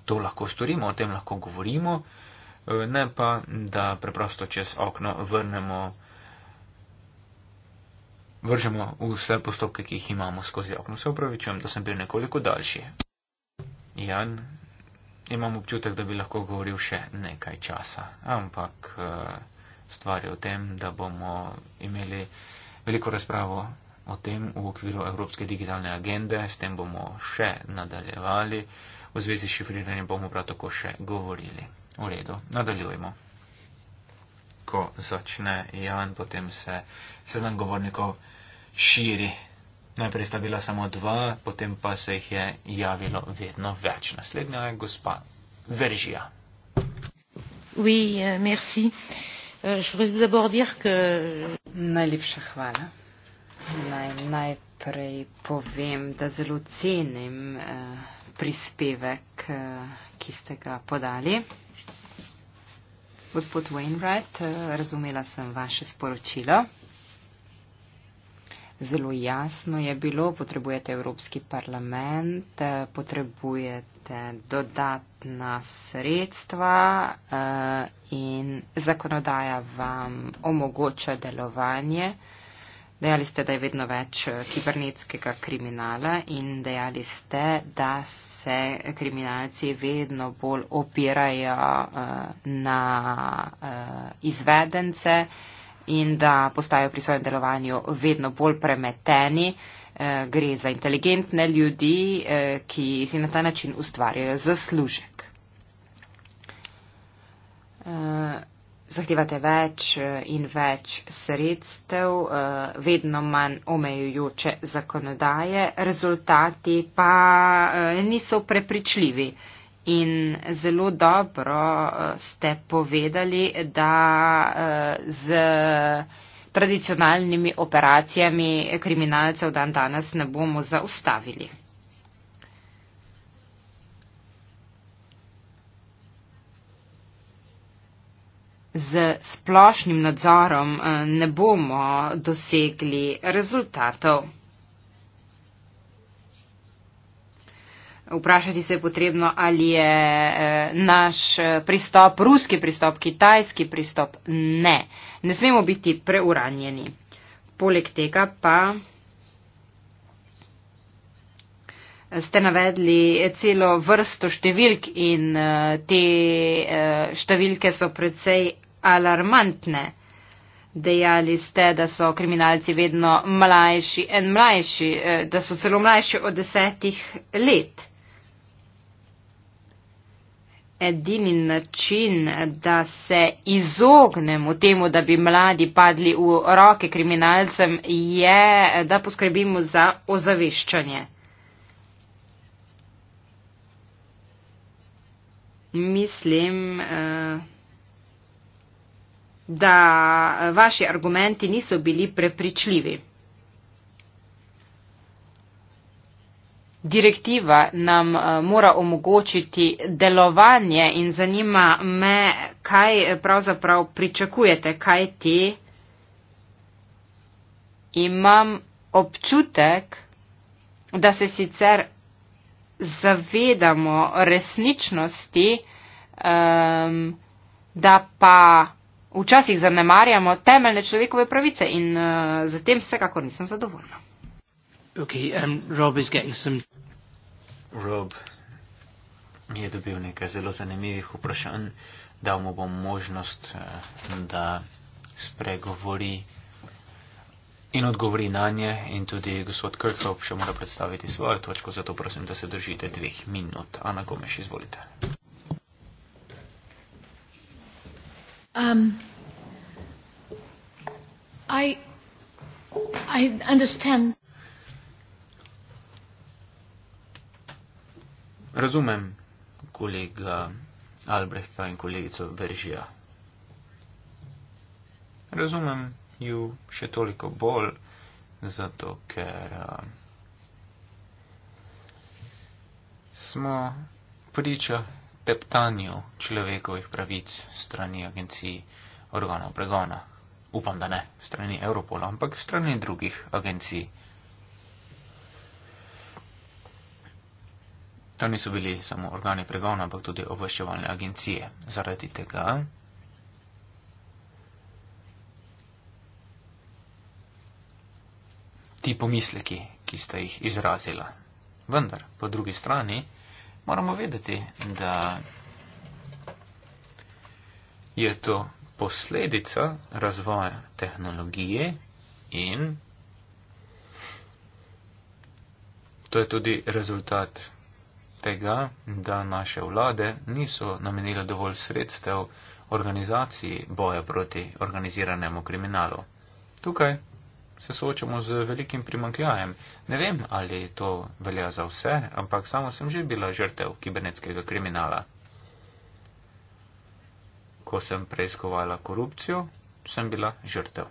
to lahko storimo, o tem lahko govorimo, eh, ne pa, da preprosto čez okno vrnemo, vržemo vse postopke, ki jih imamo skozi okno. Se upravičujem, da sem bil nekoliko daljši. Jan, imam občutek, da bi lahko govoril še nekaj časa, ampak. Uh, stvari o tem, da bomo imeli veliko razpravo o tem v okviru Evropske digitalne agende, s tem bomo še nadaljevali, v zvezi s šifriranjem bomo prav tako še govorili. V redu, nadaljujemo. Ko začne Jan, potem se seznam govornikov širi. Najprej sta bila samo dva, potem pa se jih je javilo vedno več. Naslednja je gospa Veržija. Oui, euh, merci. Euh, Euh, Najlepša hvala. Naj najprej povem, da zelo cenim eh, prispevek, eh, ki ste ga podali. Gospod Wainwright, eh, razumela sem vaše sporočilo zelo jasno je bilo, potrebujete Evropski parlament, eh, potrebujete dodatna sredstva eh, in zakonodaja vam omogoča delovanje. Dejali ste, da je vedno več eh, kibernetskega kriminala in dejali ste, da se kriminalci vedno bolj opirajo na izvedence in da postajajo pri svojem delovanju vedno bolj premeteni. Eh, gre za inteligentne ljudi, eh, ki si na ta način ustvarjajo zaslužek. Eh, zahtevate več in več sredstev, vedno manj omejujoče zakonodaje, rezultati pa niso prepričljivi. In zelo dobro eh, ste povedali, da eh, z tradicionalnimi operacijami kriminalcev dan danes ne bomo zaustavili. Z splošnim nadzorom eh, ne bomo dosegli rezultatov. Vprašati se je potrebno, ali je eh, naš eh, pristop, ruski pristop, kitajski pristop, ne. Ne smemo biti preuranjeni. Poleg tega pa ste navedli celo vrsto številk in eh, te številke so precej alarmantne. Dejali ste, da so kriminalci vedno mlajši in mlajši, da so celo mlajši od desetih let edini način, da se izognemo temu, da bi mladi padli v roke kriminalcem, je, da poskrbimo za ozaveščanje. Mislim, eh, da vaši argumenti niso bili prepričljivi. direktiva nam eh, mora omogočiti delovanje in zanima me, kaj pravzaprav pričakujete, kaj ti imam občutek, da se sicer zavedamo resničnosti, um, da pa včasih zanemarjamo temeljne človekove pravice in uh, eh, zatem vsekako nisem zadovoljna. Okay, um, Rob is getting some Rob je dobil nekaj zelo zanimivih vprašanj, dal mu bom možnost, eh, da spregovori in odgovori na nje in tudi gospod Kirchhoff še mora predstaviti svojo točko, zato prosim, da se držite dveh minut. Ana Gomeš, izvolite. Um, I, I understand. Razumem kolega Albrehta in kolegico Veržija. Razumem ju še toliko bolj, zato ker uh, smo priča teptanju človekovih pravic strani agencij organov pregona. Upam, da ne strani Europola, ampak strani drugih agencij. Tam niso bili samo organi pregona, ampak tudi obveščevalne agencije. Zaradi tega ti pomisleki, ki ste jih izrazila. Vendar, po drugi strani, moramo vedeti, da je to posledica razvoja tehnologije in to je tudi rezultat tega, da naše vlade niso namenile dovolj sredstev organizaciji boja proti organiziranemu kriminalu. Tukaj se soočamo z velikim primankljajem. Ne vem, ali to velja za vse, ampak samo sem že bila žrtev kibernetskega kriminala. Ko sem preiskovala korupcijo, sem bila žrtev.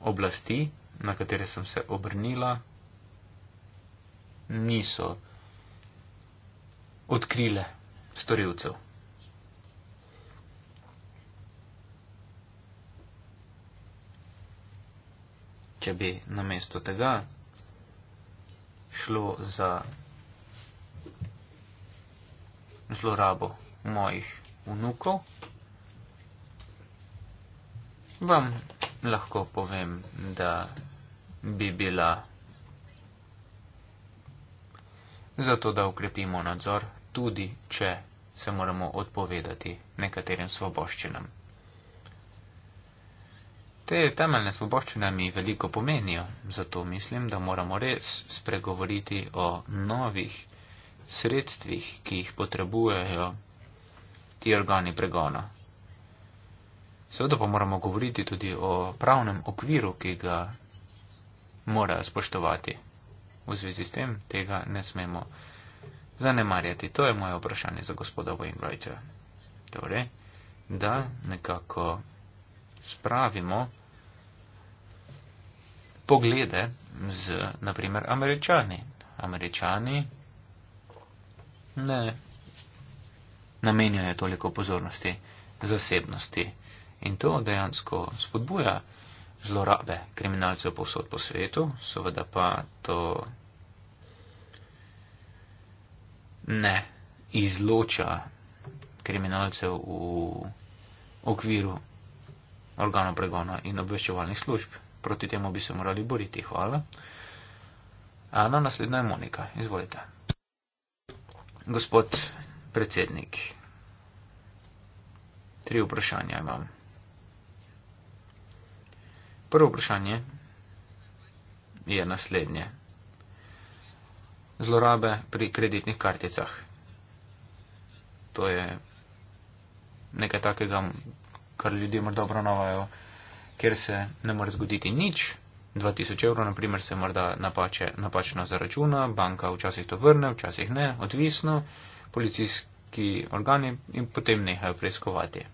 Oblasti, na katere sem se obrnila, niso odkrile storilcev. Če bi namesto tega šlo za zlorabo mojih vnukov, vam lahko povem, da bi bila zato da ukrepimo nadzor, tudi če se moramo odpovedati nekaterim svoboščinam. Te temeljne svoboščine mi veliko pomenijo, zato mislim, da moramo res spregovoriti o novih sredstvih, ki jih potrebujejo ti organi pregona. Seveda pa moramo govoriti tudi o pravnem okviru, ki ga morajo spoštovati. V zvezi s tem tega ne smemo zanemarjati. To je moje vprašanje za gospoda Wainwrighta. Torej, da nekako spravimo poglede z, naprimer, američani. Američani ne namenjajo toliko pozornosti zasebnosti. In to dejansko spodbuja zlorabe kriminalcev povsod po svetu, seveda pa to ne izloča kriminalcev v okviru organov pregona in obveščevalnih služb. Proti temu bi se morali boriti. Hvala. Ana, naslednja je Monika. Izvolite. Gospod predsednik, tri vprašanja imam. Prvo vprašanje je naslednje. Zlorabe pri kreditnih karticah. To je nekaj takega, kar ljudje morda obravnavajo, ker se ne more zgoditi nič. 2000 evrov, na primer, se morda napače, napačno zaračuna, banka včasih to vrne, včasih ne, odvisno, policijski organi in potem nehajo preiskovati.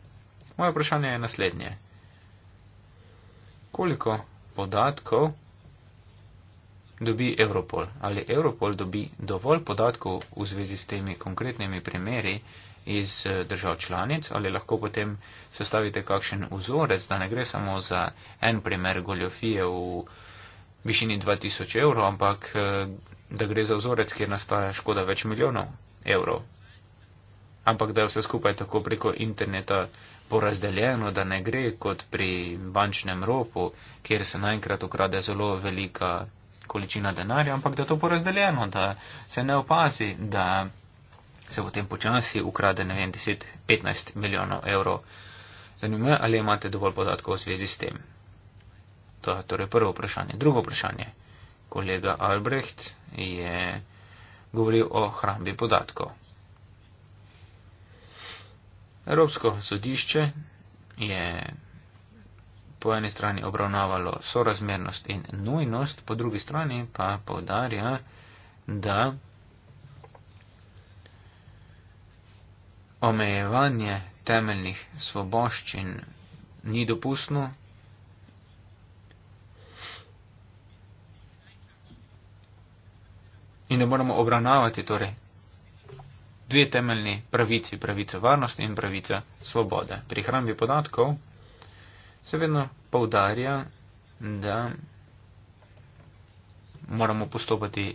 Moje vprašanje je naslednje koliko podatkov dobi Europol. Ali Europol dobi dovolj podatkov v zvezi s temi konkretnimi primeri iz eh, držav članic, ali lahko potem sestavite kakšen vzorec, da ne gre samo za en primer goljofije v višini 2000 evrov, ampak eh, da gre za vzorec, kjer nastaja škoda več milijonov evrov. Ampak da vse skupaj tako preko interneta porazdeljeno, da ne gre kot pri bančnem ropu, kjer se naenkrat ukrade zelo velika količina denarja, ampak da je to porazdeljeno, da se ne opazi, da se potem počasi ukrade, ne vem, 10-15 milijonov evrov. Zanima me, ali imate dovolj podatkov v zvezi s tem. To je torej prvo vprašanje. Drugo vprašanje. Kolega Albrecht je govoril o hrambi podatkov. Evropsko sodišče je po eni strani obravnavalo sorazmernost in nujnost, po drugi strani pa povdarja, da omejevanje temeljnih svoboščin ni dopustno. In da moramo obravnavati torej dve temeljni pravici, pravica varnosti in pravica svobode. Pri hrambi podatkov se vedno povdarja, da moramo postopati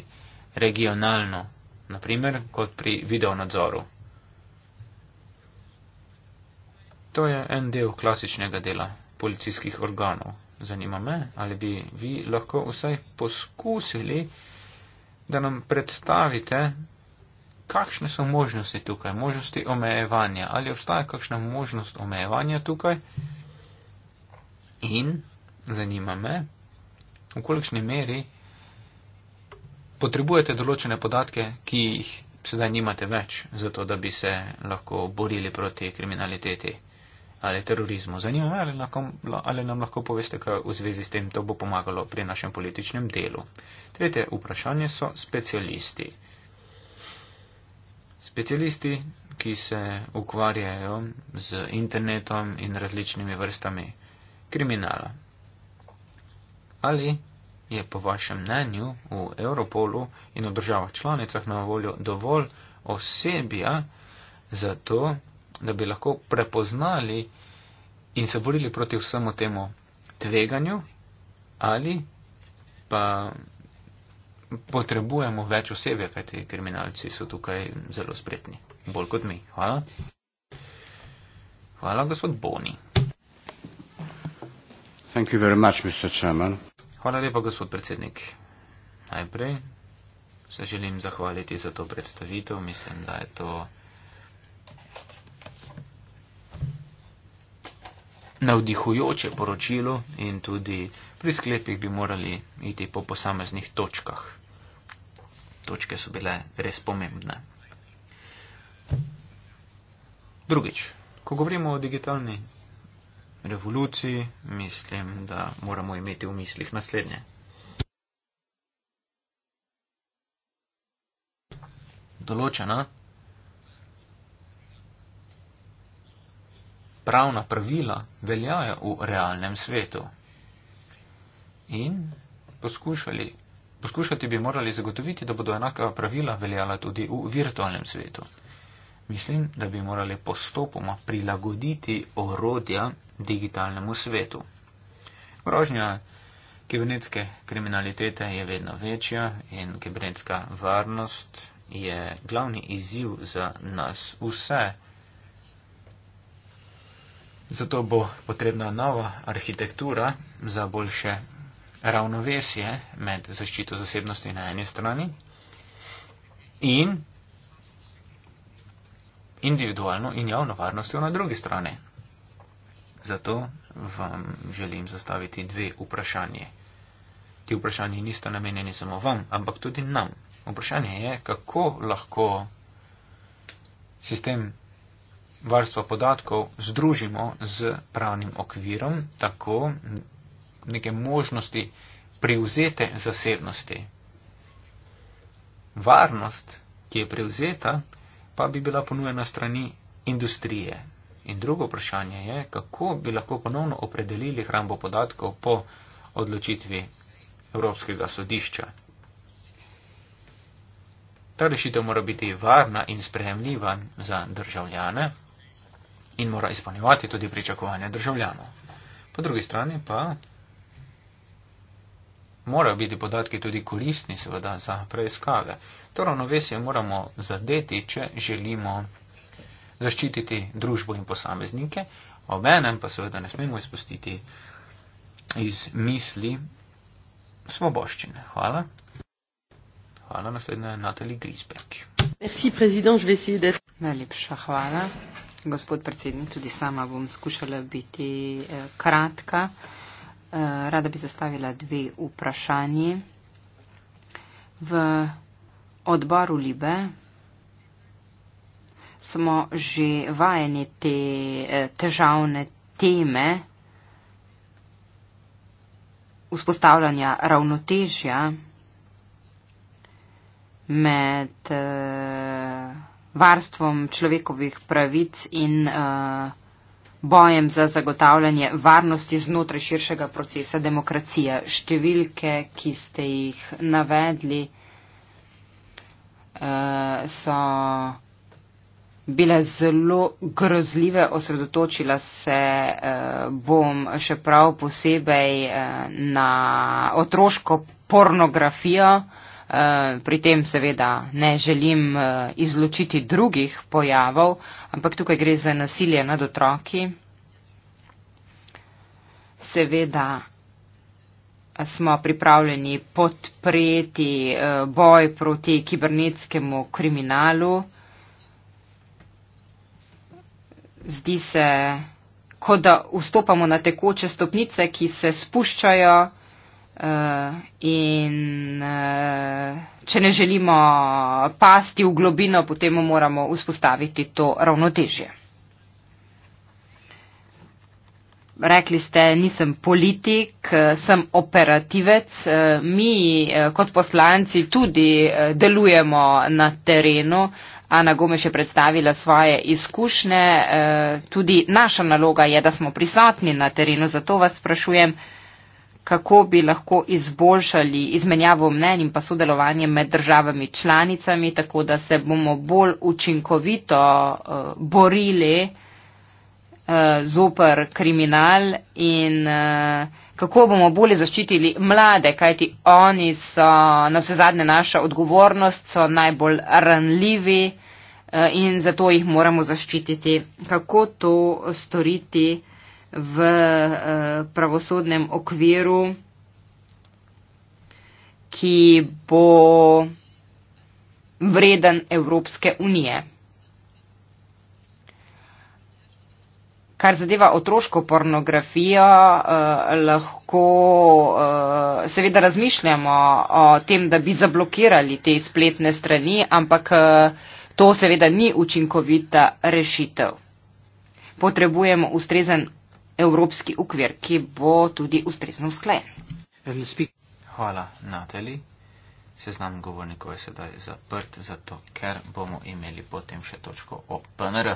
regionalno, naprimer kot pri videonadzoru. To je en del klasičnega dela policijskih organov. Zanima me, ali bi vi lahko vsaj poskusili, da nam predstavite kakšne so možnosti tukaj, možnosti omejevanja, ali obstaja kakšna možnost omejevanja tukaj in zanima me, v kolikšni meri potrebujete določene podatke, ki jih sedaj nimate več, zato da bi se lahko borili proti kriminaliteti ali terorizmu. Zanima me, ali, lahko, ali nam lahko poveste, kaj v zvezi s tem to bo pomagalo pri našem političnem delu. Tretje vprašanje so specialisti. Specialisti, ki se ukvarjajo z internetom in različnimi vrstami kriminala. Ali je po vašem mnenju v Europolu in v državah članicah na voljo dovolj osebja za to, da bi lahko prepoznali in se borili proti vsemu temu tveganju, ali pa potrebujemo več osebe, kajti kriminalci so tukaj zelo spretni, bolj kot mi. Hvala. Hvala, gospod Boni. Much, Hvala lepa, gospod predsednik. Najprej se želim zahvaliti za to predstavitev. Mislim, da je to navdihujoče poročilo in tudi pri sklepih bi morali iti po posameznih točkah točke so bile res pomembne. Drugič, ko govorimo o digitalni revoluciji, mislim, da moramo imeti v mislih naslednje. Določena pravna pravila veljajo v realnem svetu in poskušali Poskušati bi morali zagotoviti, da bodo enaka pravila veljala tudi v virtualnem svetu. Mislim, da bi morali postopoma prilagoditi orodja digitalnemu svetu. Grožnja kibernetske kriminalitete je vedno večja in kibernetska varnost je glavni izziv za nas vse. Zato bo potrebna nova arhitektura za boljše ravnovesje med zaščito zasebnosti na eni strani in individualno in javno varnostjo na drugi strani. Zato vam želim zastaviti dve vprašanje. Ti vprašanji nista namenjeni samo vam, ampak tudi nam. Vprašanje je, kako lahko sistem varstva podatkov združimo z pravnim okvirom, tako neke možnosti prevzete zasebnosti. Varnost, ki je prevzeta, pa bi bila ponujena strani industrije. In drugo vprašanje je, kako bi lahko ponovno opredelili hrambo podatkov po odločitvi Evropskega sodišča. Ta rešitev mora biti varna in sprejemljiva za državljane in mora izpolnjevati tudi pričakovanja državljanov. Po drugi strani pa morajo biti podatki tudi koristni, seveda, za preiskave. To ravnovesje moramo zadeti, če želimo zaščititi družbo in posameznike, a enem pa seveda ne smemo izpustiti iz misli svoboščine. Hvala. Hvala naslednje Natalie Grisberg. Merci, prezident, je vesel, da. Najlepša hvala. Gospod predsednik, tudi sama bom skušala biti eh, kratka. Eh, rada bi zastavila dve vprašanji. V odboru Libe smo že vajeni te eh, težavne teme vzpostavljanja ravnotežja med eh, varstvom človekovih pravic in uh, bojem za zagotavljanje varnosti znotraj širšega procesa demokracije. Številke, ki ste jih navedli, eh, so bile zelo grozljive. Osredotočila se eh, bom še prav posebej eh, na otroško pornografijo. Eh, pri tem seveda ne želim eh, izločiti drugih pojavov, ampak tukaj gre za nasilje nad otroki. Seveda eh, smo pripravljeni podpreti boj proti kibernetskemu kriminalu. Zdi se, kot da vstopamo na tekoče stopnice, ki se spuščajo. Eh, in uh, če ne želimo pasti v globino, potem moramo vzpostaviti to ravnotežje. Rekli ste, nisem politik, eh, sem operativec. Mi kot poslanci tudi delujemo na terenu. Ana Gomeš je predstavila svoje izkušnje. Tudi naša naloga je, da smo prisotni na terenu. Zato vas sprašujem, kako bi lahko izboljšali izmenjavo mnen in pa sodelovanje med državami članicami, tako da se bomo bolj učinkovito uh, borili uh, zoper kriminal in uh, kako bomo bolje zaščitili mlade, kajti oni so na vse zadnje naša odgovornost, so najbolj ranljivi uh, in zato jih moramo zaščititi. Kako to storiti? v eh, pravosodnem okviru, ki bo vreden Evropske unije. Kar zadeva otroško pornografijo, eh, lahko eh, seveda razmišljamo o tem, da bi zablokirali te spletne strani, ampak eh, to seveda ni učinkovita rešitev. Potrebujemo ustrezen evropski ukvir, ki bo tudi ustrezno usklajen. Hvala, Nateli. Seznam govornikov je sedaj zaprt, zato ker bomo imeli potem še točko o PNR.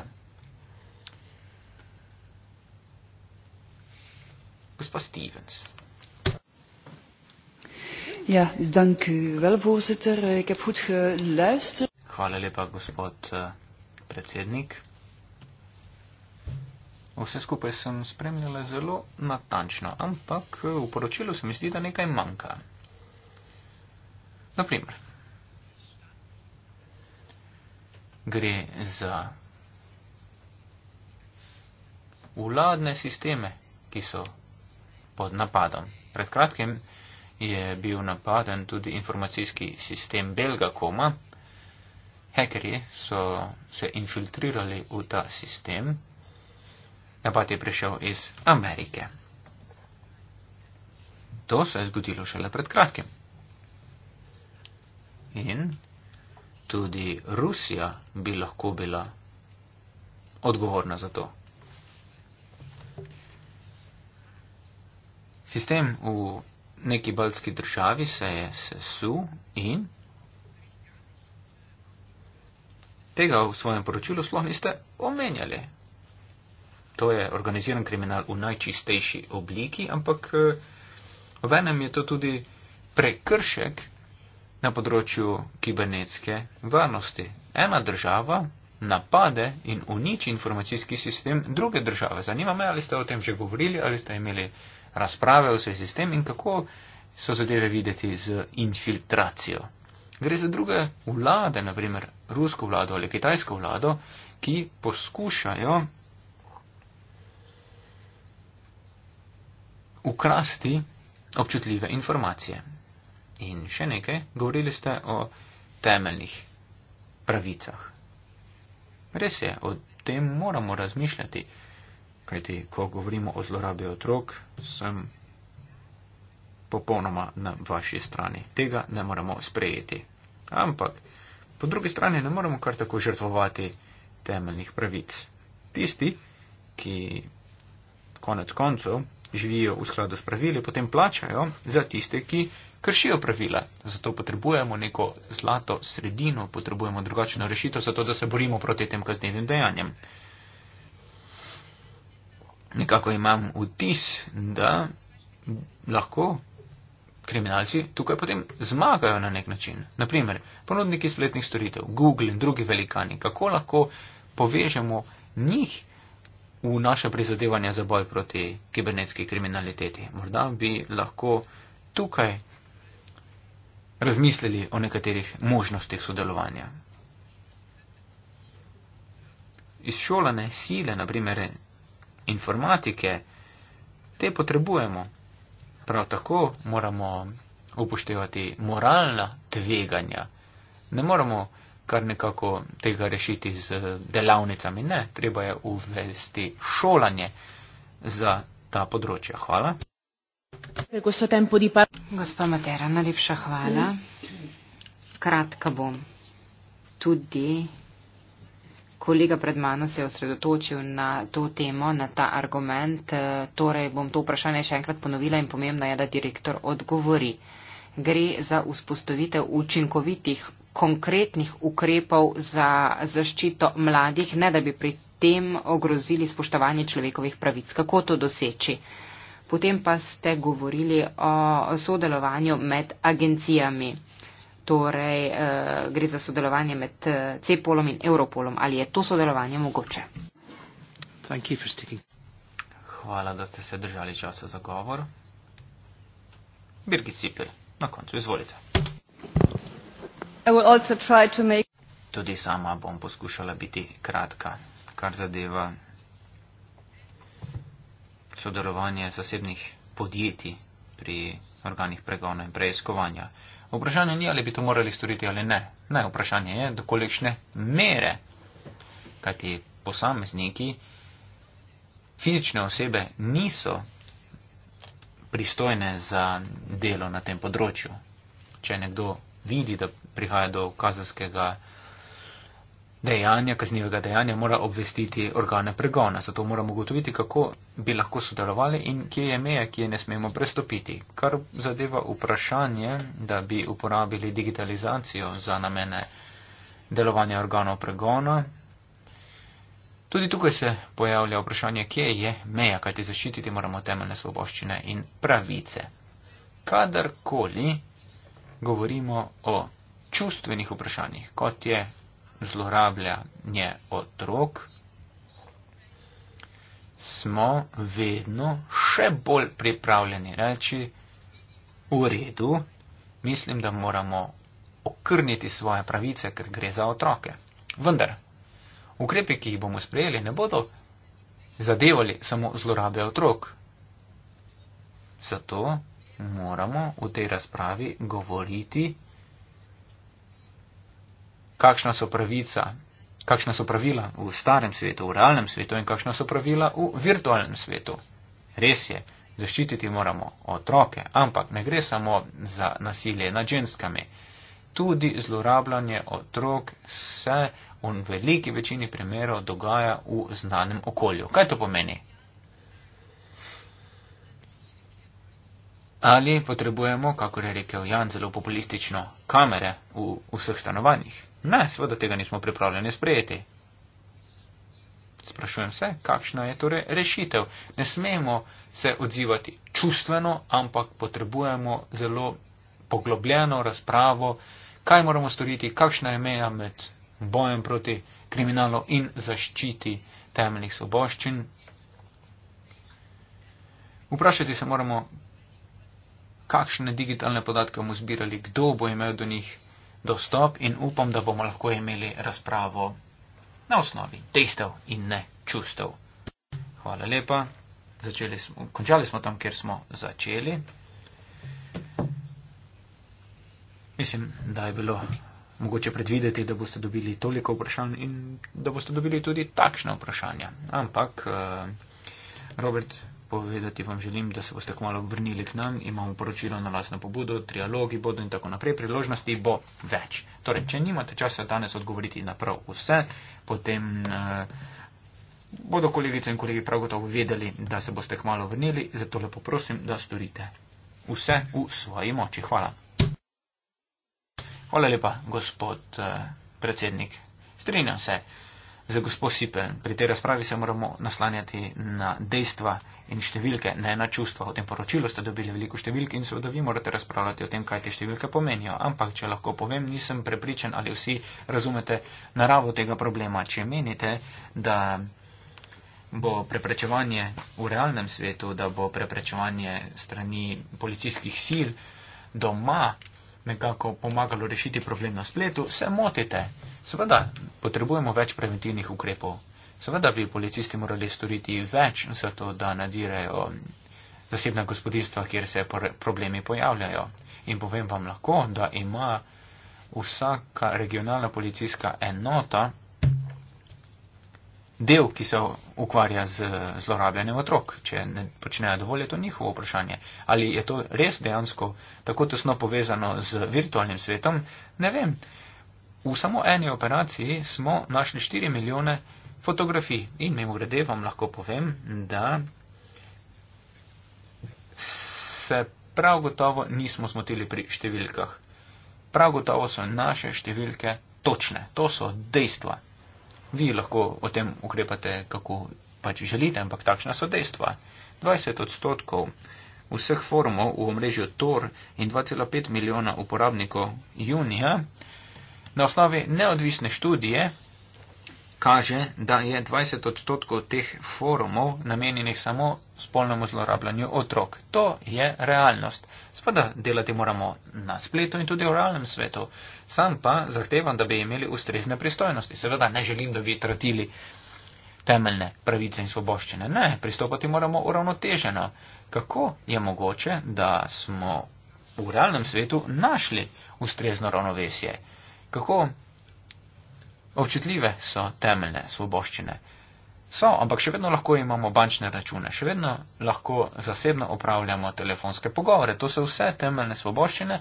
Gospa Stevens. Ja, dank u wel, voorzitter. Ik heb goed geluisterd. Hvala lepa, gospod eh, predsednik. Vse skupaj sem spremljala zelo natančno, ampak eh, v poročilu se mi zdi, da nekaj manjka. Naprimer, gre za vladne sisteme, ki so pod napadom. Pred kratkim je bil napaden tudi informacijski sistem Belga Koma. Hekerji so se infiltrirali v ta sistem napad je prišel iz Amerike. To se je zgodilo šele pred kratkim. In tudi Rusija bi lahko bila odgovorna za to. Sistem v neki baltski državi se je sesul in tega v svojem poročilu sploh niste omenjali to je organiziran kriminal v najčistejši obliki, ampak v eh, enem je to tudi prekršek na področju kibernetske varnosti. Ena država napade in uniči informacijski sistem druge države. Zanima me, ali ste o tem že govorili, ali ste imeli razprave o vsej sistem in kako so zadeve videti z infiltracijo. Gre za druge vlade, naprimer rusko vlado ali kitajsko vlado, ki poskušajo ukrasti občutljive informacije. In še nekaj, govorili ste o temeljnih pravicah. Res je, o tem moramo razmišljati, kajti ko govorimo o zlorabi otrok, sem popolnoma na vaši strani. Tega ne moramo sprejeti. Ampak, po drugi strani, ne moramo kar tako žrtvovati temeljnih pravic. Tisti, ki konec koncev živijo v skladu s pravili, potem plačajo za tiste, ki kršijo pravila. Zato potrebujemo neko zlato sredino, potrebujemo drugačno rešitev, zato da se borimo proti tem kaznenim dejanjem. Nekako imam vtis, da lahko kriminalci tukaj potem zmagajo na nek način. Naprimer, ponudniki spletnih storitev, Google in drugi velikani, kako lahko povežemo njih v naše prizadevanje za boj proti kibernetski kriminaliteti. Morda bi lahko tukaj razmislili o nekaterih možnostih sodelovanja. Izšolane sile, na primer informatike, te potrebujemo. Prav tako moramo upoštevati moralna tveganja. Ne moramo kar nekako tega rešiti z eh, delavnicami. Ne, treba je uvesti šolanje za ta področja. Hvala. Gospa Matera, najlepša hvala. Kratka bom. Tudi kolega pred mano se je osredotočil na to temo, na ta argument. Eh, torej bom to vprašanje še enkrat ponovila in pomembno je, da direktor odgovori. Gre za vzpostavitev učinkovitih konkretnih ukrepov za zaščito mladih, ne da bi pri tem ogrozili spoštovanje človekovih pravic. Kako to doseči? Potem pa ste govorili o sodelovanju med agencijami. Torej, eh, gre za sodelovanje med eh, CEPOLom in Europolom. Ali je to sodelovanje mogoče? Hvala, da ste se držali časa za govor. Birgi Sipir, na koncu izvolite. Tudi sama bom poskušala biti kratka, kar zadeva sodelovanje zasebnih podjetij pri organih pregona in preiskovanja. Vprašanje ni, ali bi to morali storiti ali ne. Ne, vprašanje je, do kolikšne mere. Kajti posamezniki, fizične osebe niso pristojne za delo na tem področju. Če je nekdo vidi, da prihaja do kazanskega dejanja, kaznivega dejanja, mora obvestiti organe pregona. Zato moramo ugotoviti, kako bi lahko sodelovali in kje je meja, ki je ne smemo prestopiti. Kar zadeva vprašanje, da bi uporabili digitalizacijo za namene delovanja organov pregona. Tudi tukaj se pojavlja vprašanje, kje je meja, kajti zaščititi moramo temeljne svoboščine in pravice. Kadarkoli govorimo o čustvenih vprašanjih, kot je zlorabljanje otrok, smo vedno še bolj pripravljeni reči v redu, mislim, da moramo okrniti svoje pravice, ker gre za otroke. Vendar, ukrepe, ki jih bomo sprejeli, ne bodo zadevali samo zlorabe otrok. Zato moramo v tej razpravi govoriti, kakšna so pravica, kakšna so pravila v starem svetu, v realnem svetu in kakšna so pravila v virtualnem svetu. Res je, zaščititi moramo otroke, ampak ne gre samo za nasilje nad ženskami. Tudi zlorabljanje otrok se v veliki večini primerov dogaja v znanem okolju. Kaj to pomeni? Ali potrebujemo, kako je rekel Jan zelo populistično, kamere v vseh stanovanjih? Ne, seveda tega nismo pripravljeni sprejeti. Sprašujem se, kakšna je torej rešitev. Ne smemo se odzivati čustveno, ampak potrebujemo zelo poglobljeno razpravo, kaj moramo storiti, kakšna je meja med bojem proti kriminalu in zaščiti temeljnih soboščin. Vprašati se moramo, kakšne digitalne podatke bomo zbirali, kdo bo imel do njih dostop in upam, da bomo lahko imeli razpravo na osnovi dejstev in ne čustev. Hvala lepa. Smo, končali smo tam, kjer smo začeli. Mislim, da je bilo mogoče predvideti, da boste dobili toliko vprašanj in da boste dobili tudi takšne vprašanja. Ampak, eh, Robert, povedati vam želim, da se boste kmalo vrnili k nam, imamo poročilo na lasno pobudo, trialogi bodo in tako naprej, priložnosti bo več. Torej, če nimate časa danes odgovoriti na prav vse, potem eh, bodo kolegice in kolegi prav gotovo vedeli, da se boste kmalo vrnili, zato lepo prosim, da storite vse v svoji moči. Hvala. Hvala lepa, gospod eh, predsednik. Strinjam se. Zdaj, gospod Sipen, pri tej razpravi se moramo naslanjati na dejstva in številke, ne na čustva. V tem poročilu ste dobili veliko številk in seveda vi morate razpravljati o tem, kaj te številke pomenijo. Ampak, če lahko povem, nisem prepričan, ali vsi razumete naravo tega problema. Če menite, da bo preprečevanje v realnem svetu, da bo preprečevanje strani policijskih sil doma nekako pomagalo rešiti problem na spletu, se motite. Seveda potrebujemo več preventivnih ukrepov. Seveda bi policisti morali storiti več za to, da nadzirajo zasebna gospodinstva, kjer se problemi pojavljajo. In povem vam lahko, da ima vsaka regionalna policijska enota del, ki se ukvarja z zlorabljanjem otrok. Če ne počnejo dovolj, je to njihovo vprašanje. Ali je to res dejansko tako tesno povezano z virtualnim svetom, ne vem. V samo eni operaciji smo našli 4 milijone fotografij in mimo grede vam lahko povem, da se prav gotovo nismo smotili pri številkah. Prav gotovo so naše številke točne, to so dejstva. Vi lahko o tem ukrepate, kako pač želite, ampak takšna so dejstva. 20 odstotkov vseh forumov v omrežju Tor in 2,5 milijona uporabnikov junija na osnovi neodvisne študije kaže, da je 20 odstotkov teh forumov namenjenih samo spolnemu zlorabljanju otrok. To je realnost. Sveda delati moramo na spletu in tudi v realnem svetu. Sam pa zahtevam, da bi imeli ustrezne pristojnosti. Seveda ne želim, da bi tratili temeljne pravice in svoboščine. Ne, pristopati moramo uravnoteženo. Kako je mogoče, da smo v realnem svetu našli ustrezno ravnovesje? kako občutljive so temeljne svoboščine. So, ampak še vedno lahko imamo bančne račune, še vedno lahko zasebno upravljamo telefonske pogovore. To so vse temeljne svoboščine,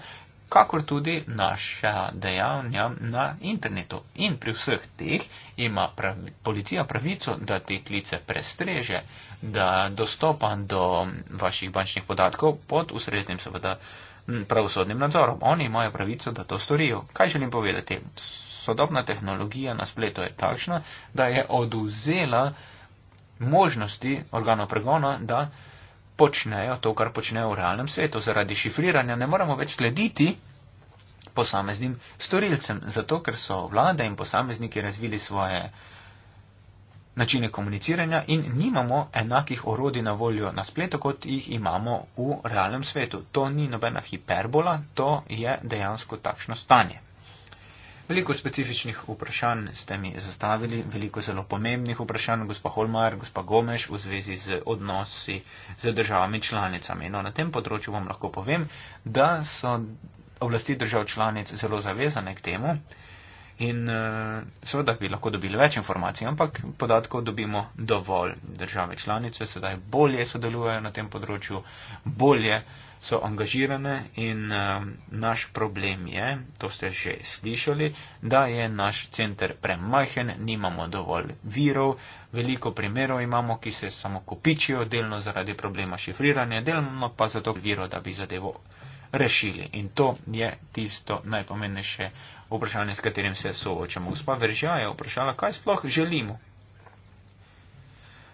kakor tudi naša dejavnja na internetu. In pri vseh teh ima pravi, policija pravico, da te klice prestreže, da dostopa do vaših bančnih podatkov pod ustreznim seveda. Uh, pravosodnim nadzorom. Oni imajo pravico, da to storijo. Kaj želim povedati? Sodobna tehnologija na spletu je takšna, da je oduzela možnosti organov pregona, da počnejo to, kar počnejo v realnem svetu. Zaradi šifriranja ne moramo več slediti posameznim storilcem, zato ker so vlade in posamezniki razvili svoje uh, načine komuniciranja in nimamo enakih orodij na voljo na spletu, kot jih imamo v realnem svetu. To ni nobena hiperbola, to je dejansko takšno stanje. Veliko specifičnih vprašanj ste mi zastavili, veliko zelo pomembnih vprašanj, gospa Holmar, gospa Gomeš, v zvezi z odnosi z državami članicami. No, na tem področju vam lahko povem, da so oblasti držav članic zelo zavezane k temu, In eh, seveda bi lahko dobili več informacij, ampak podatkov dobimo dovolj. Države članice sedaj bolje sodelujejo na tem področju, bolje so angažirane in eh, naš problem je, to ste že slišali, da je naš center premajhen, nimamo dovolj virov, veliko primerov imamo, ki se samo kopičijo, delno zaradi problema šifriranja, delno pa zato, da bi zadevo rešili. In to je tisto najpomembnejše vprašanje, s katerim se soočamo. Gospa Veržja je vprašala, kaj sploh želimo.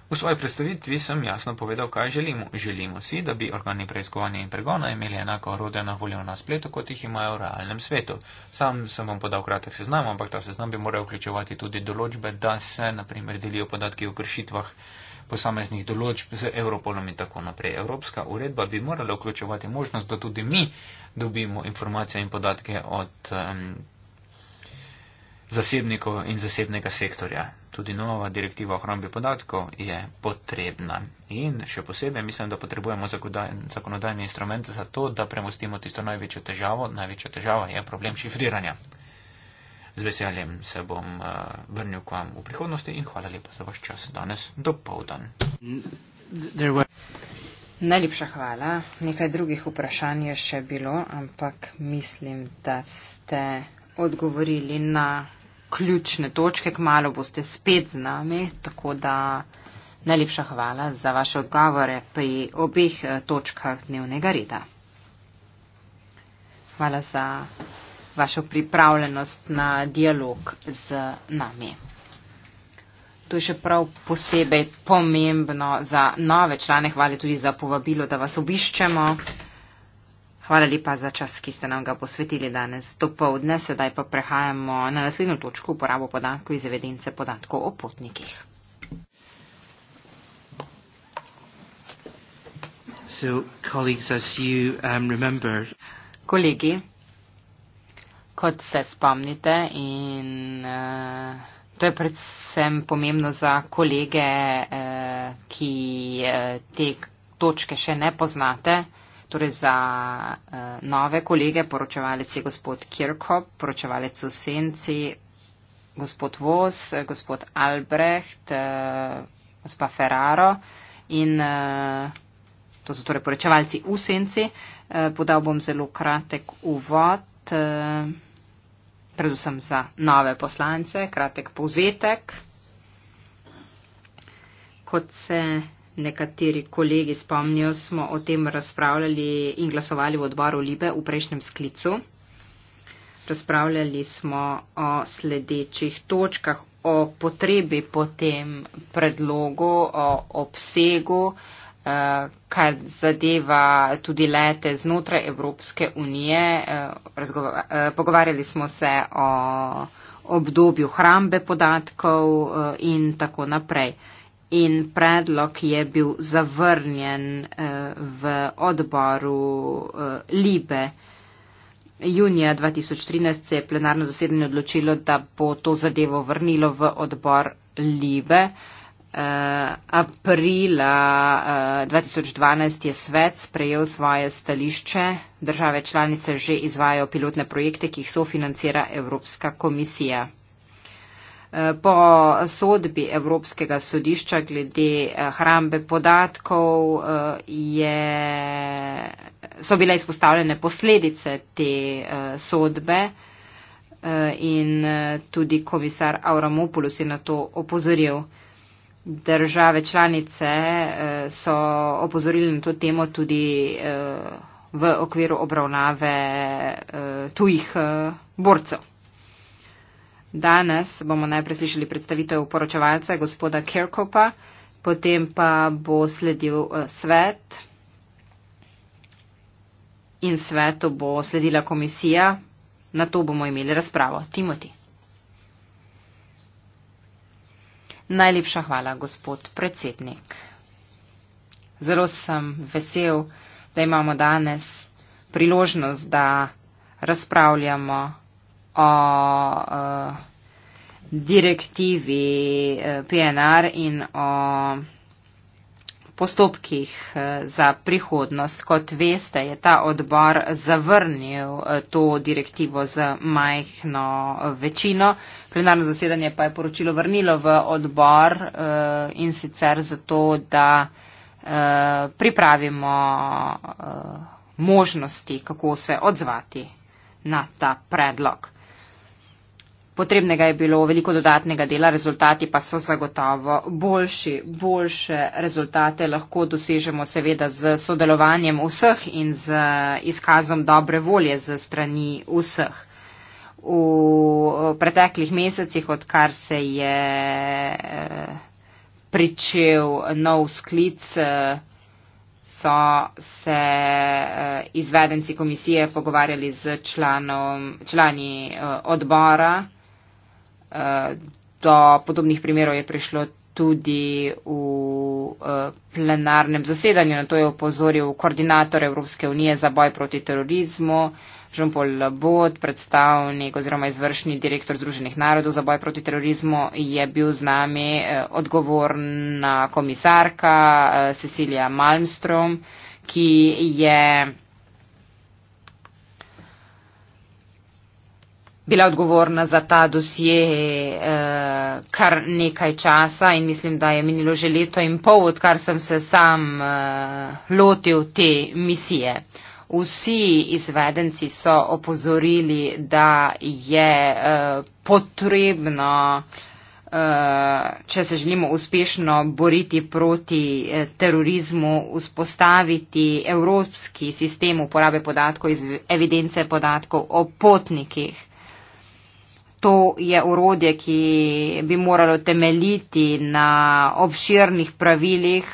V svoji predstavitvi sem jasno povedal, kaj želimo. Želimo si, da bi organi preiskovanja in pregona imeli enako orodje na voljo na spletu, kot jih imajo v realnem svetu. Sam sem vam podal kratek seznam, ampak ta seznam bi moral vključevati tudi določbe, da se, naprimer, delijo podatki o kršitvah posameznih določb z Evropolom in tako naprej. Evropska uredba bi morala vključevati možnost, da tudi mi dobimo informacije in podatke od um, zasebnikov in zasebnega sektorja. Tudi nova direktiva o hrambi podatkov je potrebna. In še posebej mislim, da potrebujemo zakonodajni instrument za to, da premostimo tisto največjo težavo. Največja težava je problem šifriranja z veseljem se bom uh, vrnil k vam v prihodnosti in hvala lepa za vaš čas danes do povdan. Najlepša hvala. Nekaj drugih vprašanj je še bilo, ampak mislim, da ste odgovorili na ključne točke. Kmalo boste spet z nami, tako da najlepša hvala za vaše odgovore pri obeh eh, točkah dnevnega reda. Hvala za vašo pripravljenost na dialog z nami. To je še prav posebej pomembno za nove člane. Hvala tudi za povabilo, da vas obiščemo. Hvala lepa za čas, ki ste nam ga posvetili danes. To pa odne, sedaj pa prehajamo na naslednjo točko uporabo podatkov iz evidence podatkov o potnikih. So, colleagues, as you um, remember, Kolegi, kot se spomnite in uh, to je predvsem pomembno za kolege, uh, ki uh, te točke še ne poznate, torej za uh, nove kolege, poročevalec je gospod Kirkhop, poročevalec v Senci, gospod Vos, gospod Albrecht, uh, gospa Ferraro in uh, to so torej poročevalci v Senci. Uh, podal bom zelo kratek uvod. Uh, predvsem za nove poslance, kratek povzetek. Kot se nekateri kolegi spomnijo, smo o tem razpravljali in glasovali v odboru Libe v prejšnjem sklicu. Razpravljali smo o sledečih točkah, o potrebi po tem predlogu, o obsegu, kar zadeva tudi lete znotraj Evropske unije. Eh, eh, pogovarjali smo se o obdobju hrambe podatkov eh, in tako naprej. In predlog je bil zavrnjen v odboru Libe. Junija 2013 se je plenarno zasedanje odločilo, da bo to zadevo vrnilo v odbor Libe. Uh, aprila uh, eh, 2012 je svet sprejel svoje stališče. Države članice že izvajo pilotne projekte, ki jih sofinancira Evropska komisija. Eh, po sodbi Evropskega sodišča glede hrambe podatkov je, so bile izpostavljene posledice te sodbe in tudi komisar Auramopoulos je na to opozoril države članice eh, so opozorili na to temo tudi eh, v okviru obravnave eh, tujih borcev. Danes bomo najprej slišali predstavitev poročevalca gospoda Kirkopa, potem pa bo sledil svet in svetu bo sledila komisija. Na to bomo imeli razpravo. Timothy. Najlepša hvala, gospod predsednik. Zelo sem vesel, da imamo danes priložnost, da razpravljamo o uh, direktivi uh, eh, PNR in o. Uh, postopkih eh, za prihodnost. Kot veste, je ta odbor zavrnil eh, to direktivo z majhno večino. Plenarno zasedanje pa je poročilo vrnilo v odbor eh, in sicer zato, da pripravimo možnosti, kako se odzvati na ta predlog. Potrebnega je bilo veliko dodatnega dela, rezultati pa so zagotovo boljši. Boljše rezultate lahko dosežemo seveda z sodelovanjem vseh in z izkazom dobre volje z strani vseh. V eh, preteklih mesecih, odkar se je eh, pričel nov sklic, eh, so se izvedenci komisije pogovarjali z članom, člani odbora do podobnih primerov je prišlo tudi v eh, plenarnem zasedanju. Na to je upozoril koordinator Evropske unije za boj proti terorizmu. Jean-Paul Labot, predstavnik oziroma izvršni direktor Združenih narodov za boj proti terorizmu, je bil z nami eh, odgovorna komisarka eh, Cecilija Malmstrom, ki je bila odgovorna za ta dosje eh, kar nekaj časa in mislim, da je minilo že leto in pol, odkar sem se sam eh, lotil te misije. Vsi izvedenci so opozorili, da je eh, potrebno, eh, če se želimo uspešno boriti proti eh, terorizmu, vzpostaviti evropski sistem uporabe podatkov iz evidence podatkov o potnikih to je urodje, ki bi moralo temeljiti na obširnih pravilih,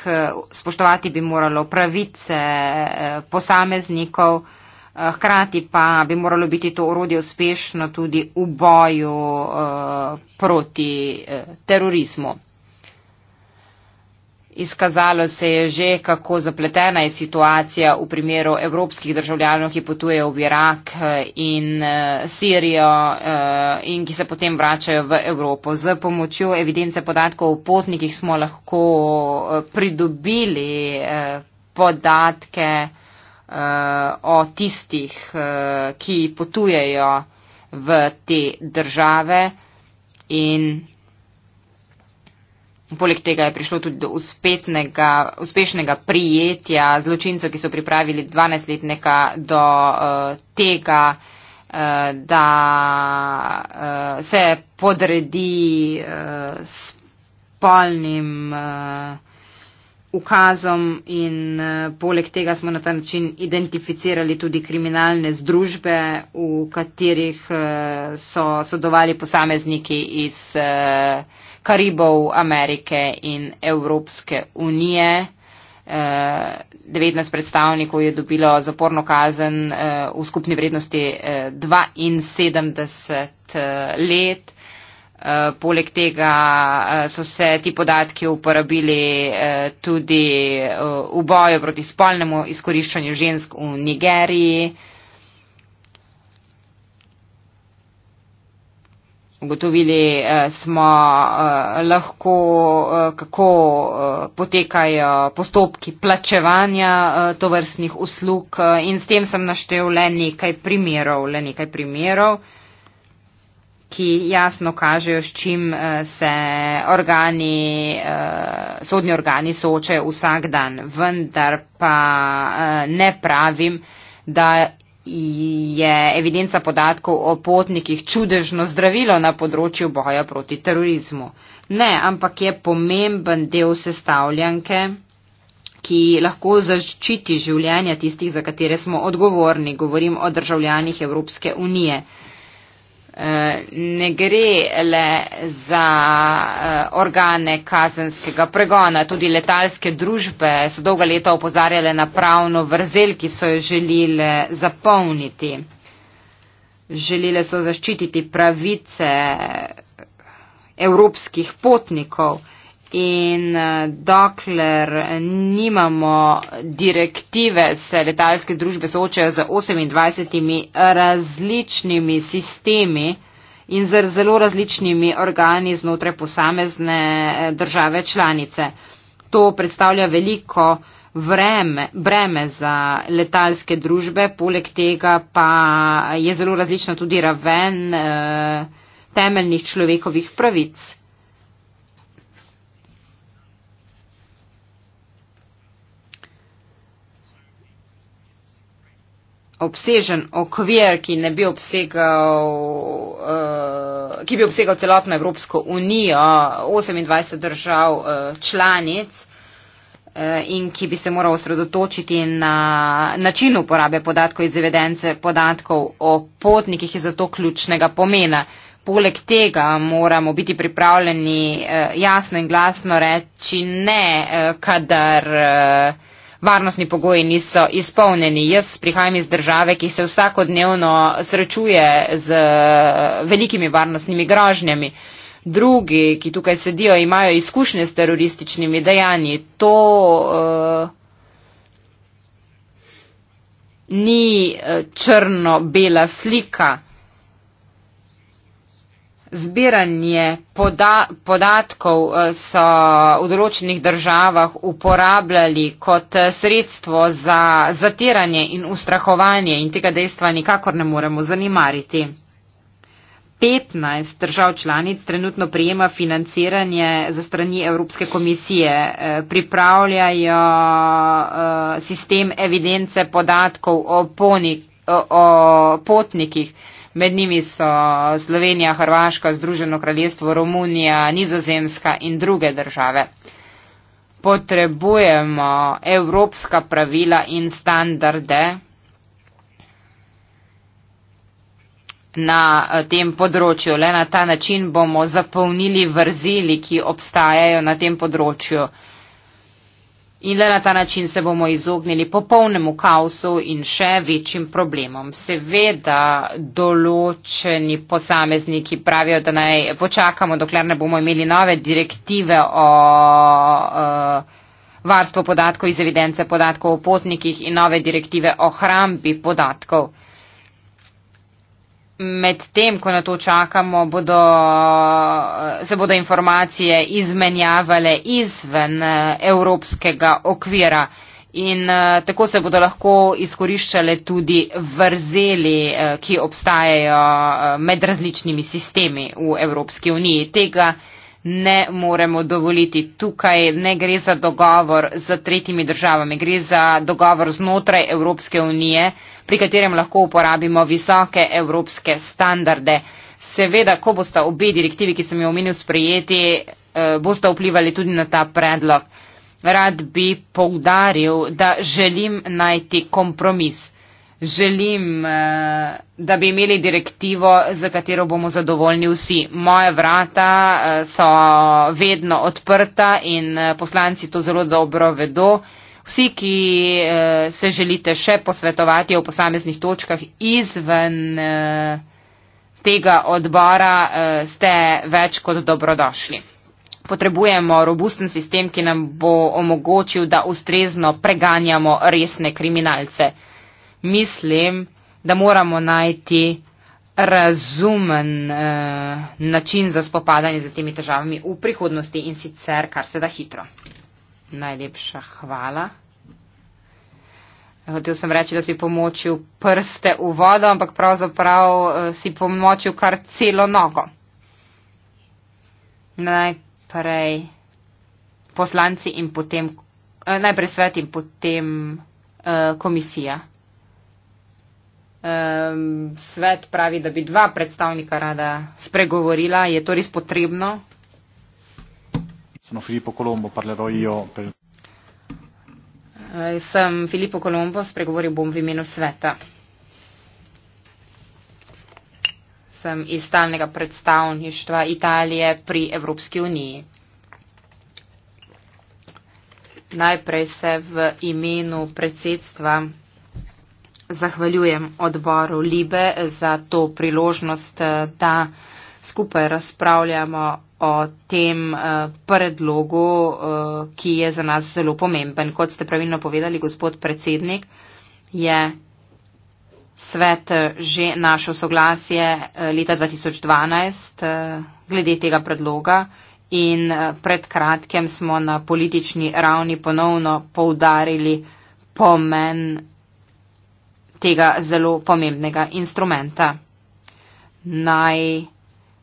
spoštovati bi moralo pravice eh, posameznikov, eh, hkrati pa bi moralo biti to urodje uspešno tudi v boju eh, proti terorizmu. Izkazalo se je že, kako zapletena je situacija v primeru evropskih državljanov, ki potujejo v Irak eh, in eh, Sirijo eh, in ki se potem vračajo v Evropo. Z pomočjo evidence podatkov o potnikih smo lahko pridobili podatke o tistih, ki potujejo v te države in Poleg tega je prišlo tudi do uspešnega prijetja zločincev, ki so pripravili 12-letnika do uh, tega, uh, da uh, se podredi uh, spolnim uh, ukazom in uh, poleg tega smo na ta način identificirali tudi kriminalne združbe, v katerih uh, so sodovali posamezniki iz. Uh, Karibov, Amerike in Evropske unije. 19 eh, predstavnikov je dobilo zaporno kazen eh, v skupni vrednosti 72 eh, let. Poleg tega so se ti podatki uporabili tudi v boju proti spolnemu izkoriščanju žensk v Nigeriji. Ugotovili eh, smo eh, lahko, eh, kako potekajo postopki plačevanja tovrstnih uslug in s tem sem naštel le nekaj primerov, le nekaj primerov ki jasno kažejo, s čim se organi, sodni organi soočajo vsak dan. Vendar pa ne pravim, da je evidenca podatkov o potnikih čudežno zdravilo na področju boja proti terorizmu. Ne, ampak je pomemben del sestavljanke, ki lahko zaščiti življenja tistih, za katere smo odgovorni. Govorim o državljanih Evropske unije ne gre le za eh, organe kazenskega pregona. Tudi letalske družbe so dolga leta upozarjale na pravno vrzel, ki so jo želile zapolniti. Želile so zaščititi pravice evropskih potnikov. In eh, dokler nimamo direktive, se letalske družbe soočajo z 28 različnimi sistemi in z zelo različnimi organi znotraj posamezne eh, države članice. To predstavlja veliko vreme, breme za letalske družbe, poleg tega pa je zelo različna tudi raven eh, temeljnih človekovih pravic. obsežen okvir, ki, bi obsegal, uh, ki bi obsegal celotno Evropsko unijo, 28 držav uh, članic eh, in ki bi se moral osredotočiti na način uporabe podatkov iz evidence podatkov o potnikih, je zato ključnega pomena. Poleg tega moramo biti pripravljeni jasno in glasno reči ne, kadar Varnostni pogoji niso izpolneni. Jaz prihajam iz države, ki se vsakodnevno srečuje z eh, velikimi varnostnimi grožnjami. Drugi, ki tukaj sedijo, imajo izkušnje s terorističnimi dejanji. To uh, ni eh, črno-bela slika zbiranje poda podatkov eh, so v določenih državah uporabljali kot eh, sredstvo za zatiranje in ustrahovanje in tega dejstva nikakor ne moremo zanimariti. 15 držav članic trenutno prijema financiranje za strani Evropske komisije. Eh, pripravljajo sistem evidence podatkov o, poni, o, o potnikih. Med njimi so Slovenija, Hrvaška, Združeno kraljestvo, Romunija, Nizozemska in druge države. Potrebujemo evropska pravila in standarde na eh, tem področju. Le na ta način bomo zapolnili vrzeli, ki obstajajo na tem področju. In le na ta način se bomo izognili popolnemu kaosu in še večjim problemom. Seveda določeni posamezniki pravijo, da naj počakamo, dokler ne bomo imeli nove direktive o uh, varstvu podatkov iz evidence podatkov o potnikih in nove direktive o hrambi podatkov. Uh, medtem, ko na to čakamo, bodo, se bodo informacije izmenjavale izven eh, evropskega okvira in eh, tako se bodo lahko izkoriščale tudi vrzeli, eh, ki obstajajo med različnimi sistemi v Evropski uniji. Tega ne moremo dovoliti. Tukaj ne gre za dogovor z tretjimi državami, gre za dogovor znotraj Evropske unije, pri katerem lahko uporabimo visoke evropske standarde. Seveda, ko bosta obe direktivi, ki sem jo omenil, sprejeti, eh, bosta vplivali tudi na ta predlog. Rad bi poudaril, da želim najti kompromis. Želim, eh, da bi imeli direktivo, za katero bomo zadovoljni vsi. Moje vrata eh, so vedno odprta in poslanci to zelo dobro vedo. Vsi, ki eh, se želite še posvetovati o posameznih točkah izven eh, tega odbora, eh, ste več kot dobrodošli. Potrebujemo robusten sistem, ki nam bo omogočil, da ustrezno preganjamo resne kriminalce. Mislim, da moramo najti razumen eh, način za spopadanje z temi težavami v prihodnosti in sicer kar se da hitro. Najlepša hvala. Hotev sem reči, da si pomočil prste v vodo, ampak pravzaprav eh, si pomočil kar celo nogo. Najprej poslanci in potem, eh, najprej svet in potem uh, komisija. Um, svet pravi, da bi dva predstavnika rada spregovorila. Je to res potrebno? Sono Filippo Colombo, parlerò io per. Eh, Sono Filippo Colombo, spregovori un buon vimino sveta. Sono iz stalnega predstavništva Italije pri Evropski uniji. Najprej se v imenu predsedstva zahvaljujem odboru Libe za to priložnost, eh, da skupaj razpravljamo o tem uh, predlogu, uh, ki je za nas zelo pomemben. Kot ste pravilno povedali, gospod predsednik, je svet eh, že našo soglasje leta 2012 glede tega predloga in pred kratkem smo na politični ravni ponovno poudarili pomen tega zelo pomembnega instrumenta. Naj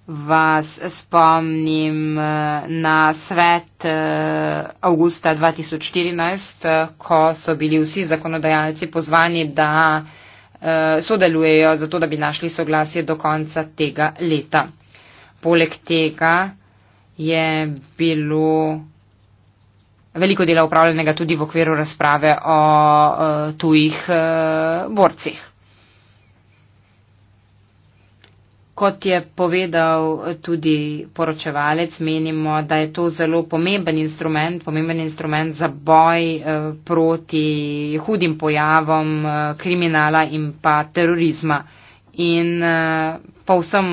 vas spomnim eh, na svet eh, avgusta 2014, eh, ko so bili vsi zakonodajalci pozvani, da sodelujejo za to, da bi našli soglasje do konca tega leta. Poleg tega je bilo veliko dela upravljenega tudi v okviru razprave o tujih borcih. Kot je povedal tudi poročevalec, menimo, da je to zelo pomemben instrument, pomemben instrument za boj eh, proti hudim pojavom eh, kriminala in pa terorizma. In eh, povsem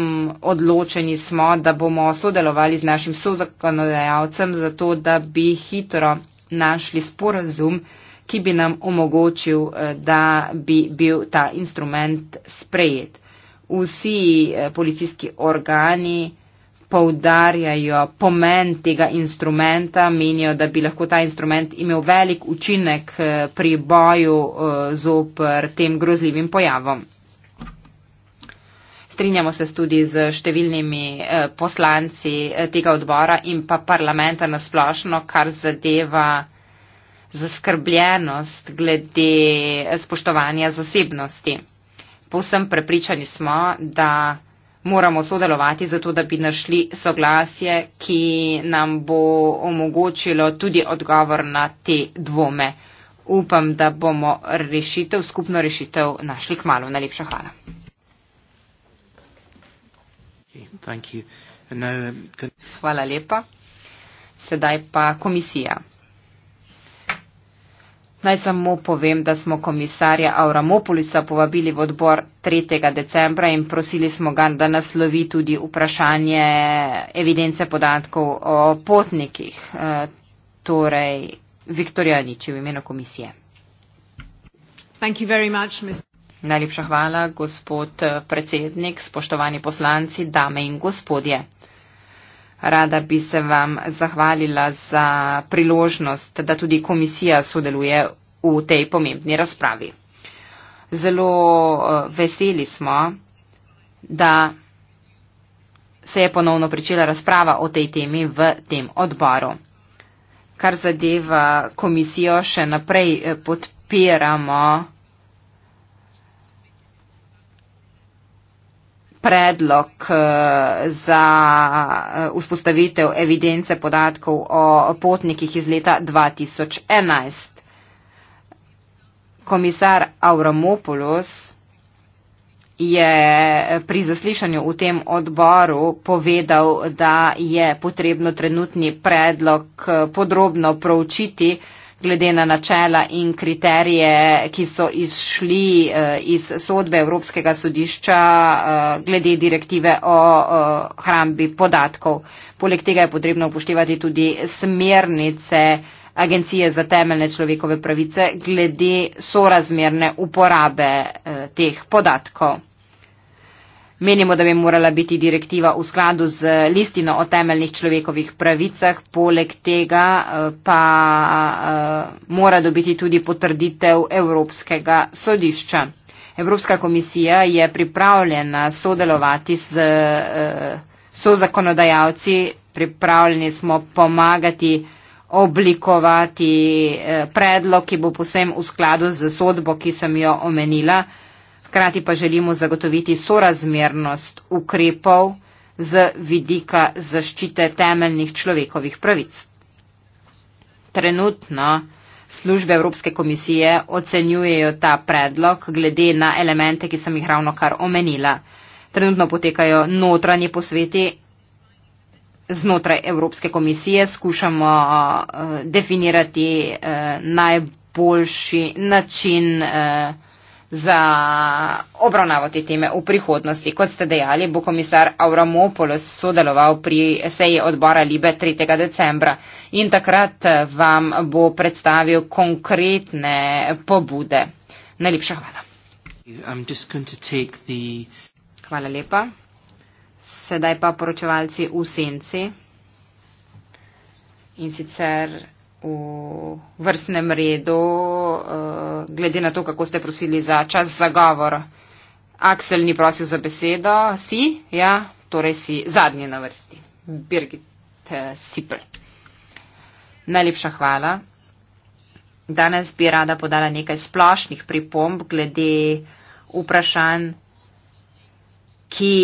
odločeni smo, da bomo sodelovali z našim sozakonodajalcem, zato da bi hitro našli sporazum, ki bi nam omogočil, da bi bil ta instrument sprejet vsi eh, policijski organi poudarjajo pomen tega instrumenta, menijo, da bi lahko ta instrument imel velik učinek eh, pri boju eh, zopr tem grozljivim pojavom. Strinjamo se tudi z številnimi poslanci tega odbora in pa parlamenta nasplošno, kar zadeva zaskrbljenost glede spoštovanja zasebnosti povsem prepričani smo, da moramo sodelovati, zato da bi našli soglasje, ki nam bo omogočilo tudi odgovor na te dvome. Upam, da bomo rešitev, skupno rešitev našli k malu. Najlepša hvala. Um, hvala lepa. Sedaj pa komisija. Naj samo povem, da smo komisarja Auramopolisa povabili v odbor 3. decembra in prosili smo ga, da naslovi tudi vprašanje evidence podatkov o potnikih, eh, torej Viktorija Niči v imenu komisije. Much, Najlepša hvala, gospod eh, predsednik, spoštovani poslanci, dame in gospodje. Rada bi se vam zahvalila za priložnost, da tudi komisija sodeluje v tej pomembni razpravi. Zelo eh, veseli smo, da se je ponovno pričela razprava o tej temi v tem odboru. Kar zadeva komisijo, še naprej eh, podpiramo predlog eh, za eh, vzpostavitev evidence podatkov o potnikih iz leta 2011. Komisar Avramopoulos je pri zaslišanju v tem odboru povedal, da je potrebno trenutni predlog eh, podrobno proučiti, glede na načela in kriterije, ki so izšli eh, iz sodbe Evropskega sodišča eh, glede direktive o eh, hrambi podatkov. Poleg tega je potrebno upoštevati tudi smernice Agencije za temeljne človekove pravice glede sorazmerne uporabe teh podatkov. Menimo, da bi morala biti direktiva v skladu z listino o temeljnih človekovih pravicah, poleg tega eh, pa eh, mora dobiti tudi potrditev Evropskega sodišča. Evropska komisija je pripravljena sodelovati z eh, so zakonodajalci, pripravljeni smo pomagati oblikovati predlog, ki bo posem v skladu z sodbo, ki sem jo omenila hkrati pa želimo zagotoviti sorazmernost ukrepov z vidika zaščite temeljnih človekovih pravic. Trenutno službe Evropske komisije ocenjujejo ta predlog glede na elemente, ki sem jih ravno kar omenila. Trenutno potekajo notranje posveti znotraj Evropske komisije, skušamo uh, definirati uh, najboljši način uh, za obravnavo te teme v prihodnosti. Kot ste dejali, bo komisar Avramopolos sodeloval pri seji odbora Libe 3. decembra in takrat eh, vam bo predstavil konkretne pobude. Najlepša hvala. Hvala lepa. Sedaj pa poročevalci v senci. In sicer v vrstnem redu, eh, glede na to, kako ste prosili za čas za govor. Aksel ni prosil za besedo, si, ja, torej si zadnji na vrsti. Birgit eh, Sipr. Najlepša hvala. Danes bi rada podala nekaj splošnih pripomb glede vprašanj, ki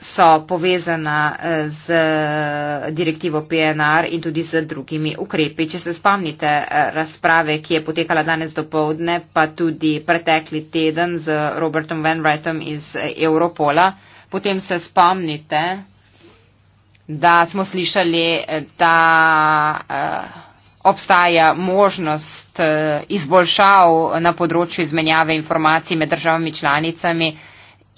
so povezana eh, z eh, direktivo PNR in tudi z drugimi ukrepi. Če se spomnite eh, razprave, ki je potekala danes do povdne, pa tudi pretekli teden z Robertom Van Rytom iz Europola, potem se spomnite, da smo slišali, da obstaja možnost izboljšav na področju izmenjave informacij med državami članicami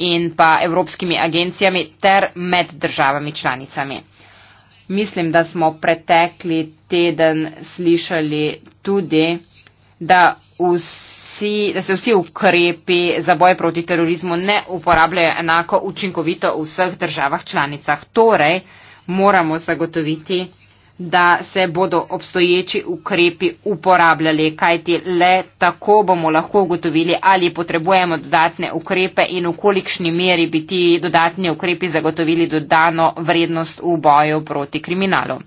in pa evropskimi agencijami ter med državami članicami. Mislim, da smo pretekli teden slišali tudi, da, vsi, da se vsi ukrepi za boj proti terorizmu ne uporabljajo enako učinkovito v vseh državah članicah. Torej, moramo zagotoviti, da se bodo obstoječi ukrepi uporabljali, kajti le tako bomo lahko ugotovili, ali potrebujemo dodatne ukrepe in v kolikšni meri bi ti dodatni ukrepi zagotovili dodano vrednost v boju proti kriminalu.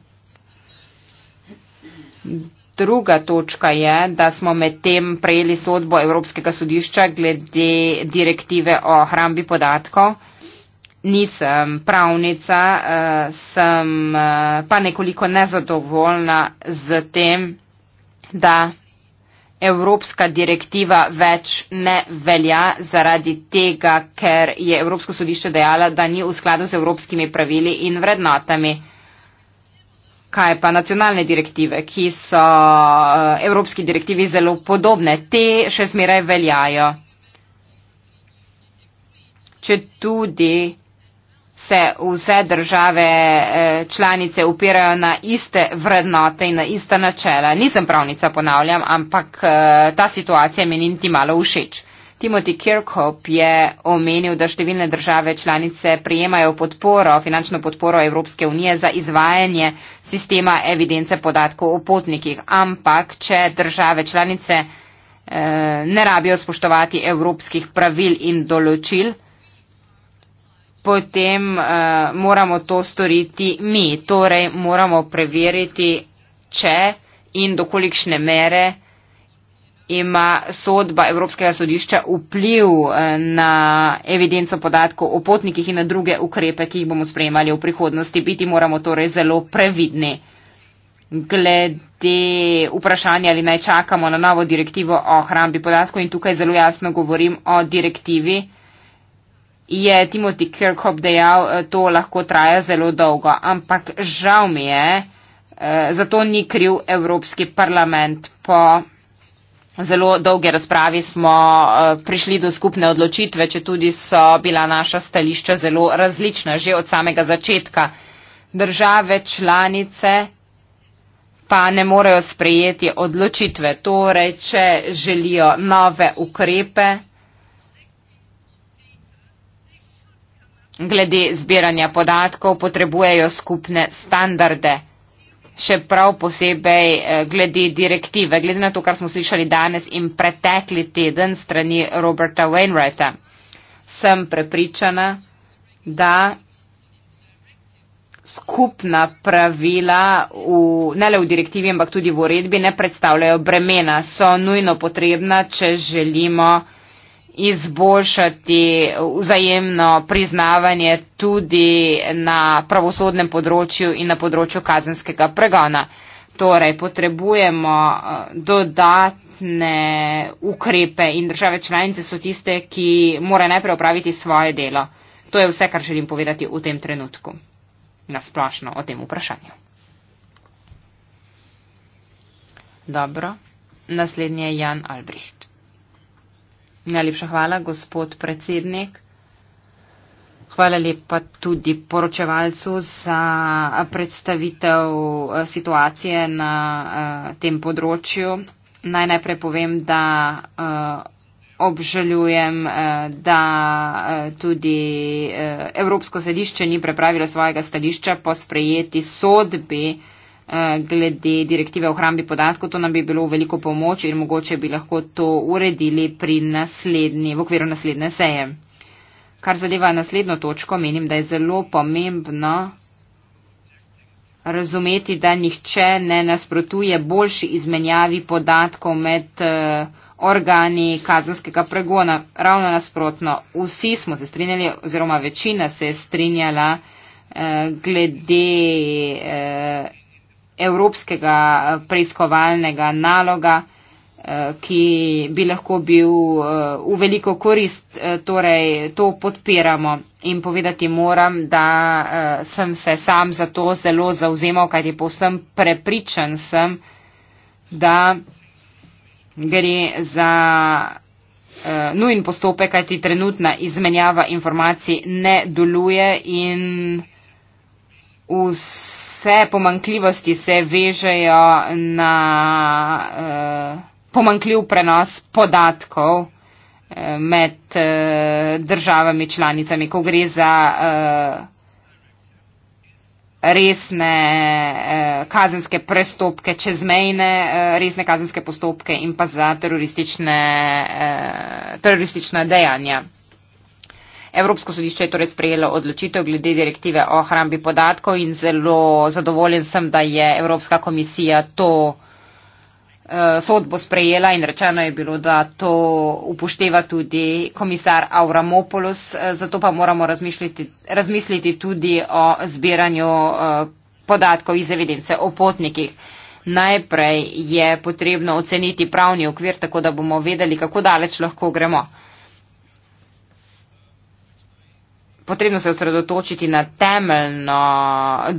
Druga točka je, da smo med tem prejeli sodbo Evropskega sodišča glede direktive o hrambi podatkov nisem pravnica, eh, sem eh, pa nekoliko nezadovoljna z tem, da Evropska direktiva več ne velja zaradi tega, ker je Evropsko sodišče dejala, da ni v skladu z evropskimi pravili in vrednotami. Kaj pa nacionalne direktive, ki so eh, evropski direktivi zelo podobne, te še zmeraj veljajo. Če tudi se vse države eh, članice upirajo na iste vrednote in na ista načela. Nisem pravnica, ponavljam, ampak eh, ta situacija meni niti malo všeč. Timothy Kirkhope je omenil, da številne države članice prijemajo podporo, finančno podporo Evropske unije za izvajanje sistema evidence podatkov o potnikih, ampak če države članice eh, ne rabijo spoštovati evropskih pravil in določil, eh, potem uh, moramo to storiti mi. Torej, moramo preveriti, če in dokolikšne mere ima sodba Evropskega sodišča vpliv eh, na evidenco podatkov o potnikih in na druge ukrepe, ki jih bomo sprejemali v prihodnosti. Biti moramo torej zelo previdni glede vprašanja, ali naj čakamo na novo direktivo o hrambi podatkov in tukaj zelo jasno govorim o direktivi 2001 je Timothy Kirkhope dejal, eh, to lahko traja zelo dolgo, ampak žal mi je, eh, zato ni kriv Evropski parlament. Po zelo dolgi razpravi smo eh, prišli do skupne odločitve, če tudi so bila naša stališča zelo različna že od samega začetka. Države članice pa ne morejo sprejeti odločitve, torej, če želijo nove ukrepe. glede zbiranja podatkov potrebujejo skupne standarde, še prav posebej eh, glede direktive, glede na to, kar smo slišali danes in pretekli teden strani Roberta Wainwrighta. Sem prepričana, da skupna pravila v, ne le v direktivi, ampak tudi v uredbi ne predstavljajo bremena, so nujno potrebna, če želimo izboljšati vzajemno priznavanje tudi na pravosodnem področju in na področju kazenskega pregona. Torej, potrebujemo eh, dodatne ukrepe in države članice so tiste, ki morajo najprej opraviti svoje delo. To je vse, kar želim povedati v tem trenutku. Nasplošno o tem vprašanju. Dobro, naslednji je Jan Albrecht. Najlepša hvala, gospod predsednik. Hvala lepa tudi poročevalcu za predstavitev eh, situacije na eh, tem področju. Naj najprej povem, da eh, obžalujem, da tudi Evropsko sedišče ni prepravilo svojega stališča po sprejeti sodbi Eh, glede direktive o hrambi podatkov. To nam bi bilo veliko pomoč in mogoče bi lahko to uredili naslednji, v okviru naslednje seje. Kar zadeva naslednjo točko, menim, da je zelo pomembno razumeti, da nihče ne nasprotuje boljši izmenjavi podatkov med eh, organi kazanskega pregona. Ravno nasprotno, vsi smo se strinjali oziroma večina se je strinjala eh, glede eh, evropskega eh, preiskovalnega naloga, eh, ki bi lahko bil eh, v veliko korist. Torej, to podpiramo in povedati moram, da sem se sam za to zelo zauzemal, kajti povsem prepričan sem, da gre za nujen postopek, kajti trenutna izmenjava informacij ne deluje in vse pomankljivosti se vežejo na eh, pomankljiv prenos podatkov eh, med eh, državami članicami, ko gre za resne kazenske prestopke, čezmejne resne kazenske postopke in pa za teroristična dejanja. Evropsko sodišče je torej sprejelo odločitev glede direktive o hrambi podatkov in zelo zadovoljen sem, da je Evropska komisija to eh, sodbo sprejela in rečeno je bilo, da to upošteva tudi komisar Auramopolus, eh, zato pa moramo razmišljati, razmisliti tudi o zbiranju eh, podatkov iz evidence o potnikih. Najprej je potrebno oceniti pravni okvir, tako da bomo vedeli, kako daleč lahko gremo. potrebno se osredotočiti na temeljno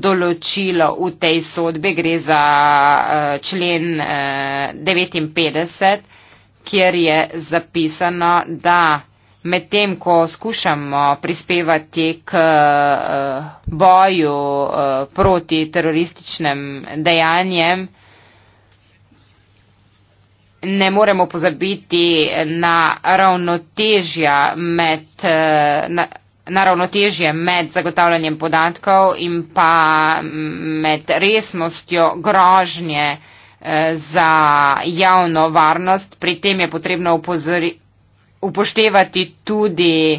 določilo v tej sodbi. Gre za eh, člen 59, eh, kjer je zapisano, da medtem, ko skušamo prispevati k eh, boju proti terorističnem dejanjem, Ne moremo pozabiti na ravnotežja med, na, naravnotežje med zagotavljanjem podatkov in pa med resnostjo grožnje eh, za javno varnost. Pri tem je potrebno upozori, upoštevati tudi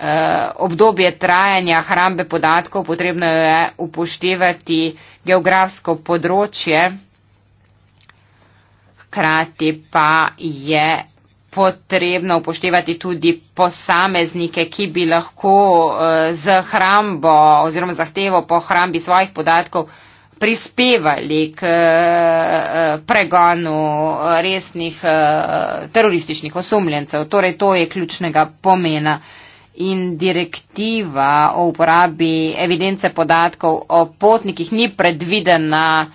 eh, obdobje trajanja hrambe podatkov, potrebno je upoštevati geografsko področje, hkrati pa je potrebno upoštevati tudi posameznike, ki bi lahko eh, z hrambo oziroma zahtevo po hrambi svojih podatkov prispevali k eh, eh, pregonu resnih terorističnih osumljencev. Torej, to je ključnega pomena. In direktiva o uporabi evidence podatkov o potnikih ni predvidena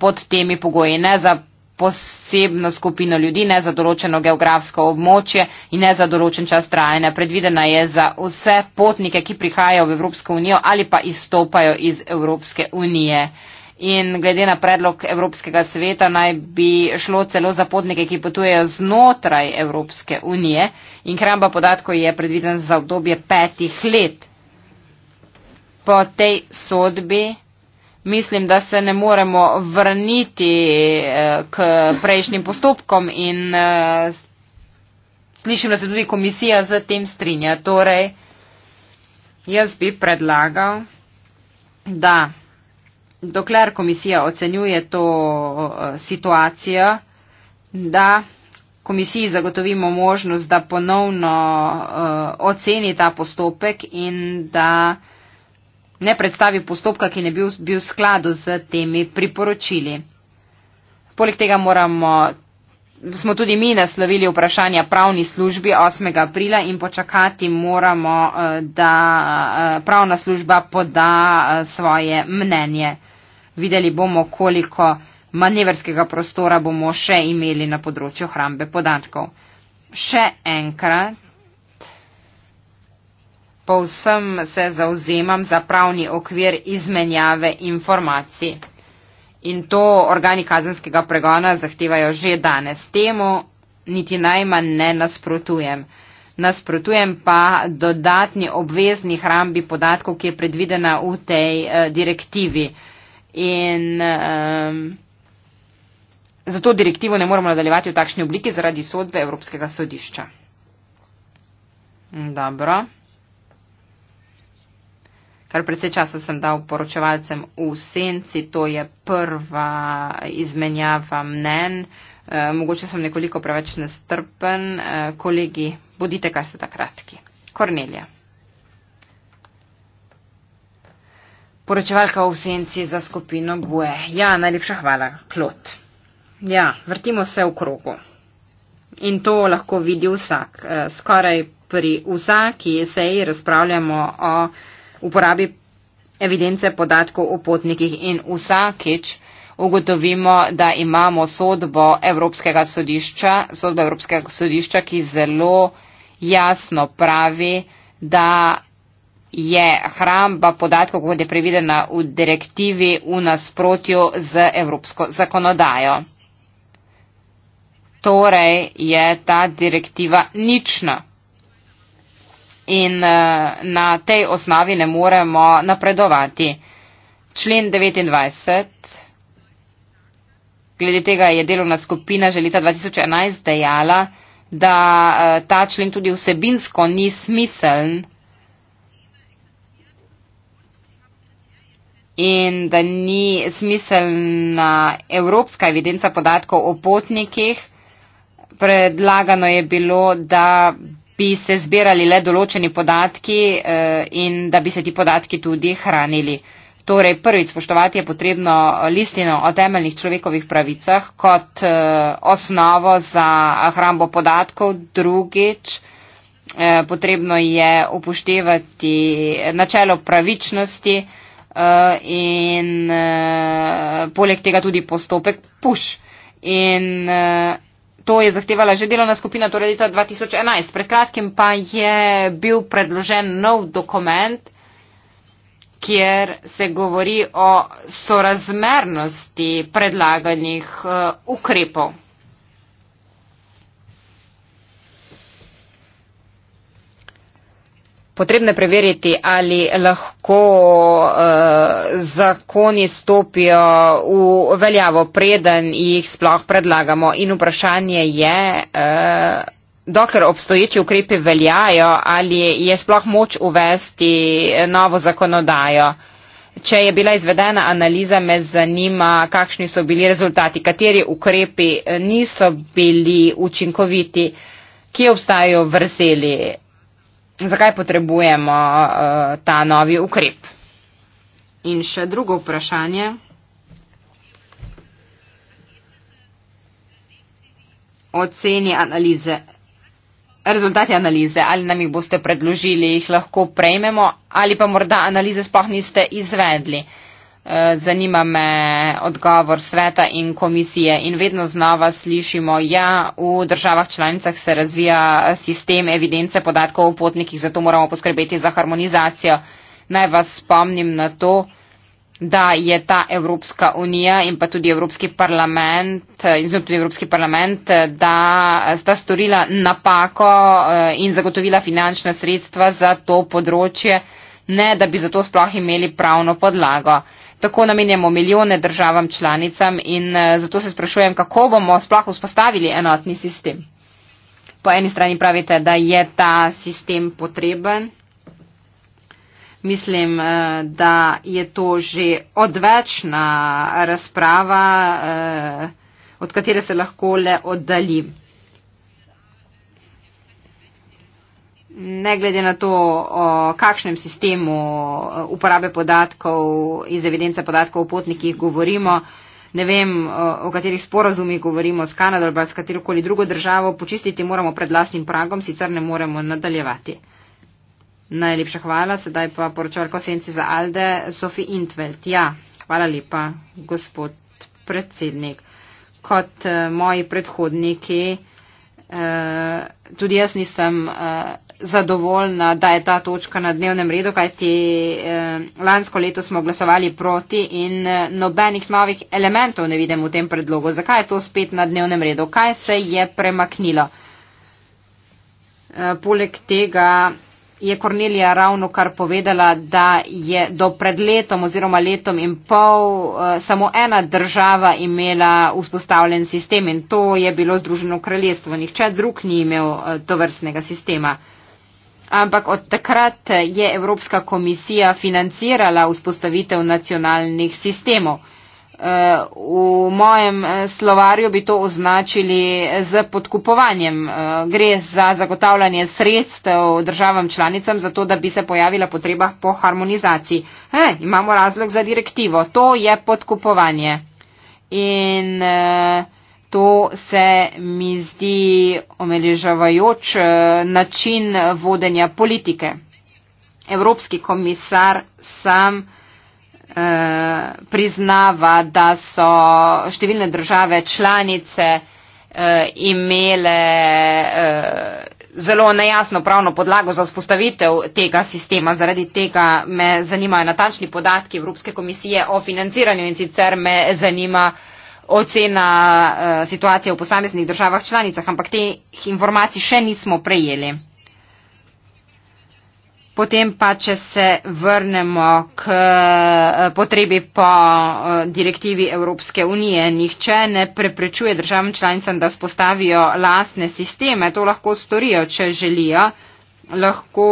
pod temi pogoji, ne za posebno skupino ljudi, ne za določeno geografsko območje in ne za določen čas trajanja. Predvidena je za vse potnike, ki prihajajo v Evropsko unijo ali pa izstopajo iz Evropske unije. In glede na predlog Evropskega sveta naj bi šlo celo za potnike, ki potujejo znotraj Evropske unije in hramba podatkov je predviden za obdobje petih let. Po tej sodbi mislim, da se ne moremo vrniti eh, k prejšnjim postopkom in eh, slišim, da se tudi komisija z tem strinja. Torej, jaz bi predlagal, da dokler komisija ocenjuje to eh, situacijo, da komisiji zagotovimo možnost, da ponovno uh, oceni ta postopek in da uh, ne predstavi postopka, ki ne bi bil v skladu z temi priporočili. Poleg tega moramo, smo tudi mi naslovili vprašanja pravni službi 8. aprila in počakati moramo, eh, da eh, pravna služba poda eh, svoje mnenje. Videli bomo, koliko manevrskega prostora bomo še imeli na področju hrambe podatkov. Še enkrat povsem se zauzemam za pravni okvir izmenjave informacij. In to organi kazenskega pregona zahtevajo že danes. Temu niti najmanj ne nasprotujem. Nasprotujem pa dodatni obvezni hrambi podatkov, ki je predvidena v tej eh, direktivi. In eh, zato direktivo ne moremo nadaljevati v takšni obliki zaradi sodbe Evropskega sodišča. Dobro kar precej časa sem dal poročevalcem v senci, to je prva izmenjava mnen. Eh, mogoče sem nekoliko preveč nestrpen. Eh, kolegi, bodite kar se da kratki. Kornelija. Poročevalka v senci za skupino Gue. Ja, najlepša hvala, Klot. Ja, vrtimo se v krogu. In to lahko vidi vsak. Eh, skoraj pri vsaki seji razpravljamo o uporabi evidence podatkov o potnikih in vsakič ugotovimo, da imamo sodbo Evropskega sodišča, sodbo Evropskega sodišča, ki zelo jasno pravi, da je hramba podatkov, kot je prevedena v direktivi, v nasprotju z evropsko zakonodajo. Torej je ta direktiva nična in eh, na tej osnovi ne moremo napredovati. Člen 29. Glede tega je delovna skupina že leta 2011 dejala, da eh, ta člen tudi vsebinsko ni smiseln in da ni smiselna evropska evidenca podatkov o potnikih. Predlagano je bilo, da bi se zbirali le določeni podatki eh, in da bi se ti podatki tudi hranili. Torej, prvič spoštovati je potrebno listino o temeljnih človekovih pravicah kot eh, osnovo za hrambo podatkov, drugič eh, potrebno je upoštevati načelo pravičnosti in poleg tega tudi postopek push. In, to je zahtevala že delovna skupina, torej leta 2011. Pred kratkim pa je bil predložen nov dokument, kjer se govori o sorazmernosti predlaganih eh, ukrepov. potrebno preveriti, ali lahko eh, zakoni stopijo v veljavo, preden jih sploh predlagamo. In vprašanje je, eh, dokler obstoječi ukrepi veljajo, ali je sploh moč uvesti novo zakonodajo. Če je bila izvedena analiza, me zanima, kakšni so bili rezultati, kateri ukrepi niso bili učinkoviti, kje obstajajo vrzeli zakaj potrebujemo uh, ta novi ukrep. In še drugo vprašanje. Oceni analize. Rezultati analize, ali nam jih boste predložili, jih lahko prejmemo, ali pa morda analize sploh niste izvedli. Uh, Eh, zanima me odgovor sveta in komisije. In vedno znova slišimo, ja, v državah članicah se razvija sistem evidence podatkov o potnikih, zato moramo poskrbeti za harmonizacijo. Naj vas spomnim na to, da je ta Evropska unija in pa tudi Evropski parlament, eh, izmed tudi Evropski parlament, eh, da sta storila napako in zagotovila finančna sredstva za to področje, ne da bi zato sploh imeli pravno podlago tako namenjamo milijone državam članicam in eh, zato se sprašujem, kako bomo sploh vzpostavili enotni sistem. Po eni strani pravite, da je ta sistem potreben. Mislim, eh, da je to že odvečna razprava, eh, od katere se lahko le oddaljim. ne glede na to, o kakšnem sistemu e, uporabe podatkov iz evidence podatkov o potnikih govorimo, ne vem, o katerih sporazumih govorimo s Kanado ali s katerokoli drugo državo, počistiti moramo pred lastnim pragom, sicer ne moremo nadaljevati. Najlepša hvala, sedaj pa poročarko senci za Alde, Sofi Intveld. Ja, hvala lepa, gospod predsednik. Kot uh, moji predhodniki, uh, tudi jaz nisem uh, zadovoljna, da je ta točka na dnevnem redu, kaj si eh, lansko leto smo glasovali proti in eh, nobenih novih elementov ne vidim v tem predlogu. Zakaj je to spet na dnevnem redu? Kaj se je premaknilo? Eh, poleg tega je Kornelija ravno kar povedala, da je do pred letom oziroma letom in pol eh, samo ena država imela vzpostavljen sistem in to je bilo Združeno kraljestvo. Nihče drug ni imel eh, to vrstnega sistema ampak od takrat je Evropska komisija financirala vzpostavitev nacionalnih sistemov. Eh, v mojem eh, slovarju bi to označili eh, z podkupovanjem. Gre za zagotavljanje sredstev državam članicam, zato da bi se pojavila potreba po harmonizaciji. E, imamo razlog za direktivo. To je podkupovanje. In, e, To se mi zdi omeležavajoč eh, način vodenja politike. Evropski komisar sam eh, priznava, da so številne države članice eh, imele zelo nejasno pravno podlago za vzpostavitev tega sistema. Zaradi tega me zanimajo natančni podatki Evropske komisije o financiranju in sicer me zanima uh, ocena eh, situacije v posameznih državah članicah, ampak teh informacij še nismo prejeli. Potem pa, če se vrnemo k eh, potrebi po eh, direktivi Evropske unije, nihče ne preprečuje državam članicam, da spostavijo lasne sisteme. To lahko storijo, če želijo. Lahko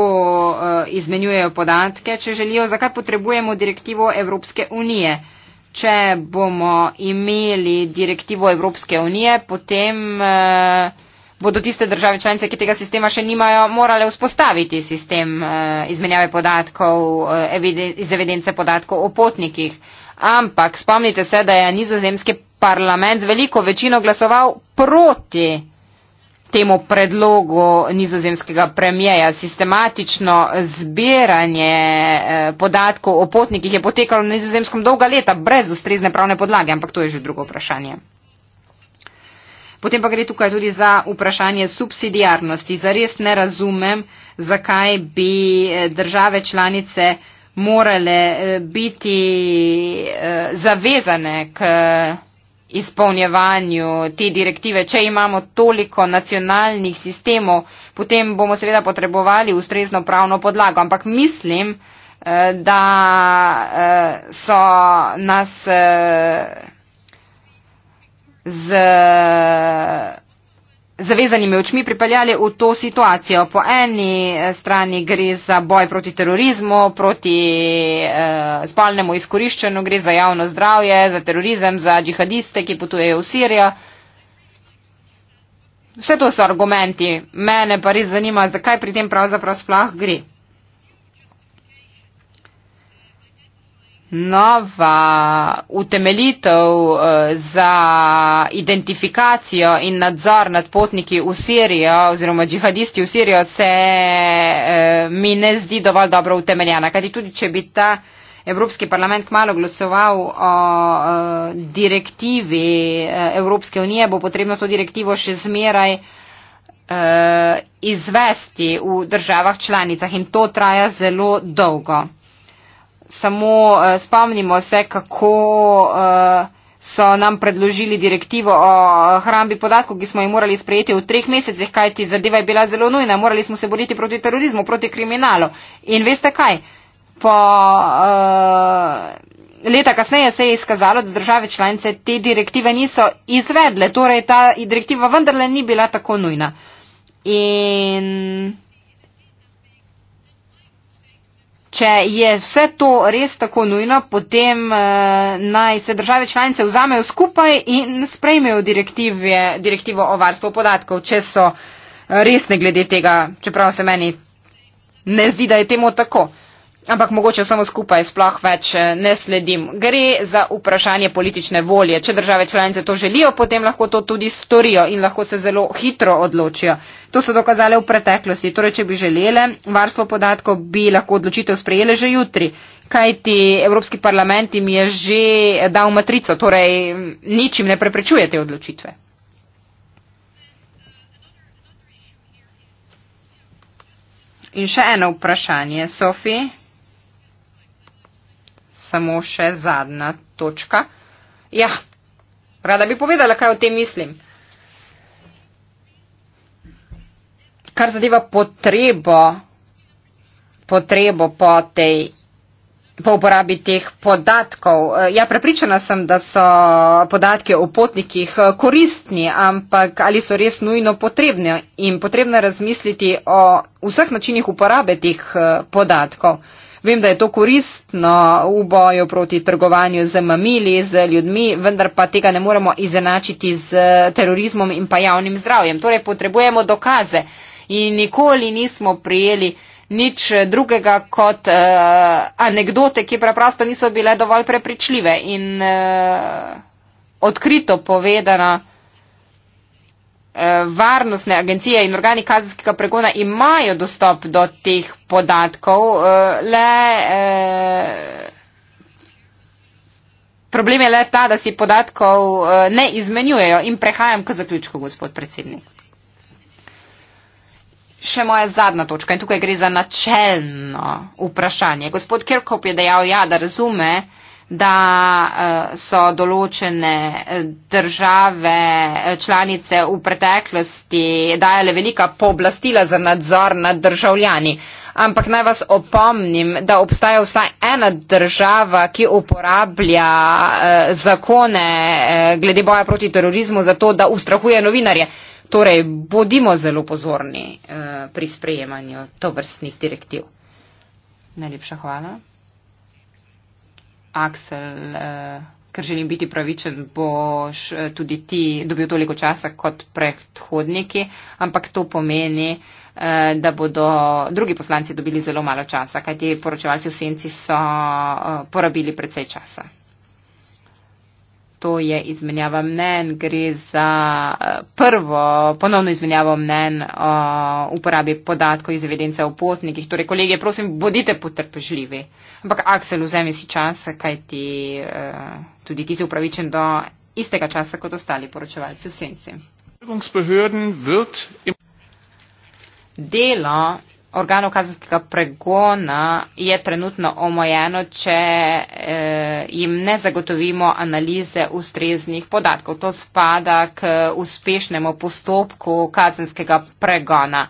izmenjujejo podatke, če želijo. Zakaj potrebujemo direktivo Evropske unije? če bomo imeli direktivo Evropske unije, potem eh, bodo tiste države članice, ki tega sistema še nimajo, morale vzpostaviti sistem eh, izmenjave podatkov eh, iz evidence podatkov o potnikih. Ampak spomnite se, da je nizozemski parlament z veliko večino glasoval proti temu predlogu nizozemskega premijeja. Sistematično zbiranje eh, podatkov o potnikih je potekalo na nizozemskem dolga leta brez ustrezne pravne podlage, ampak to je že drugo vprašanje. Potem pa gre tukaj tudi za vprašanje subsidijarnosti. Zares ne razumem, zakaj bi eh, države članice morale eh, biti zavezane k izpolnjevanju te direktive. Če imamo toliko nacionalnih sistemov, potem bomo seveda potrebovali ustrezno pravno podlago. Ampak mislim, eh, da eh, so nas eh, z zavezanimi očmi pripeljali v to situacijo. Po eni eh, strani gre za boj proti terorizmu, proti eh, spolnemu izkoriščanju, gre za javno zdravje, za terorizem, za džihadiste, ki potujejo v Sirijo. Vse to so argumenti. Mene pa res zanima, zakaj pri tem pravzaprav sploh gre. nova utemelitev eh, za identifikacijo in nadzor nad potniki v Sirijo oziroma džihadisti v Sirijo se eh, mi ne zdi dovolj dobro utemeljena. Kajti tudi, če bi ta Evropski parlament kmalo glasoval o eh, direktivi Evropske unije, bo potrebno to direktivo še zmeraj izvesti v državah članicah in to traja zelo dolgo samo uh, spomnimo se, kako uh, so nam predložili direktivo o eh, hrambi podatkov, ki smo jih morali sprejeti v treh mesecih, kajti zadeva je bila zelo nujna, morali smo se boriti proti terorizmu, proti kriminalu. In veste kaj? Po, uh, Leta kasneje se je izkazalo, da države članice te direktive niso izvedle, torej ta direktiva vendarle ni bila tako nujna. In Če je vse to res tako nujno, potem eh, naj se države članice vzamejo skupaj in sprejmejo direktivo o varstvu podatkov, če so resne glede tega, čeprav se meni ne zdi, da je temu tako. Eh, ampak mogoče vsemu skupaj sploh več eh, ne sledim. Gre za vprašanje politične volje. Če države članice to želijo, potem lahko to tudi storijo in lahko se zelo hitro odločijo. To so dokazale v preteklosti. Torej, če bi želele varstvo podatkov, bi lahko odločitev sprejele že jutri. Kajti Evropski parlament jim je že dal matrico, torej ničim ne preprečuje te odločitve. In še eno vprašanje, Sofi samo še zadnja točka. Ja, rada bi povedala, kaj o tem mislim. Kar zadeva potrebo, potrebo po tej. Po uporabi teh podatkov. Ja, prepričana sem, da so podatke o potnikih koristni, ampak ali so res nujno potrebne in potrebno razmisliti o vseh načinih uporabe teh eh, podatkov. Vem, da je to koristno v boju proti trgovanju z mamili, z ljudmi, vendar pa tega ne moremo izenačiti z terorizmom in pa javnim zdravjem. Torej potrebujemo dokaze in nikoli nismo prijeli nič drugega kot uh, anekdote, ki preprosto niso bile dovolj prepričljive in uh, odkrito povedana. Eh, varnostne agencije in organi kazenskega pregona imajo dostop do teh podatkov, eh, le eh, problem je le ta, da si podatkov ne izmenjujejo in prehajam k zaključku, gospod predsednik. Še moja zadnja točka in tukaj gre za načelno vprašanje. Gospod Kirkop je dejal, ja, da razume, da eh, so določene države eh, članice v preteklosti dajale velika pooblastila za nadzor nad državljani. Ampak naj vas opomnim, da obstaja vsaj ena država, ki uporablja eh, zakone glede boja proti terorizmu za to, da ustrahuje novinarje. Torej, bodimo zelo pozorni pri sprejemanju tovrstnih direktiv. Najlepša hvala. Aksel, eh, ker želim biti pravičen, boš eh, tudi ti dobil toliko časa kot predhodniki, ampak to pomeni, eh, da bodo drugi poslanci dobili zelo malo časa, kajti poročevalci v senci so porabili precej časa to je izmenjava mnen, gre za eh, prvo ponovno izmenjavo mnen o uporabi podatkov iz evidence o potnikih. Torej, kolege, prosim, bodite potrpežljivi. Ampak, Aksel, vzemi si čas, kaj ti eh, tudi ti si upravičen do istega časa kot ostali poročevalci v senci. Delo organov kazenskega pregona je trenutno omojeno, če eh, jim ne zagotovimo analize ustreznih podatkov. To spada k uspešnemu postopku kazenskega pregona.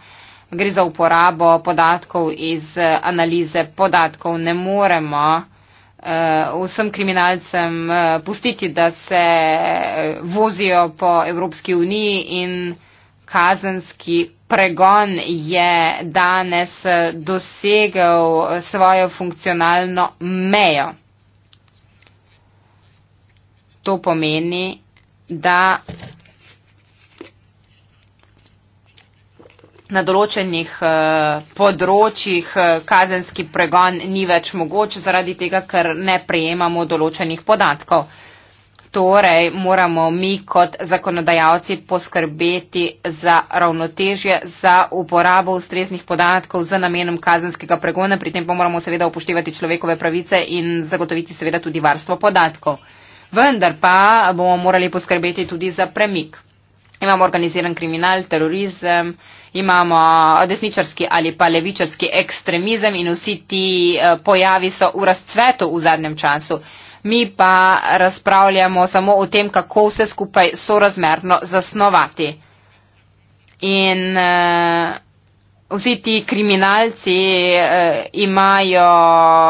Gre za uporabo podatkov iz eh, analize podatkov. Ne moremo eh, vsem kriminalcem pustiti, da se vozijo po Evropski uniji in kazenski pregon je danes eh, dosegel eh, svojo funkcionalno mejo. To pomeni, da na določenih eh, področjih kazenski pregon ni več mogoč zaradi tega, ker ne prejemamo določenih podatkov torej moramo mi kot zakonodajalci poskrbeti za ravnotežje, za uporabo ustreznih podatkov z namenom kazenskega pregona. Pri tem pa moramo seveda upoštevati človekove pravice in zagotoviti seveda tudi varstvo podatkov. Vendar pa bomo morali poskrbeti tudi za premik. Imamo organiziran kriminal, terorizem, imamo desničarski ali pa levičarski ekstremizem in vsi ti eh, pojavi so v razcvetu v zadnjem času mi pa razpravljamo samo o tem, kako vse skupaj sorazmerno zasnovati. In uh, vsi ti kriminalci uh, imajo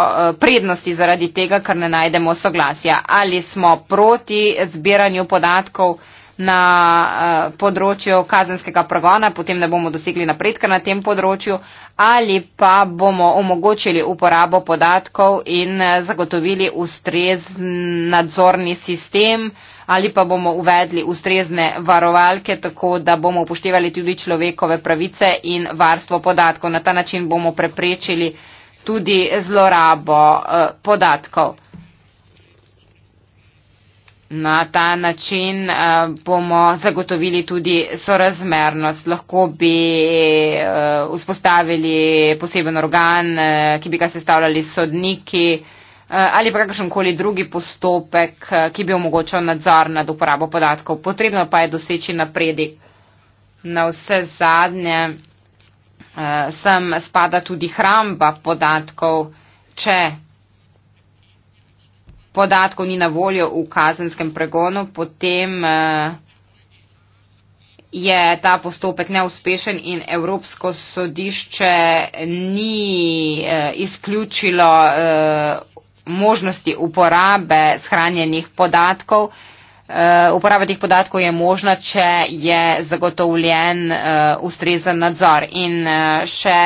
eh, prednosti zaradi tega, ker ne najdemo soglasja. Ali smo proti zbiranju podatkov na uh, področju kazenskega pregona, potem ne bomo dosegli napredka na tem področju, ali pa bomo omogočili uporabo podatkov in eh, zagotovili ustrezen nadzorni sistem ali pa bomo uvedli ustrezne varovalke, tako da bomo upoštevali tudi človekove pravice in varstvo podatkov. Na ta način bomo preprečili tudi zlorabo eh, podatkov. Na ta način eh, bomo zagotovili tudi sorazmernost. Lahko bi eh, vzpostavili poseben organ, eh, ki bi ga sestavljali sodniki ali pa kakršenkoli drugi postopek, ki bi omogočal nadzor nad uporabo podatkov. Potrebno pa je doseči napredek. Na vse zadnje sem spada tudi hramba podatkov, če podatkov ni na voljo v kazenskem pregonu, potem eh, je ta postopek neuspešen in Evropsko sodišče ni eh, izključilo eh, možnosti uporabe shranjenih podatkov. Uporaba teh podatkov je možna, če je zagotovljen ustrezen nadzor in še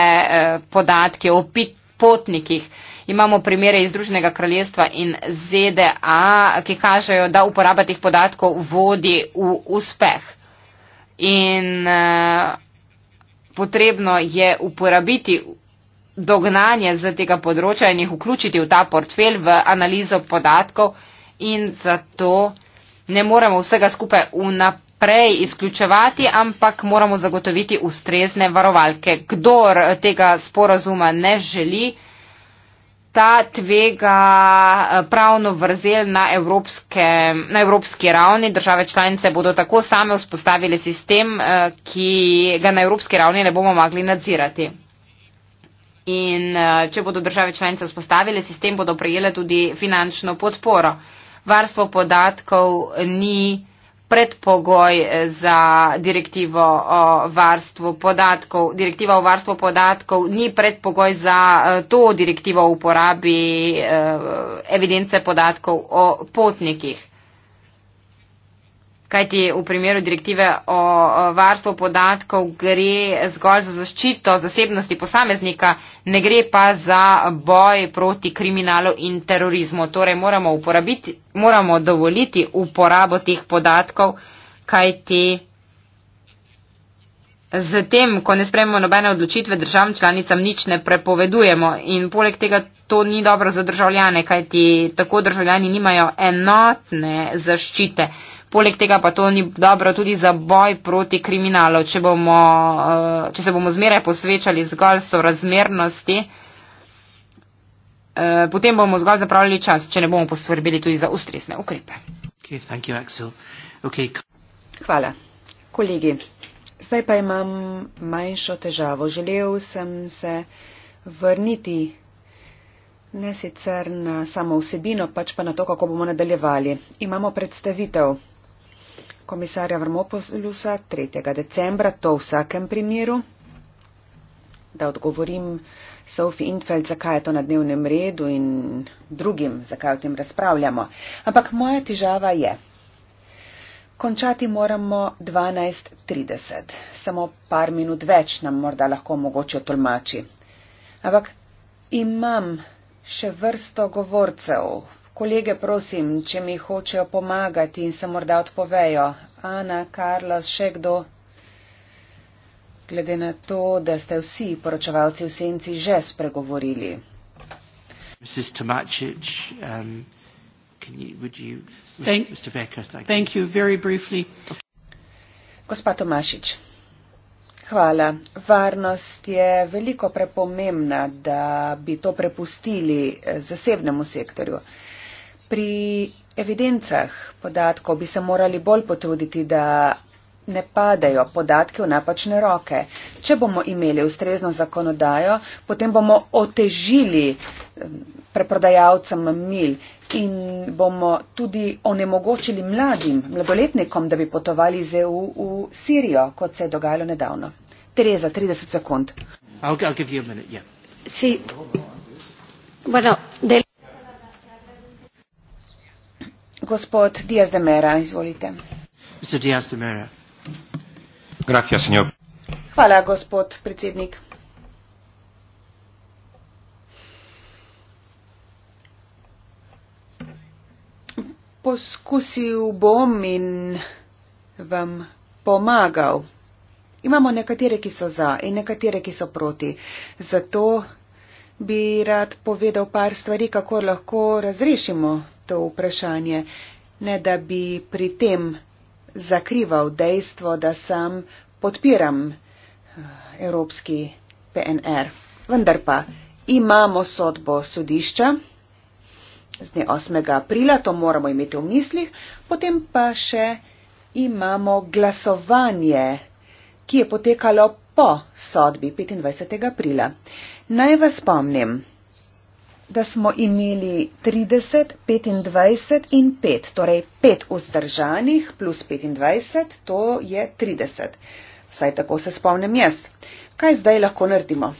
podatki o potnikih. Imamo primere iz Združenega kraljestva in ZDA, ki kažejo, da uporaba teh podatkov vodi v uspeh. In uh, potrebno je uporabiti dognanje z tega področja in jih vključiti v ta portfelj, v analizo podatkov in zato ne moremo vsega skupaj vnaprej izključevati, ampak moramo zagotoviti ustrezne varovalke. Kdor tega sporazuma ne želi, uh, ta tvega eh, pravno vrzel na, evropske, na evropski ravni. Države članice bodo tako same vzpostavili sistem, eh, ki ga na evropski ravni ne bomo mogli nadzirati. In eh, če bodo države članice vzpostavili sistem, bodo prejele tudi finančno podporo. Varstvo podatkov ni predpogoj eh, za direktivo o varstvu podatkov. Direktiva o varstvu podatkov ni predpogoj za eh, to direktivo o uporabi eh, evidence podatkov o potnikih kajti v primeru direktive o varstvu podatkov gre zgolj za zaščito zasebnosti posameznika, ne gre pa za boj proti kriminalu in terorizmu. Torej moramo, moramo dovoliti uporabo teh podatkov, kajti. Zatem, ko ne sprememo nobene odločitve, državam članicam nič ne prepovedujemo in poleg tega to ni dobro za državljane, kajti tako državljani nimajo enotne zaščite. Poleg tega pa to ni dobro tudi za boj proti kriminalu. Če, bomo, eh, če se bomo zmeraj posvečali zgolj sorazmernosti, eh, potem bomo zgolj zapravili čas, če ne bomo poskrbeli tudi za ustrezne ukrepe. Okay, you, okay. Hvala. Kolegi, zdaj pa imam manjšo težavo. Želel sem se vrniti ne sicer na samo vsebino, pač pa na to, kako bomo nadaljevali. Imamo predstavitev komisarja Vrmopolusa 3. decembra, to v vsakem primeru. Da odgovorim Sofi Infeld, zakaj je to na dnevnem redu in drugim, zakaj o tem razpravljamo. Ampak moja težava je, končati moramo 12.30, samo par minut več nam morda lahko mogoče tolmači. Ampak imam še vrsto govorcev, Kolege prosim, če mi hočejo pomagati in se morda odpovejo. Ana, Karlos, še kdo? Glede na to, da ste vsi poročevalci v senci že spregovorili. Gospa Tomašič, hvala. Varnost je veliko prepomembna, da bi to prepustili eh, zasebnemu sektorju pri evidencah podatkov bi se morali bolj potruditi, da ne padajo podatki v napačne roke. Če bomo imeli ustrezno zakonodajo, potem bomo otežili preprodajalcem mil in bomo tudi onemogočili mladim, mladoletnikom, da bi potovali iz EU v Sirijo, kot se je dogajalo nedavno. Tereza, 30 sekund. I'll, I'll Gospod Diaz de Mera, izvolite. Mr. Diaz de Mera. Gracias, señor. Hvala, gospod predsednik. Poskusil bom in vam pomagal. Imamo nekatere, ki so za in nekatere, ki so proti. Zato bi rad povedal par stvari, kako lahko razrešimo to vprašanje, ne da bi pri tem zakrival dejstvo, da sam podpiram eh, Evropski PNR. Vendar pa imamo sodbo sodišča z dne 8. aprila, to moramo imeti v mislih, potem pa še imamo glasovanje, ki je potekalo po sodbi 25. aprila. Naj vas spomnim, da smo imeli 30, 25 in 5, torej 5 vzdržanih plus 25, to je 30. Vsaj tako se spomnim jaz. Kaj zdaj lahko naredimo?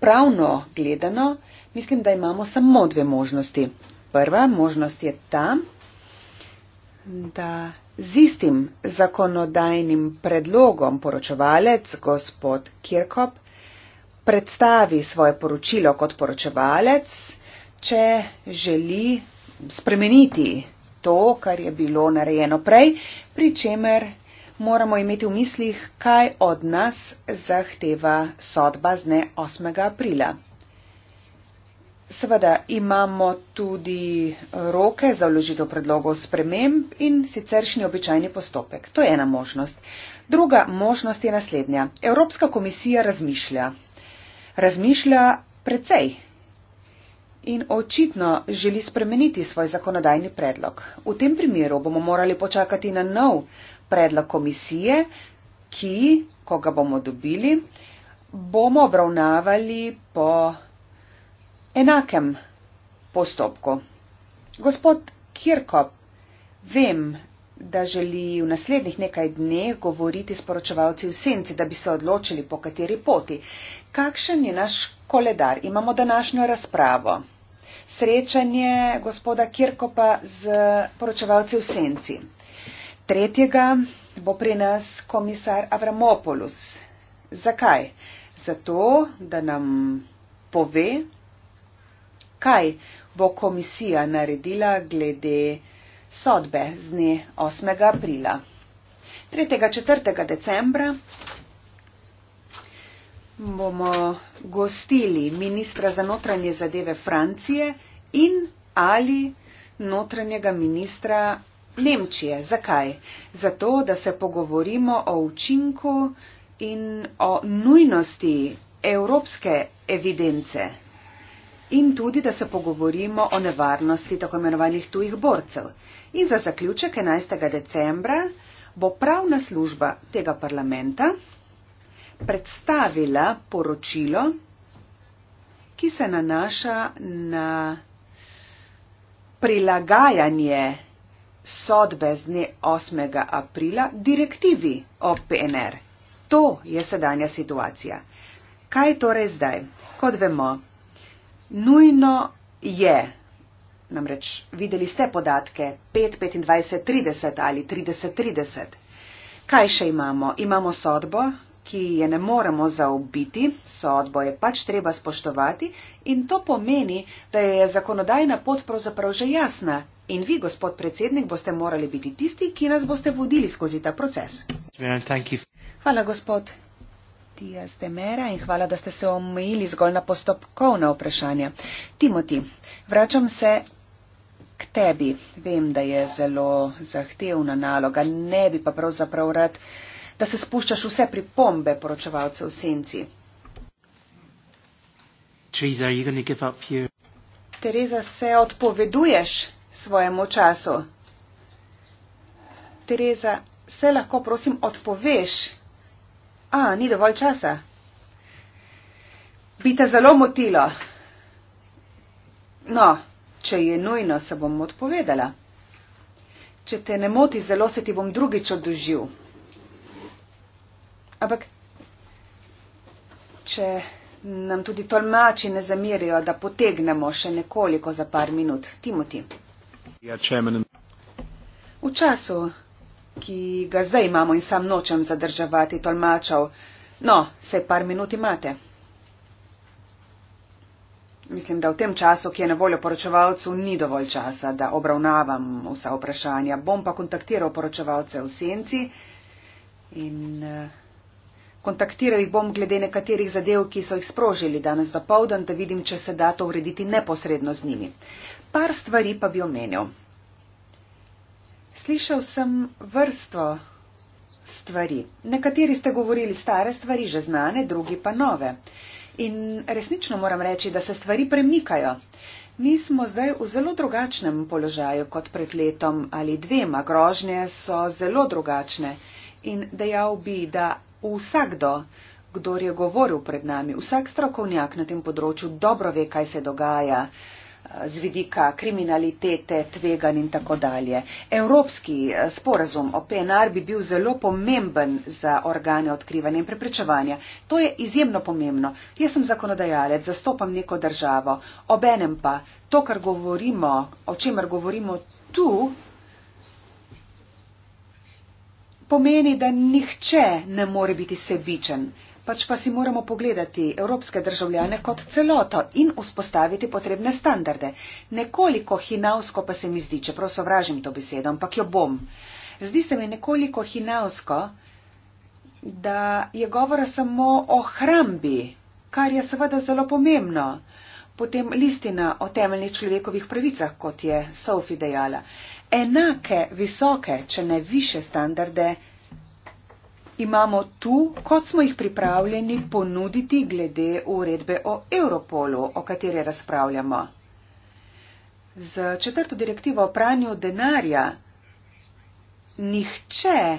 Pravno gledano, mislim, da imamo samo dve možnosti. Prva možnost je ta, da z istim zakonodajnim predlogom poročevalec gospod Kirkop predstavi svoje poročilo kot poročevalec, če želi spremeniti to, kar je bilo narejeno prej, pri čemer moramo imeti v mislih, kaj od nas zahteva sodba z dne 8. aprila. Seveda imamo tudi roke za vložitev predlogov sprememb in siceršnji običajni postopek. To je ena možnost. Druga možnost je naslednja. Evropska komisija razmišlja razmišlja precej in očitno želi spremeniti svoj zakonodajni predlog. V tem primeru bomo morali počakati na nov predlog komisije, ki, ko ga bomo dobili, bomo obravnavali po enakem postopku. Gospod Kirkop, vem, da želi v naslednjih nekaj dneh govoriti sporočevalci v senci, da bi se odločili, po kateri poti. Kakšen je naš koledar? Imamo današnjo razpravo. Srečanje gospoda Kirkopa z poročevalci v Senci. Tretjega bo pri nas komisar Avramopolus. Zakaj? Zato, da nam pove, kaj bo komisija naredila glede sodbe z dne 8. aprila. 3. in 4. decembra bomo gostili ministra za notranje zadeve Francije in ali notranjega ministra Nemčije. Zakaj? Zato, da se pogovorimo o učinku in o nujnosti evropske evidence in tudi, da se pogovorimo o nevarnosti tako imenovanih tujih borcev. In za zaključek 11. decembra bo pravna služba tega parlamenta predstavila poročilo, ki se nanaša na prilagajanje sodbe z dne 8. aprila direktivi o PNR. To je sedanja situacija. Kaj torej zdaj? Kot vemo, nujno je, namreč videli ste podatke 5, 25, 30 ali 30, 30. Kaj še imamo? Imamo sodbo ki je ne moremo zaobiti, sodbo je pač treba spoštovati in to pomeni, da je zakonodajna pot pravzaprav že jasna in vi, gospod predsednik, boste morali biti tisti, ki nas boste vodili skozi ta proces. Hvala, gospod Tijas Demera in hvala, da ste se omejili zgolj na postopkovna vprašanja. Timoti, vračam se. K tebi vem, da je zelo zahtevna naloga, ne bi pa pravzaprav rad da se spuščaš vse pripombe poročevalcev v senci. Teresa, Teresa se odpoveduješ svojemu času. Teresa, se lahko prosim odpoveš. A, ni dovolj časa. Bi te zelo motilo. No, če je nujno, se bom odpovedala. Če te ne moti, zelo se ti bom drugič odužil. Ampak, če nam tudi tolmači ne zamirijo, da potegnemo še nekoliko za par minut. Timoti. Ja, v času, ki ga zdaj imamo in sam nočem zadrževati tolmačev, no, se par minut imate. Mislim, da v tem času, ki je na voljo poročevalcu, ni dovolj časa, da obravnavam vsa vprašanja. Bom pa kontaktiral poročevalce v senci in. Uh, Kontaktiral jih bom glede nekaterih zadev, ki so jih sprožili danes do povdan, da vidim, če se da to urediti neposredno z njimi. Par stvari pa bi omenil. Slišal sem vrsto stvari. Nekateri ste govorili stare stvari, že znane, drugi pa nove. In resnično moram reči, da se stvari premikajo. Mi smo zdaj v zelo drugačnem položaju kot pred letom ali dvema. Grožnje so zelo drugačne. In dejal bi, da vsakdo, kdo je govoril pred nami, vsak strokovnjak na tem področju dobro ve, kaj se dogaja eh, z vidika kriminalitete, tvegan in tako dalje. Evropski eh, sporazum o PNR bi bil zelo pomemben za organe odkrivanja in preprečevanja. To je izjemno pomembno. Jaz sem zakonodajalec, zastopam neko državo, obenem pa to, kar govorimo, o čemer govorimo tu, pomeni, da nihče ne more biti sebičen. Pač pa si moramo pogledati evropske državljane kot celoto in vzpostaviti potrebne standarde. Nekoliko hinavsko pa se mi zdi, čeprav sovražim to besedo, ampak jo bom. Zdi se mi nekoliko hinavsko, da je govora samo o hrambi, kar je seveda zelo pomembno. Potem listina o temeljnih človekovih pravicah, kot je Sofi dejala enake visoke, če ne više standarde, imamo tu, kot smo jih pripravljeni ponuditi glede uredbe o Europolu, o kateri razpravljamo. Z četrto direktivo o pranju denarja nihče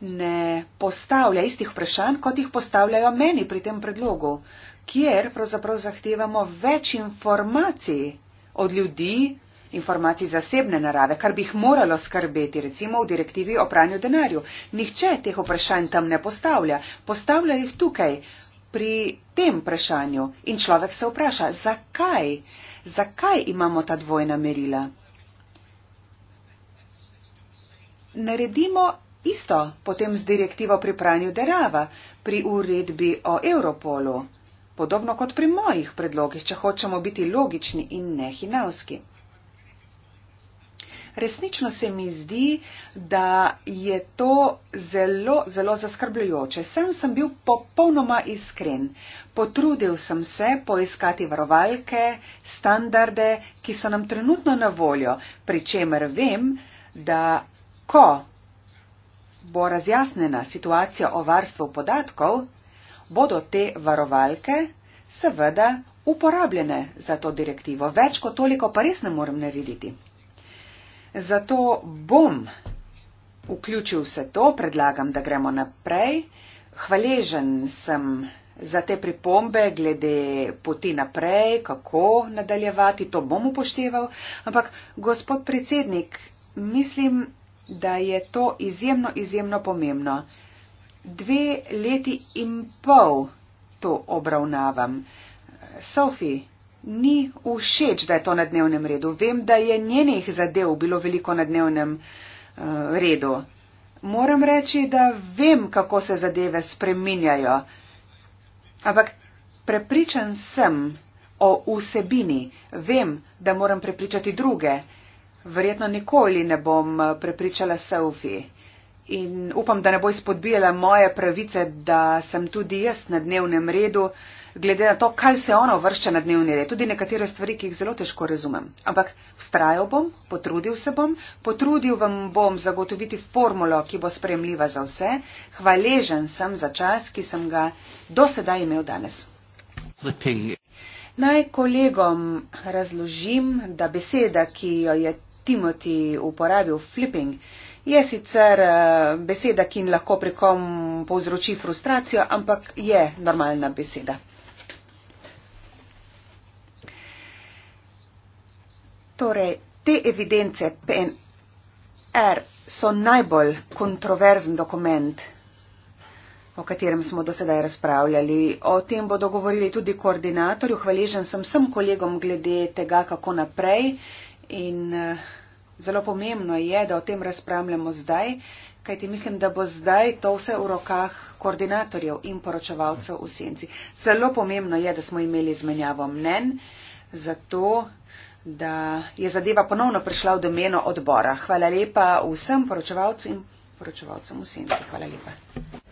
ne postavlja istih vprašanj, kot jih postavljajo meni pri tem predlogu, kjer pravzaprav zahtevamo več informacij od ljudi, informacij zasebne narave, kar bi jih moralo skrbeti, recimo v direktivi o pranju denarju. Nihče teh vprašanj tam ne postavlja, postavlja jih tukaj, pri tem vprašanju. In človek se vpraša, zakaj, zakaj imamo ta dvojna merila. Naredimo isto potem z direktivo pri pranju denarja, pri uredbi o Europolu, podobno kot pri mojih predlogih, če hočemo biti logični in nehinavski resnično se mi zdi, da je to zelo, zelo zaskrbljujoče. Sem, sem bil popolnoma iskren. Potrudil sem se poiskati varovalke, standarde, ki so nam trenutno na voljo, pri čemer vem, da ko bo razjasnjena situacija o varstvu podatkov, bodo te varovalke seveda uporabljene za to direktivo. Več kot toliko pa res ne morem narediti. Zato bom vključil vse to, predlagam, da gremo naprej. Hvaležen sem za te pripombe glede poti naprej, kako nadaljevati, to bom upošteval. Ampak, gospod predsednik, mislim, da je to izjemno, izjemno pomembno. Dve leti in pol to obravnavam. Sophie, ni všeč, da je to na dnevnem redu. Vem, da je njenih zadev bilo veliko na dnevnem uh, redu. Moram reči, da vem, kako se zadeve spreminjajo. Ampak prepričan sem o vsebini. Vem, da moram prepričati druge. Verjetno nikoli ne bom eh, prepričala selfi. In upam, da ne bo izpodbijala moje pravice, da sem tudi jaz na dnevnem redu. Uh, glede na to, kaj vse ona vršča na dnevni red. Tudi nekatere stvari, ki jih zelo težko razumem. Ampak vztrajal bom, potrudil se bom, potrudil vam bom zagotoviti formulo, ki bo spremljiva za vse. Hvaležen sem za čas, ki sem ga do sedaj imel danes. Naj kolegom razložim, da beseda, ki jo je Timothy uporabil, flipping, je sicer eh, beseda, ki lahko pri kom povzroči frustracijo, ampak je normalna beseda. Torej, te evidence PNR so najbolj kontroverzen dokument, o katerem smo do sedaj razpravljali. O tem bodo govorili tudi koordinatorju. Hvaležen sem vsem kolegom glede tega, kako naprej. In eh, zelo pomembno je, da o tem razpravljamo zdaj, kajti mislim, da bo zdaj to vse v rokah koordinatorjev in poročevalcev v senci. Zelo pomembno je, da smo imeli izmenjavo mnen, zato da je zadeva ponovno prišla v domeno odbora. Hvala lepa vsem poročevalcem in poročevalcem v senci. Hvala lepa.